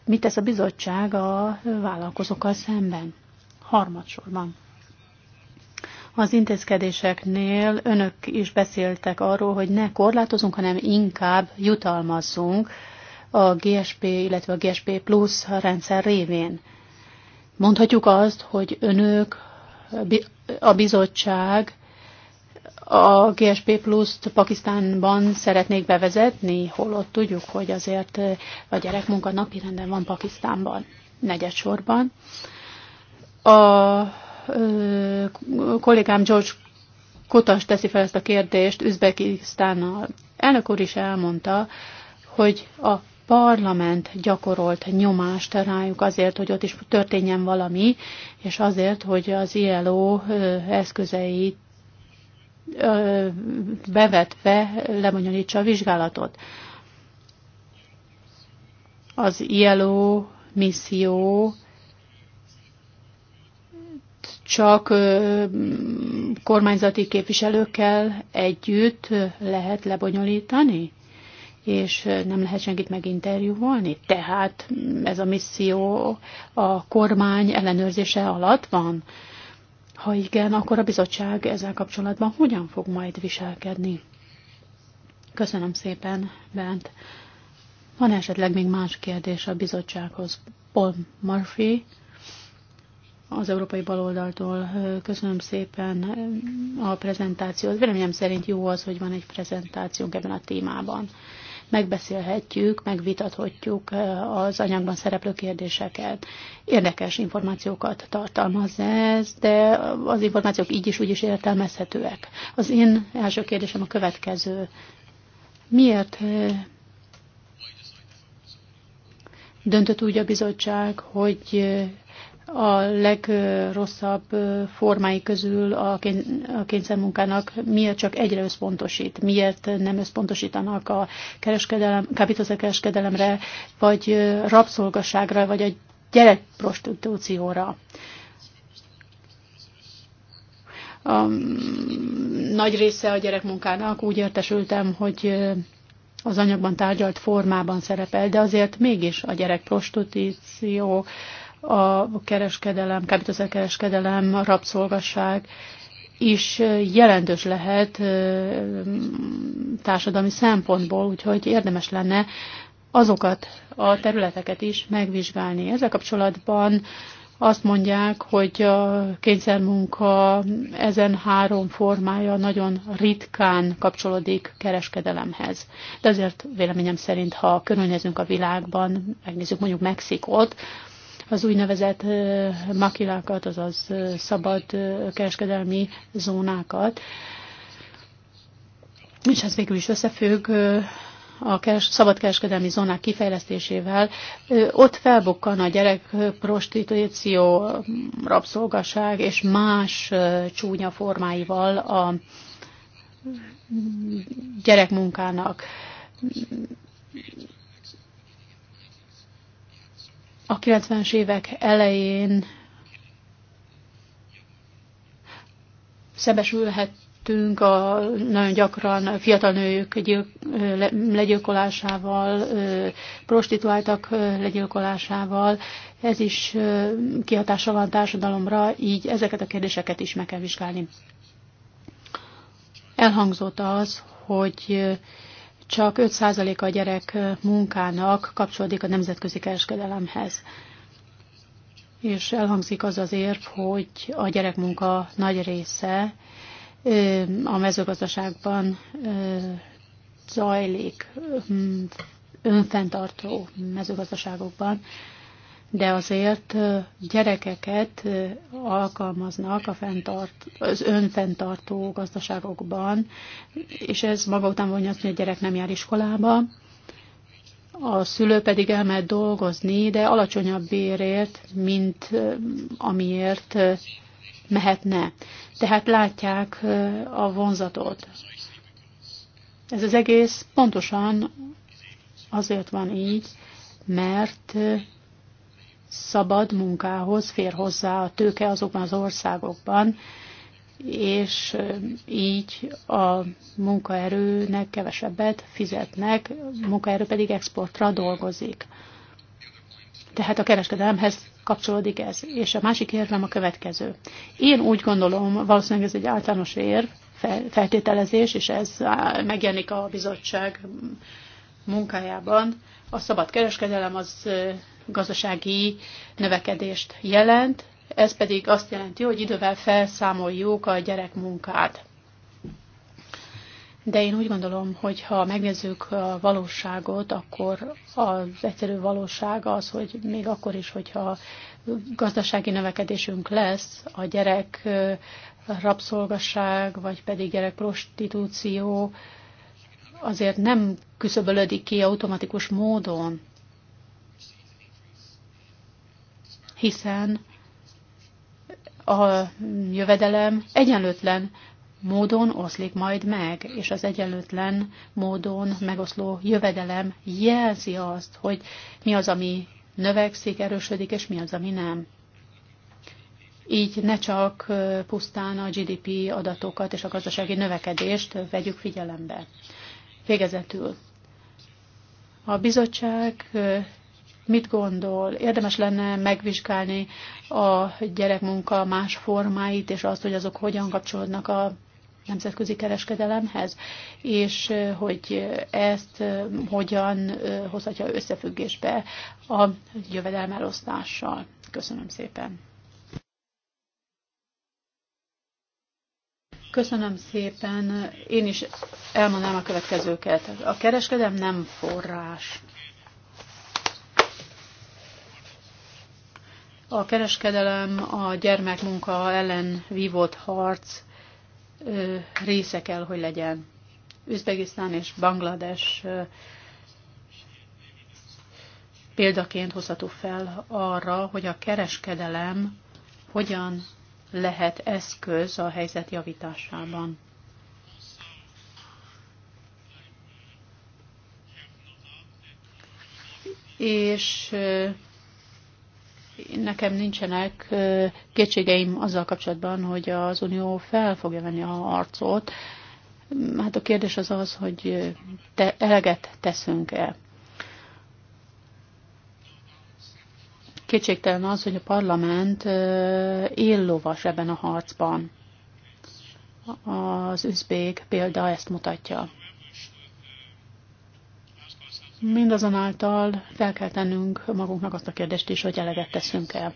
mit tesz a bizottság a vállalkozókkal szemben? Harmadsorban. Az intézkedéseknél önök is beszéltek arról, hogy ne korlátozunk, hanem inkább jutalmazzunk a GSP, illetve a GSP plusz rendszer révén. Mondhatjuk azt, hogy önök, a bizottság a GSP pluszt Pakisztánban szeretnék bevezetni, holott tudjuk, hogy azért a gyerekmunka napirenden van Pakisztánban, negyedsorban. A kollégám George Kutas teszi fel ezt a kérdést Üzbekisztánnal. Elnök úr is elmondta, hogy a parlament gyakorolt nyomást rájuk azért, hogy ott is történjen valami, és azért, hogy az ILO eszközeit bevetve lebonyolítsa a vizsgálatot. Az ILO misszió csak kormányzati képviselőkkel együtt lehet lebonyolítani, és nem lehet senkit meginterjúvolni. Tehát ez a misszió a kormány ellenőrzése alatt van. Ha igen, akkor a bizottság ezzel kapcsolatban hogyan fog majd viselkedni? Köszönöm szépen, Bent. Van esetleg még más kérdés a bizottsághoz? Paul Murphy az európai baloldaltól. Köszönöm szépen a prezentációt. Véleményem szerint jó az, hogy van egy prezentációnk ebben a témában. Megbeszélhetjük, megvitathatjuk az anyagban szereplő kérdéseket. Érdekes információkat tartalmaz ez, de az információk így is úgy is értelmezhetőek. Az én első kérdésem a következő. Miért döntött úgy a bizottság, hogy a legrosszabb formái közül a kényszermunkának miért csak egyre összpontosít, miért nem összpontosítanak a kereskedelem, kábítószerkereskedelemre, vagy rabszolgasságra, vagy a gyerekprostitúcióra. A nagy része a gyerekmunkának úgy értesültem, hogy az anyagban tárgyalt formában szerepel, de azért mégis a gyerekprostitúció a kereskedelem, kábítószerkereskedelem, a rabszolgasság is jelentős lehet társadalmi szempontból, úgyhogy érdemes lenne azokat a területeket is megvizsgálni. Ezzel kapcsolatban azt mondják, hogy a kényszermunka ezen három formája nagyon ritkán kapcsolódik kereskedelemhez. De azért véleményem szerint, ha körülnézünk a világban, megnézzük mondjuk Mexikót, az úgynevezett makilákat, azaz szabad kereskedelmi zónákat, és ez végül is összefügg a szabad kereskedelmi zónák kifejlesztésével, ott felbukkan a gyerek prostitúció, rabszolgaság és más csúnya formáival a gyerekmunkának a 90-es évek elején szebesülhettünk a nagyon gyakran fiatal nők legyilkolásával, prostituáltak legyilkolásával. Ez is kihatással van a társadalomra, így ezeket a kérdéseket is meg kell vizsgálni. Elhangzott az, hogy csak 5%-a a gyerek munkának kapcsolódik a nemzetközi kereskedelemhez. És elhangzik az az érv, hogy a gyerekmunka nagy része a mezőgazdaságban zajlik, önfenntartó mezőgazdaságokban de azért gyerekeket alkalmaznak a fenntart, az önfenntartó gazdaságokban, és ez maga után vonja azt, hogy a gyerek nem jár iskolába, a szülő pedig elmehet dolgozni, de alacsonyabb bérért, mint amiért mehetne. Tehát látják a vonzatot. Ez az egész pontosan azért van így, mert szabad munkához fér hozzá a tőke azokban az országokban, és így a munkaerőnek kevesebbet fizetnek, a munkaerő pedig exportra dolgozik. Tehát a kereskedelemhez kapcsolódik ez. És a másik érvem a következő. Én úgy gondolom, valószínűleg ez egy általános érv, feltételezés, és ez megjelenik a bizottság munkájában. A szabad kereskedelem az gazdasági növekedést jelent, ez pedig azt jelenti, hogy idővel felszámoljuk a gyerekmunkát. De én úgy gondolom, hogy ha megnézzük a valóságot, akkor az egyszerű valóság az, hogy még akkor is, hogyha gazdasági növekedésünk lesz, a gyerek rabszolgasság, vagy pedig gyerekprostitúció azért nem küszöbölödik ki automatikus módon. hiszen a jövedelem egyenlőtlen módon oszlik majd meg, és az egyenlőtlen módon megoszló jövedelem jelzi azt, hogy mi az, ami növekszik, erősödik, és mi az, ami nem. Így ne csak pusztán a GDP adatokat és a gazdasági növekedést vegyük figyelembe. Végezetül. A bizottság mit gondol? Érdemes lenne megvizsgálni a gyerekmunka más formáit, és azt, hogy azok hogyan kapcsolódnak a nemzetközi kereskedelemhez, és hogy ezt hogyan hozhatja összefüggésbe a jövedelmelosztással. Köszönöm szépen. Köszönöm szépen. Én is elmondanám a következőket. A kereskedem nem forrás. A kereskedelem a gyermekmunka ellen vívott harc része kell, hogy legyen. Üzbegisztán és Banglades példaként hozható fel arra, hogy a kereskedelem hogyan lehet eszköz a helyzet javításában. És nekem nincsenek kétségeim azzal kapcsolatban, hogy az Unió fel fogja venni a harcot. Mm, hát a kérdés az az, hogy te, eleget teszünk-e. Kétségtelen az, hogy a parlament éllovas ebben a harcban. Az üzbék példa ezt mutatja. Mindazonáltal fel kell tennünk magunknak azt a kérdést is, hogy eleget teszünk el.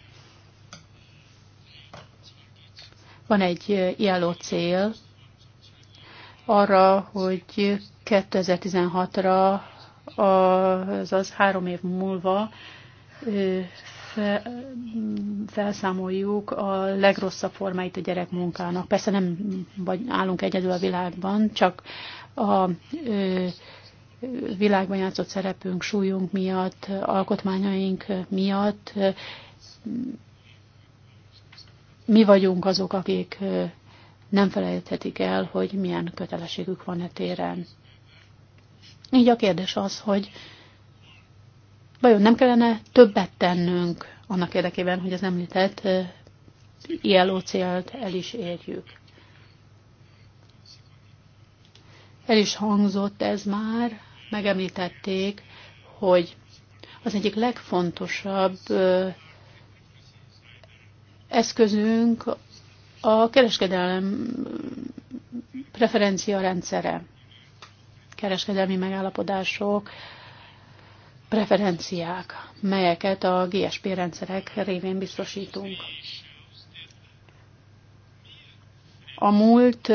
Van egy ILO cél arra, hogy 2016-ra, azaz három év múlva felszámoljuk a legrosszabb formáit a gyerekmunkának. Persze nem vagy állunk egyedül a világban, csak a világban játszott szerepünk, súlyunk miatt, alkotmányaink miatt mi vagyunk azok, akik nem felejthetik el, hogy milyen kötelességük van e téren. Így a kérdés az, hogy vajon nem kellene többet tennünk annak érdekében, hogy az említett ILO célt el is érjük. El is hangzott ez már, megemlítették, hogy az egyik legfontosabb eszközünk a kereskedelem preferencia rendszere. Kereskedelmi megállapodások, preferenciák, melyeket a GSP rendszerek révén biztosítunk. A múlt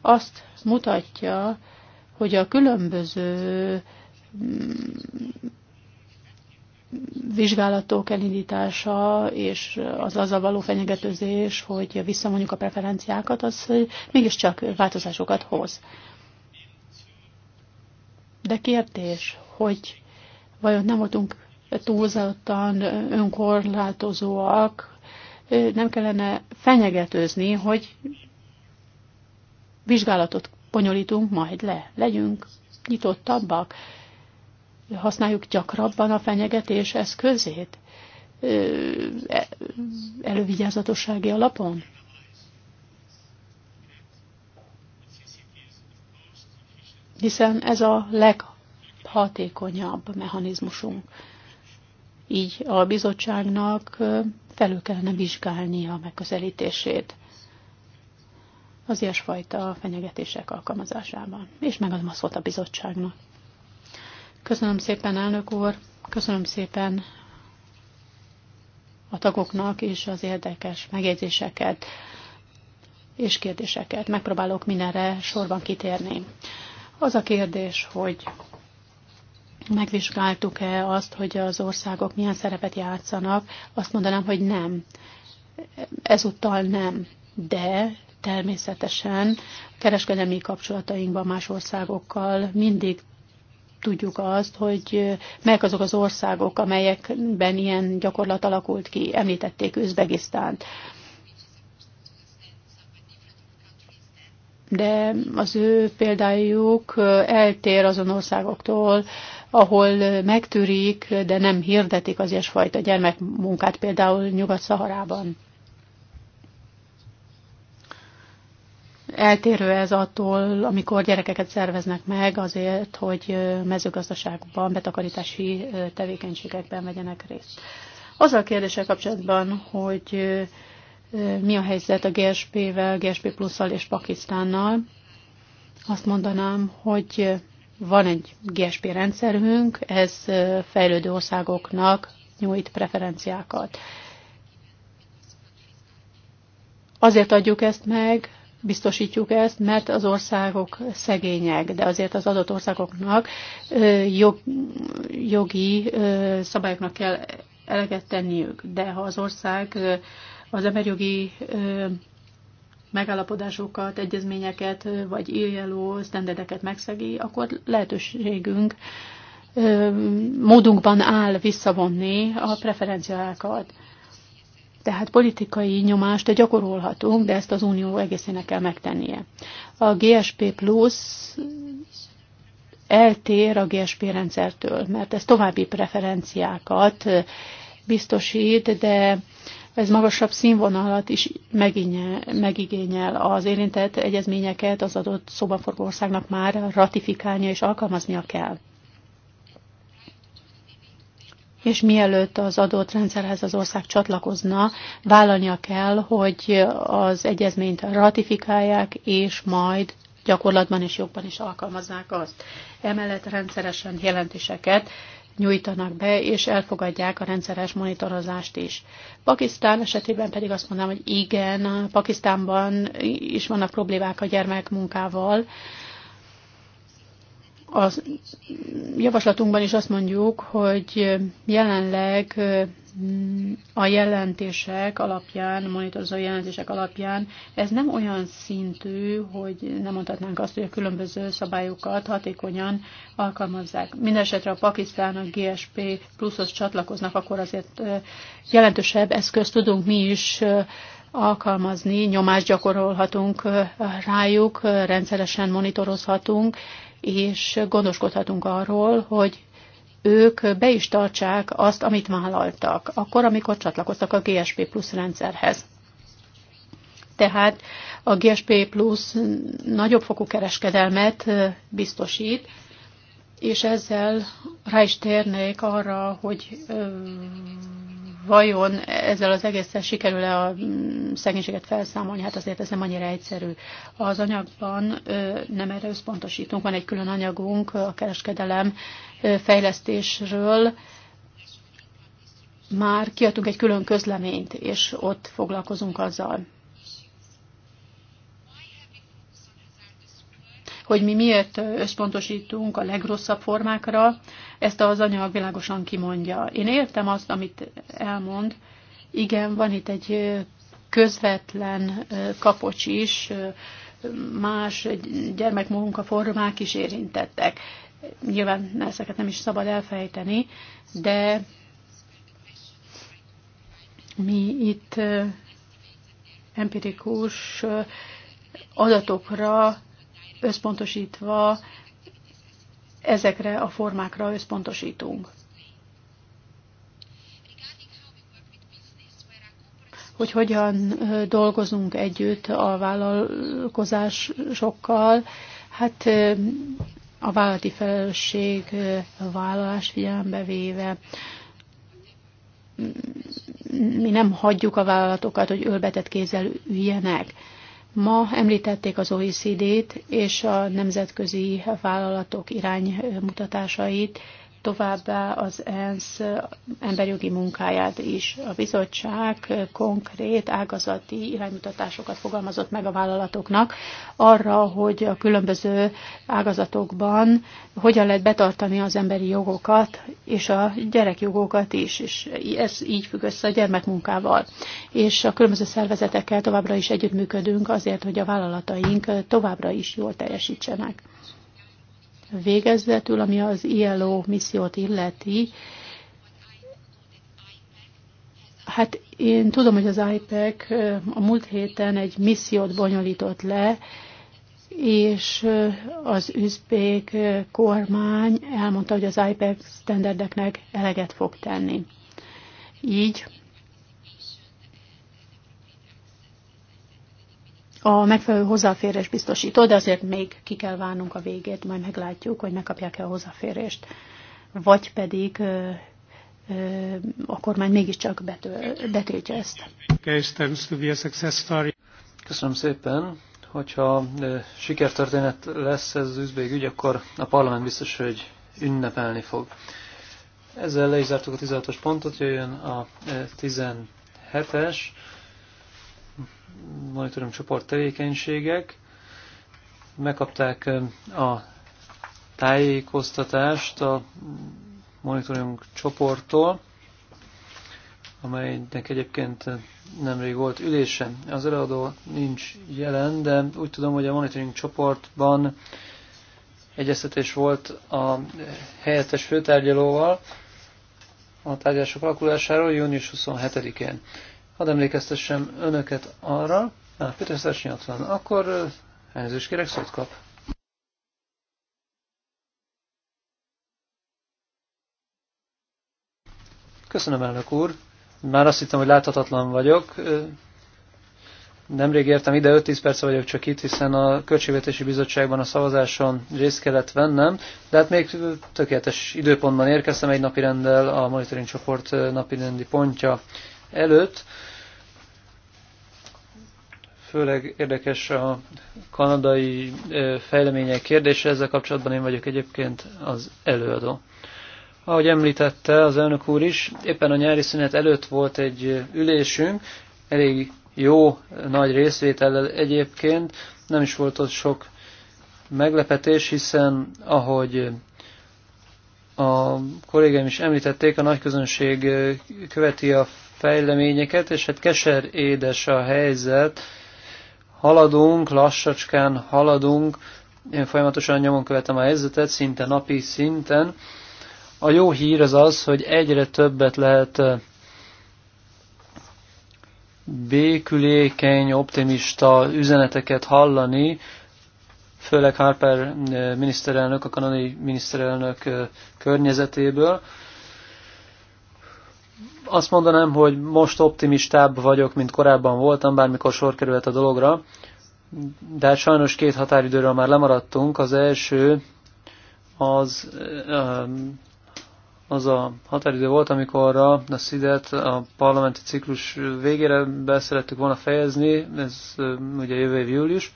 azt mutatja, hogy a különböző mm, vizsgálatok elindítása és az azzal való fenyegetőzés, hogy visszamondjuk a preferenciákat, az mégiscsak változásokat hoz. De kérdés, hogy vajon nem voltunk túlzottan önkorlátozóak, nem kellene fenyegetőzni, hogy vizsgálatot bonyolítunk majd le. Legyünk nyitottabbak, használjuk gyakrabban a fenyegetés eszközét, e, elővigyázatossági alapon. Hiszen ez a leghatékonyabb mechanizmusunk. Így a bizottságnak felül kellene vizsgálnia a megközelítését az ilyesfajta fenyegetések alkalmazásában. És megadom a szót a bizottságnak. Köszönöm szépen, elnök úr, köszönöm szépen a tagoknak és az érdekes megjegyzéseket és kérdéseket. Megpróbálok mindenre sorban kitérni. Az a kérdés, hogy megvizsgáltuk-e azt, hogy az országok milyen szerepet játszanak, azt mondanám, hogy nem. Ezúttal nem. De Természetesen kereskedelmi kapcsolatainkban más országokkal mindig tudjuk azt, hogy melyek azok az országok, amelyekben ilyen gyakorlat alakult ki. Említették Üzbegisztánt. De az ő példájuk eltér azon országoktól, ahol megtűrik, de nem hirdetik az ilyesfajta gyermekmunkát, például Nyugat-Szaharában. Eltérő ez attól, amikor gyerekeket szerveznek meg azért, hogy mezőgazdaságban, betakarítási tevékenységekben vegyenek részt. Azzal a kérdéssel kapcsolatban, hogy mi a helyzet a GSP-vel, GSP plusszal és Pakisztánnal, azt mondanám, hogy van egy GSP rendszerünk, ez fejlődő országoknak nyújt preferenciákat. Azért adjuk ezt meg, biztosítjuk ezt, mert az országok szegények, de azért az adott országoknak jog, jogi szabályoknak kell eleget tenniük. De ha az ország az emberjogi megállapodásokat, egyezményeket, vagy ILO sztenderdeket megszegi, akkor lehetőségünk módunkban áll visszavonni a preferenciákat. Tehát politikai nyomást gyakorolhatunk, de ezt az Unió egészének kell megtennie. A GSP Plus eltér a GSP rendszertől, mert ez további preferenciákat biztosít, de ez magasabb színvonalat is megigényel, megigényel az érintett egyezményeket az adott szobaforgó országnak már ratifikálnia és alkalmaznia kell és mielőtt az adott rendszerhez az ország csatlakozna, vállalnia kell, hogy az egyezményt ratifikálják, és majd gyakorlatban és jogban is alkalmaznák azt. Emellett rendszeresen jelentéseket nyújtanak be, és elfogadják a rendszeres monitorozást is. Pakisztán esetében pedig azt mondanám, hogy igen, Pakisztánban is vannak problémák a gyermekmunkával, munkával, a javaslatunkban is azt mondjuk, hogy jelenleg mm, a jelentések alapján, a monitorozó jelentések alapján ez nem olyan szintű, hogy nem mondhatnánk azt, hogy a különböző szabályokat hatékonyan alkalmazzák. Mindenesetre a Pakisztán, a GSP pluszhoz csatlakoznak, akkor azért jelentősebb eszközt tudunk mi is alkalmazni, nyomást gyakorolhatunk rájuk, rendszeresen monitorozhatunk, és gondoskodhatunk arról, hogy ők be is tartsák azt, amit vállaltak, akkor, amikor csatlakoztak a GSP Plus rendszerhez. Tehát a GSP Plus nagyobb fokú kereskedelmet biztosít, és ezzel rá is térnék arra, hogy vajon ezzel az egészen sikerül-e a szegénységet felszámolni? Hát azért ez nem annyira egyszerű. Az anyagban nem erre összpontosítunk, van egy külön anyagunk a kereskedelem fejlesztésről, már kiadtunk egy külön közleményt, és ott foglalkozunk azzal. hogy mi miért összpontosítunk a legrosszabb formákra, ezt az anyag világosan kimondja. Én értem azt, amit elmond. Igen, van itt egy közvetlen kapocs is, más gyermekmunkaformák is érintettek. Nyilván ezeket nem is szabad elfejteni, de mi itt empirikus adatokra összpontosítva ezekre a formákra összpontosítunk. hogy hogyan dolgozunk együtt a vállalkozásokkal, hát a vállalati felelősség vállalás figyelembe véve mi nem hagyjuk a vállalatokat, hogy ölbetett kézzel üljenek. Ma említették az OECD-t és a nemzetközi vállalatok iránymutatásait, továbbá az ENSZ emberjogi munkáját is. A bizottság konkrét ágazati iránymutatásokat fogalmazott meg a vállalatoknak arra, hogy a különböző ágazatokban hogyan lehet betartani az emberi jogokat és a gyerekjogokat is, és ez így függ össze a gyermekmunkával. És a különböző szervezetekkel továbbra is együttműködünk azért, hogy a vállalataink továbbra is jól teljesítsenek végezetül, ami az ILO missziót illeti, hát én tudom, hogy az IPEC a múlt héten egy missziót bonyolított le, és az üzbék kormány elmondta, hogy az IPEC standardeknek eleget fog tenni. Így a megfelelő hozzáférés biztosító, de azért még ki kell várnunk a végét, majd meglátjuk, hogy megkapják-e a hozzáférést. Vagy pedig akkor már mégiscsak bető, betiltja ezt. Köszönöm szépen. Hogyha sikertörténet lesz ez az üzbék ügy, akkor a parlament biztos, hogy ünnepelni fog. Ezzel le is zártuk a 16-os pontot, jöjjön a 17-es monitoring csoport tevékenységek. Megkapták a tájékoztatást a monitoring csoporttól, amelynek egyébként nemrég volt ülése. Az előadó nincs jelen, de úgy tudom, hogy a monitoring csoportban egyeztetés volt a helyettes főtárgyalóval a tárgyalások alakulásáról június 27-én. Hadd emlékeztessem önöket arra, hát Pitőszeres Szersnyi van, akkor elnézést kérek, szót kap. Köszönöm, elnök úr. Már azt hittem, hogy láthatatlan vagyok. Nemrég értem ide, 5-10 perce vagyok csak itt, hiszen a Költségvetési Bizottságban a szavazáson részt kellett vennem, de hát még tökéletes időpontban érkeztem egy napi rendel, a monitoring csoport napi rendi pontja előtt. Főleg érdekes a kanadai fejlemények kérdése, ezzel kapcsolatban én vagyok egyébként az előadó. Ahogy említette az elnök úr is, éppen a nyári szünet előtt volt egy ülésünk, elég jó nagy részvétellel egyébként, nem is volt ott sok meglepetés, hiszen ahogy a kollégám is említették, a nagyközönség követi a fejleményeket, és hát keser édes a helyzet. Haladunk, lassacskán haladunk, én folyamatosan nyomon követem a helyzetet, szinte napi szinten. A jó hír az az, hogy egyre többet lehet békülékeny, optimista üzeneteket hallani, főleg Harper miniszterelnök, a kanadai miniszterelnök környezetéből, azt mondanám, hogy most optimistább vagyok, mint korábban voltam, bármikor sor került a dologra, de hát sajnos két határidőről már lemaradtunk. Az első az, eh, az a határidő volt, amikor a SZIDET a parlamenti ciklus végére be szerettük volna fejezni, ez eh, ugye jövő év július.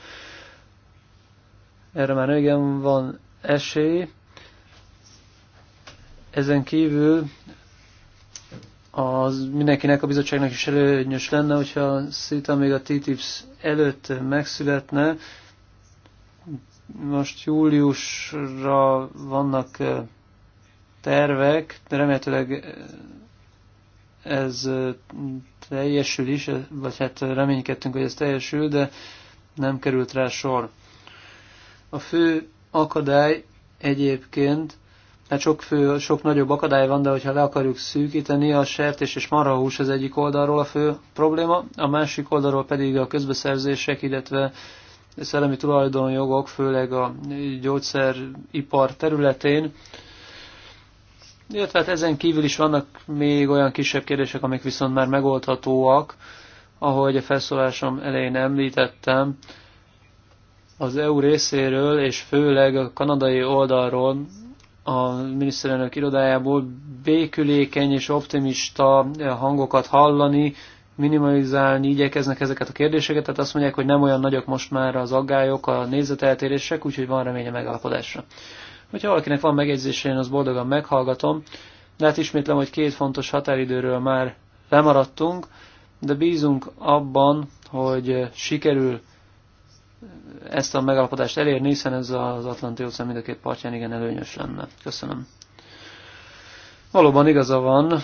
Erre már igen van esély. Ezen kívül az mindenkinek, a bizottságnak is előnyös lenne, hogyha szita még a TTIP előtt megszületne. Most júliusra vannak tervek, de remélhetőleg ez teljesül is, vagy hát reménykedtünk, hogy ez teljesül, de nem került rá sor. A fő akadály egyébként mert hát sok, fő, sok nagyobb akadály van, de hogyha le akarjuk szűkíteni, a sertés és marhahús az egyik oldalról a fő probléma, a másik oldalról pedig a közbeszerzések, illetve szellemi tulajdonjogok, főleg a gyógyszeripar területén. Illetve hát ezen kívül is vannak még olyan kisebb kérdések, amik viszont már megoldhatóak, ahogy a felszólásom elején említettem, az EU részéről és főleg a kanadai oldalról a miniszterelnök irodájából békülékeny és optimista hangokat hallani, minimalizálni igyekeznek ezeket a kérdéseket, tehát azt mondják, hogy nem olyan nagyok most már az aggályok, a nézeteltérések, úgyhogy van remény a megállapodásra. Hogyha valakinek van megjegyzése, én azt boldogan meghallgatom, de hát ismétlem, hogy két fontos határidőről már lemaradtunk, de bízunk abban, hogy sikerül ezt a megállapodást elérni, hiszen ez az Atlanti óceán mind a két partján igen előnyös lenne. Köszönöm. Valóban igaza van.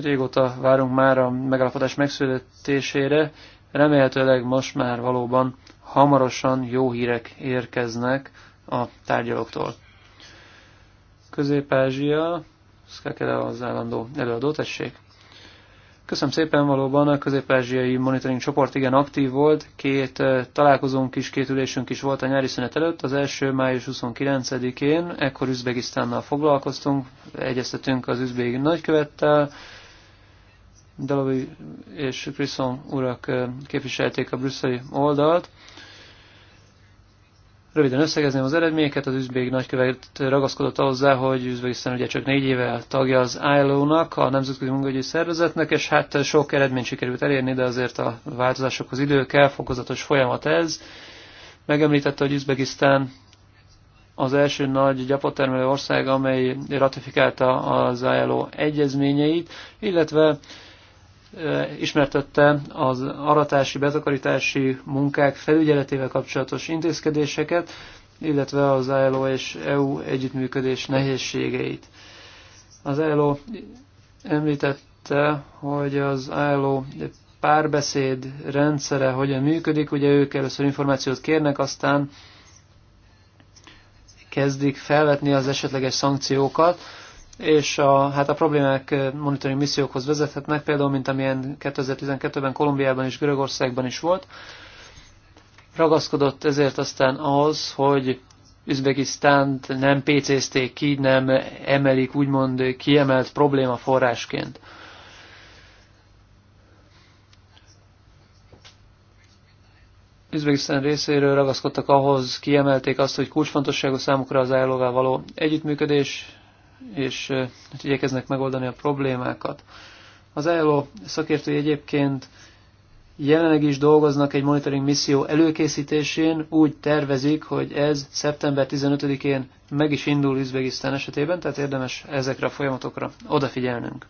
Régóta várunk már a megállapodás megszületésére. Remélhetőleg most már valóban hamarosan jó hírek érkeznek a tárgyalóktól. Közép-Ázsia, Szkekele az állandó előadó, tessék. Köszönöm szépen, valóban a közép-ázsiai monitoring csoport igen aktív volt, két eh, találkozónk is, két ülésünk is volt a nyári szünet előtt, az első május 29-én, ekkor Üzbegisztánnal foglalkoztunk, egyeztetünk az üzbégi nagykövettel, Dalovi és Krisson urak eh, képviselték a brüsszeli oldalt, Röviden összegezném az eredményeket, az üzbék nagykövet ragaszkodott hozzá, hogy Üzbegisztán ugye csak négy éve tagja az ILO-nak, a Nemzetközi Munkahogyi Szervezetnek, és hát sok eredményt sikerült elérni, de azért a változásokhoz idő kell, fokozatos folyamat ez. Megemlítette, hogy Üzbegisztán az első nagy gyapottermelő ország, amely ratifikálta az ILO egyezményeit, illetve ismertette az aratási, betakarítási munkák felügyeletével kapcsolatos intézkedéseket, illetve az ILO és EU együttműködés nehézségeit. Az ILO említette, hogy az ILO párbeszéd rendszere hogyan működik, ugye ők először információt kérnek, aztán kezdik felvetni az esetleges szankciókat, és a, hát a problémák monitoring missziókhoz vezethetnek, például, mint amilyen 2012-ben Kolumbiában és Görögországban is volt. Ragaszkodott ezért aztán az, hogy Üzbegisztánt nem PC-zték ki, nem emelik úgymond kiemelt probléma forrásként. Üzbegisztán részéről ragaszkodtak ahhoz, kiemelték azt, hogy kulcsfontosságú számukra az állóvá való együttműködés, és igyekeznek megoldani a problémákat. Az ELO szakértői egyébként jelenleg is dolgoznak egy monitoring misszió előkészítésén, úgy tervezik, hogy ez szeptember 15-én meg is indul Üzbegisztán esetében, tehát érdemes ezekre a folyamatokra odafigyelnünk.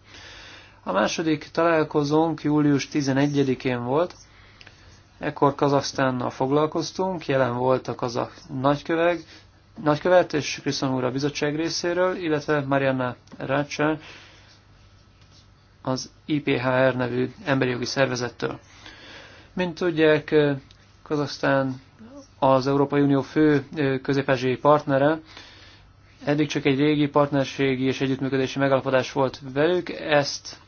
A második találkozónk július 11-én volt, ekkor Kazaksztánnal foglalkoztunk, jelen volt a kazak nagyköveg, nagykövet és Krisztán úr a bizottság részéről, illetve Mariana Rácsán az IPHR nevű emberi jogi szervezettől. Mint tudják, Kazasztán az Európai Unió fő közép partnere, eddig csak egy régi partnerségi és együttműködési megállapodás volt velük, ezt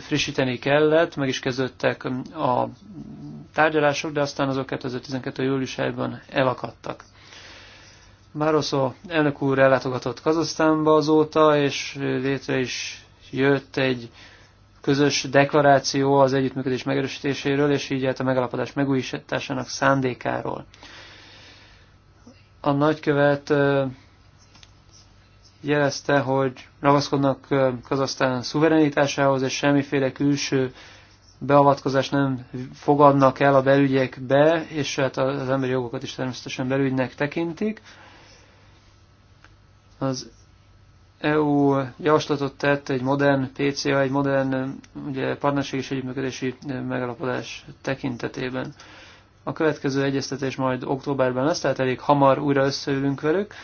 frissíteni kellett, meg is kezdődtek a tárgyalások, de aztán azok 2012. júliusában elakadtak. Barroso elnök úr ellátogatott Kazasztánba azóta, és létre is jött egy közös deklaráció az együttműködés megerősítéséről, és így a megalapodás megújításának szándékáról. A nagykövet jelezte, hogy ragaszkodnak Kazasztán szuverenitásához, és semmiféle külső beavatkozást nem fogadnak el a belügyekbe, és hát az emberi jogokat is természetesen belügynek tekintik. Az EU javaslatot tett egy modern PCA, egy modern ugye, partnerség és együttműködési eh, megalapodás tekintetében. A következő egyeztetés majd októberben lesz, tehát elég hamar újra összeülünk velük.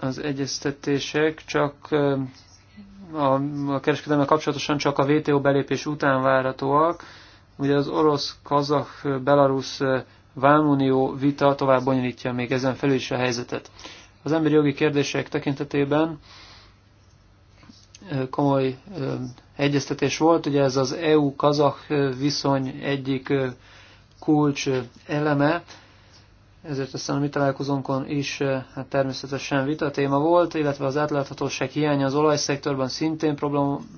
Az egyeztetések csak eh, a, a kereskedelme kapcsolatosan csak a WTO belépés után váratóak. Ugye az orosz, kazakh, belarusz eh, Vámunió vita tovább bonyolítja még ezen felül is a helyzetet. Az emberi jogi kérdések tekintetében komoly egyeztetés volt, ugye ez az EU-kazak viszony egyik kulcs eleme, ezért aztán a mi találkozónkon is hát természetesen vita téma volt, illetve az átláthatóság hiánya az olajszektorban szintén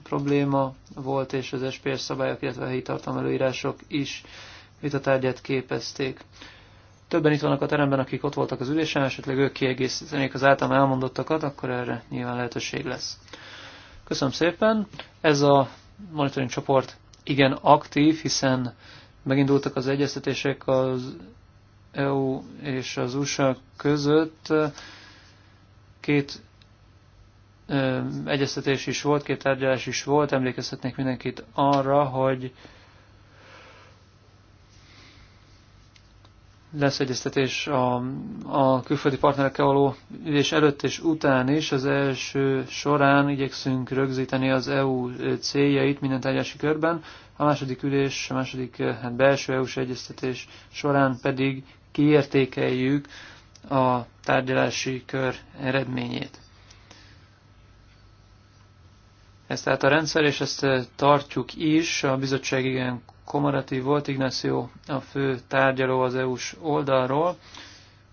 probléma volt, és az SPS szabályok, illetve a hitartam előírások is vitatárgyát képezték. Többen itt vannak a teremben, akik ott voltak az ülésen, esetleg ők kiegészítenék az általam elmondottakat, akkor erre nyilván lehetőség lesz. Köszönöm szépen. Ez a monitoring csoport igen aktív, hiszen megindultak az egyeztetések az EU és az USA között. Két egyeztetés is volt, két tárgyalás is volt. Emlékezhetnék mindenkit arra, hogy lesz egyeztetés a, a külföldi partnerekkel való ülés előtt és után is. Az első során igyekszünk rögzíteni az EU céljait minden tárgyási körben, a második ülés, a második hát belső EU-s egyeztetés során pedig kiértékeljük a tárgyalási kör eredményét. Ez tehát a rendszer, és ezt tartjuk is, a bizottság igen Komaratív volt Ignacio a fő tárgyaló az EU-s oldalról,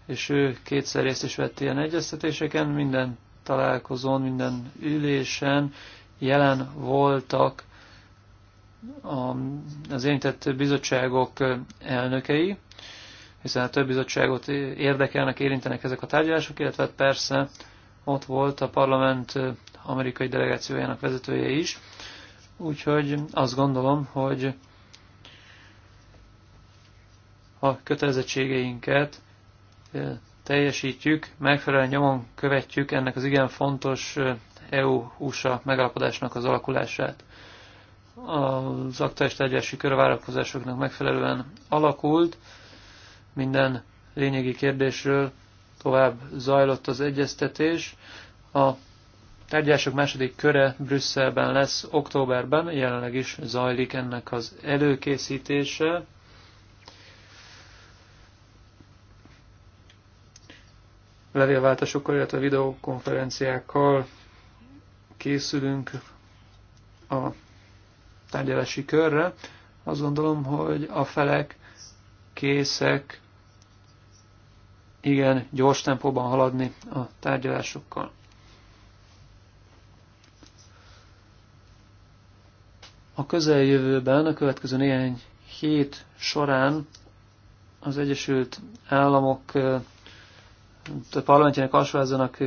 és ő kétszer részt is vett ilyen egyeztetéseken, minden találkozón, minden ülésen jelen voltak a, az érintett bizottságok elnökei, hiszen a több bizottságot érdekelnek, érintenek ezek a tárgyalások, illetve persze ott volt a parlament amerikai delegációjának vezetője is, úgyhogy azt gondolom, hogy a kötelezettségeinket teljesítjük, megfelelően nyomon követjük ennek az igen fontos EU-USA megállapodásnak az alakulását. Az aktuális tárgyalási kör várakozásoknak megfelelően alakult, minden lényegi kérdésről tovább zajlott az egyeztetés. A tárgyalások második köre Brüsszelben lesz októberben, jelenleg is zajlik ennek az előkészítése. levélváltásokkal, illetve videokonferenciákkal készülünk a tárgyalási körre. Azt gondolom, hogy a felek készek igen gyors tempóban haladni a tárgyalásokkal. A közeljövőben, a következő néhány hét során az Egyesült Államok a parlamentjének alsóházának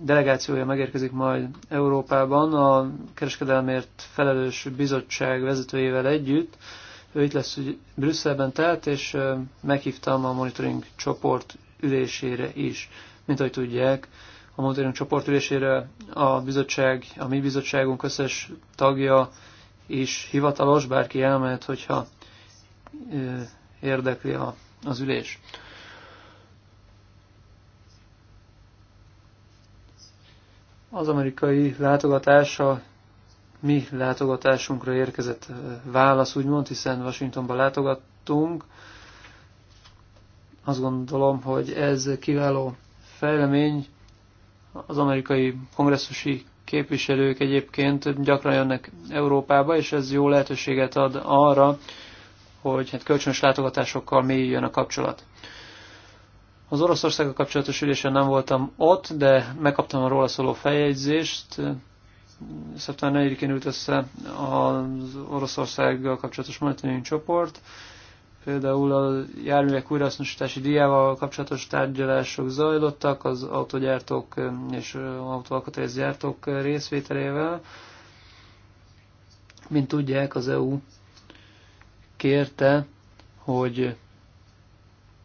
delegációja megérkezik majd Európában a kereskedelmért felelős bizottság vezetőjével együtt. Ő itt lesz Brüsszelben tehát, és meghívtam a monitoring csoport ülésére is. Mint ahogy tudják, a monitoring csoport ülésére a bizottság, a mi bizottságunk összes tagja is hivatalos, bárki elmehet, hogyha érdekli az ülés. Az amerikai látogatás a mi látogatásunkra érkezett eh, válasz, úgymond, hiszen Washingtonba látogattunk. Azt gondolom, hogy ez kiváló fejlemény. Az amerikai kongresszusi képviselők egyébként gyakran jönnek Európába, és ez jó lehetőséget ad arra, hogy hát kölcsönös látogatásokkal mélyüljön a kapcsolat. Az Oroszország kapcsolatos ülésen nem voltam ott, de megkaptam a róla szóló feljegyzést. Szeptember 4-én ült össze az Oroszországgal kapcsolatos monitoring csoport. Például a járművek újrahasznosítási díjával kapcsolatos tárgyalások zajlottak az autogyártók és autóalkatrészgyártók részvételével. Mint tudják, az EU kérte, hogy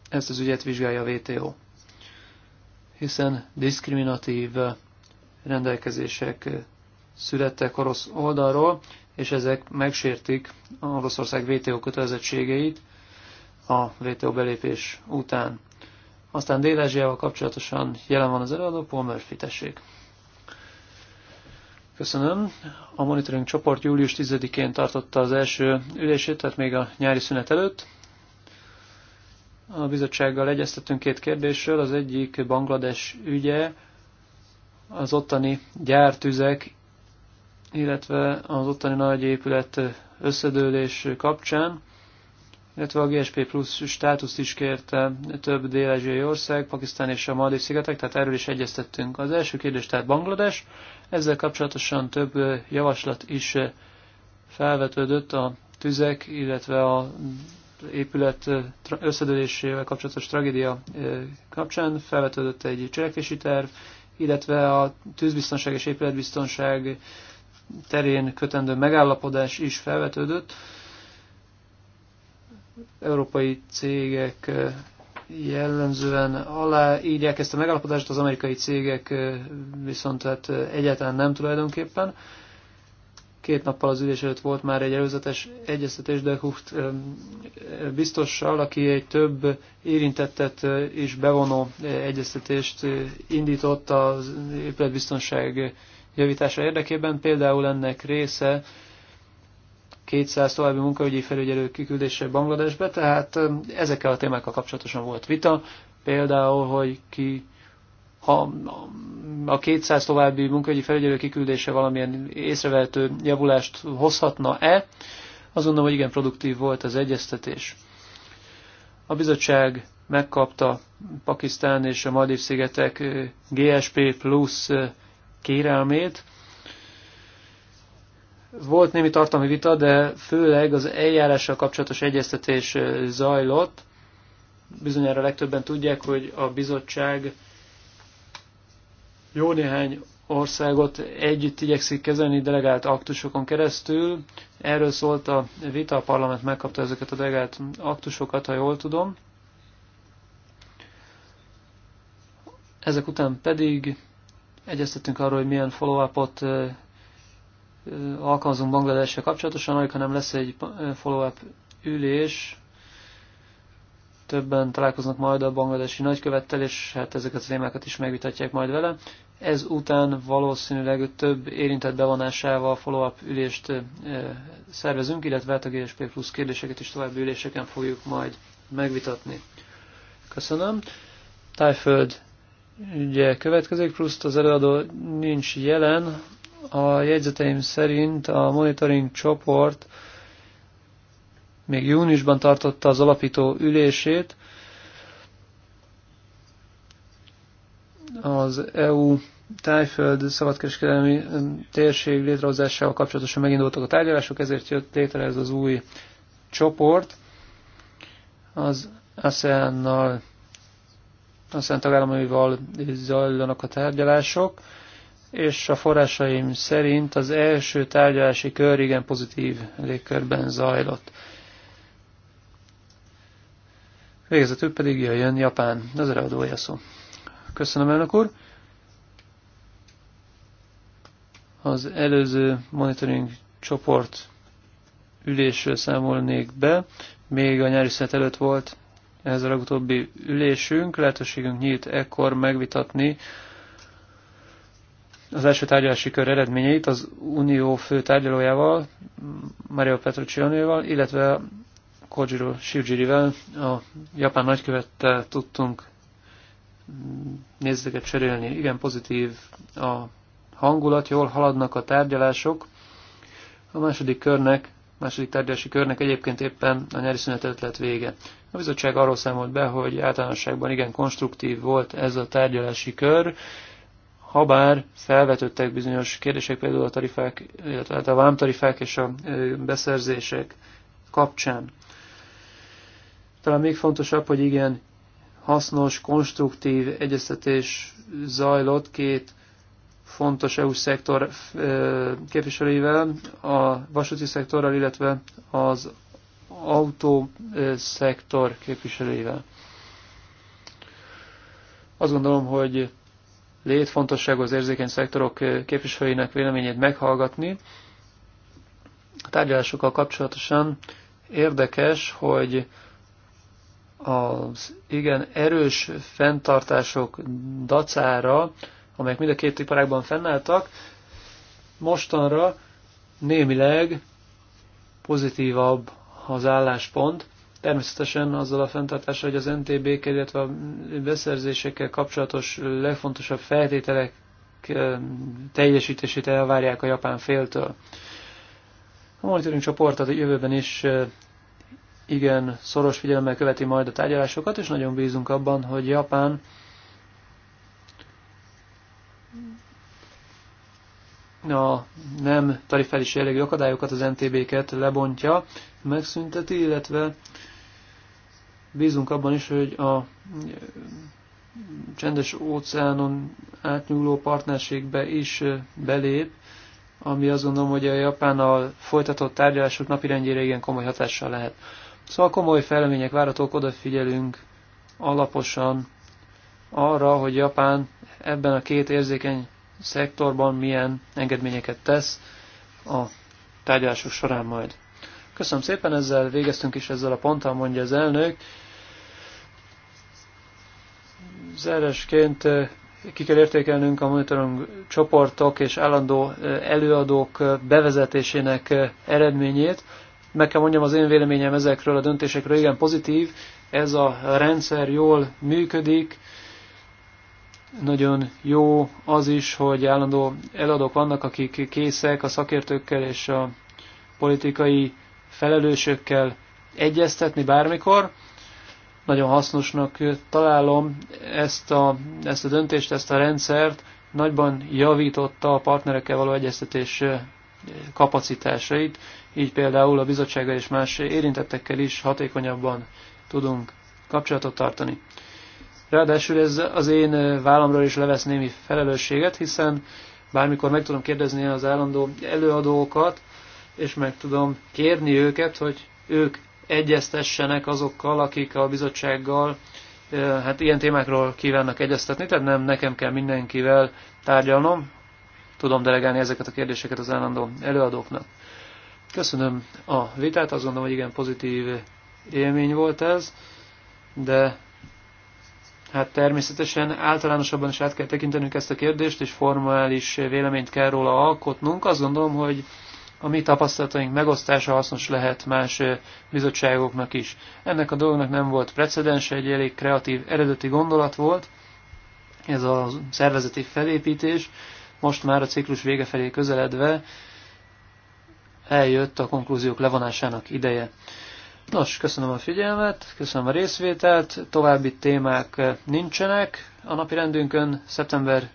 ezt az ügyet vizsgálja a WTO. Hiszen diszkriminatív rendelkezések születtek orosz oldalról, és ezek megsértik Oroszország WTO kötelezettségeit a WTO belépés után. Aztán dél kapcsolatosan jelen van az előadó Paul Murphy, tessék. Köszönöm. A monitoring csoport július 10-én tartotta az első ülését, tehát még a nyári szünet előtt. A bizottsággal egyeztetünk két kérdésről. Az egyik Banglades ügye, az ottani gyártüzek, illetve az ottani nagy épület összedőlés kapcsán, illetve a GSP plusz státuszt is kérte több dél ország, Pakisztán és a Maldív szigetek, tehát erről is egyeztettünk. Az első kérdés tehát Banglades, ezzel kapcsolatosan több javaslat is felvetődött a tüzek, illetve a épület összedődésével kapcsolatos tragédia kapcsán felvetődött egy cselekvési terv, illetve a tűzbiztonság és épületbiztonság terén kötendő megállapodás is felvetődött. Európai cégek jellemzően alá írják ezt a megállapodást, az amerikai cégek viszont hát egyáltalán nem tulajdonképpen. Két nappal az ülés előtt volt már egy előzetes egyeztetés de Hucht biztossal, aki egy több érintettet is bevonó egyeztetést indított az épületbiztonság javítása érdekében. Például ennek része 200 további munkaügyi felügyelő kiküldése Bangladesbe, tehát ezekkel a témákkal kapcsolatosan volt vita, például, hogy ki ha a 200 további munkahogyi felügyelő kiküldése valamilyen észrevehető javulást hozhatna-e, azt gondolom, hogy igen produktív volt az egyeztetés. A bizottság megkapta Pakisztán és a Maldív-szigetek GSP plusz kérelmét. Volt némi tartalmi vita, de főleg az eljárással kapcsolatos egyeztetés zajlott. Bizonyára legtöbben tudják, hogy a bizottság jó néhány országot együtt igyekszik kezelni delegált aktusokon keresztül. Erről szólt a vita, a parlament megkapta ezeket a delegált aktusokat, ha jól tudom. Ezek után pedig egyeztettünk arról, hogy milyen follow-upot alkalmazunk Bangladessel kapcsolatosan, ha nem lesz egy follow-up ülés többen találkoznak majd a bangladesi nagykövettel, és hát ezeket a témákat is megvitatják majd vele. Ez után valószínűleg több érintett bevonásával follow-up ülést eh, szervezünk, illetve hát a GSP plusz kérdéseket is további üléseken fogjuk majd megvitatni. Köszönöm. Tájföld ugye következik, plusz az előadó nincs jelen. A jegyzeteim szerint a monitoring csoport még júniusban tartotta az alapító ülését, az EU tájföld szabadkereskedelmi térség létrehozásával kapcsolatosan megindultak a tárgyalások, ezért jött létre ez az új csoport. Az ASEAN-nal, ASEAN tagállamaival zajlanak a tárgyalások, és a forrásaim szerint az első tárgyalási kör igen pozitív légkörben zajlott. Végezetül pedig jöjjön Japán, az eladója szó. Köszönöm, elnök úr! Az előző monitoring csoport ülésről számolnék be, még a nyári szünet előtt volt ez a legutóbbi ülésünk, lehetőségünk nyílt ekkor megvitatni az első tárgyalási kör eredményeit az Unió fő tárgyalójával, Mario Petroccionival, illetve Kojiro Shijirivel, a japán nagykövettel tudtunk nézzeket cserélni. Igen, pozitív a hangulat, jól haladnak a tárgyalások. A második körnek, második tárgyalási körnek egyébként éppen a nyári szünetet ötlet vége. A bizottság arról számolt be, hogy általánosságban igen konstruktív volt ez a tárgyalási kör, habár felvetődtek bizonyos kérdések, például a tarifák, illetve hát a vámtarifák és a beszerzések kapcsán. Talán még fontosabb, hogy igen, hasznos, konstruktív egyeztetés zajlott két fontos EU szektor képviselőivel, a vasúti szektorral, illetve az autószektor képviselőivel. Azt gondolom, hogy létfontosságú az érzékeny szektorok képviselőinek véleményét meghallgatni. A tárgyalásokkal kapcsolatosan érdekes, hogy az igen erős fenntartások dacára, amelyek mind a két iparágban fennálltak, mostanra némileg pozitívabb az álláspont, Természetesen azzal a fenntartással, hogy az ntb kel illetve a beszerzésekkel kapcsolatos legfontosabb feltételek eh, teljesítését elvárják a japán féltől. A monitoring csoport a jövőben is eh, igen szoros figyelemmel követi majd a tárgyalásokat, és nagyon bízunk abban, hogy Japán a nem tarifális jellegű akadályokat, az NTB-ket lebontja, megszünteti, illetve bízunk abban is, hogy a csendes óceánon átnyúló partnerségbe is belép, ami azt gondolom, hogy a Japánnal folytatott tárgyalások napirendjére igen komoly hatással lehet. Szóval komoly felemények váratók, odafigyelünk alaposan arra, hogy Japán ebben a két érzékeny szektorban milyen engedményeket tesz a tárgyalások során majd. Köszönöm szépen, ezzel végeztünk is ezzel a ponttal, mondja az elnök. Zárásként eh, ki kell értékelnünk a monitoring csoportok és állandó eh, előadók eh, bevezetésének eredményét meg kell mondjam, az én véleményem ezekről a döntésekről igen pozitív, ez a rendszer jól működik, nagyon jó az is, hogy állandó eladók vannak, akik készek a szakértőkkel és a politikai felelősökkel egyeztetni bármikor. Nagyon hasznosnak találom ezt a, ezt a döntést, ezt a rendszert, nagyban javította a partnerekkel való egyeztetés kapacitásait, így például a bizottsággal és más érintettekkel is hatékonyabban tudunk kapcsolatot tartani. Ráadásul ez az én vállamról is levesz némi felelősséget, hiszen bármikor meg tudom kérdezni az állandó előadókat, és meg tudom kérni őket, hogy ők egyeztessenek azokkal, akik a bizottsággal hát ilyen témákról kívánnak egyeztetni, tehát nem nekem kell mindenkivel tárgyalnom, tudom delegálni ezeket a kérdéseket az állandó előadóknak. Köszönöm a vitát, azt gondolom, hogy igen pozitív élmény volt ez, de hát természetesen általánosabban is át kell tekintenünk ezt a kérdést, és formális véleményt kell róla alkotnunk. Azt gondolom, hogy a mi tapasztalataink megosztása hasznos lehet más bizottságoknak is. Ennek a dolognak nem volt precedens, egy elég kreatív eredeti gondolat volt, ez a szervezeti felépítés, most már a ciklus vége felé közeledve eljött a konklúziók levonásának ideje. Nos, köszönöm a figyelmet, köszönöm a részvételt, további témák nincsenek. A napi rendünkön szeptember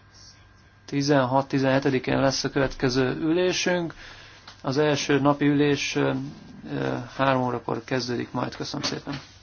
16-17-én lesz a következő ülésünk. Az első napi ülés 3 órakor kezdődik majd. Köszönöm szépen!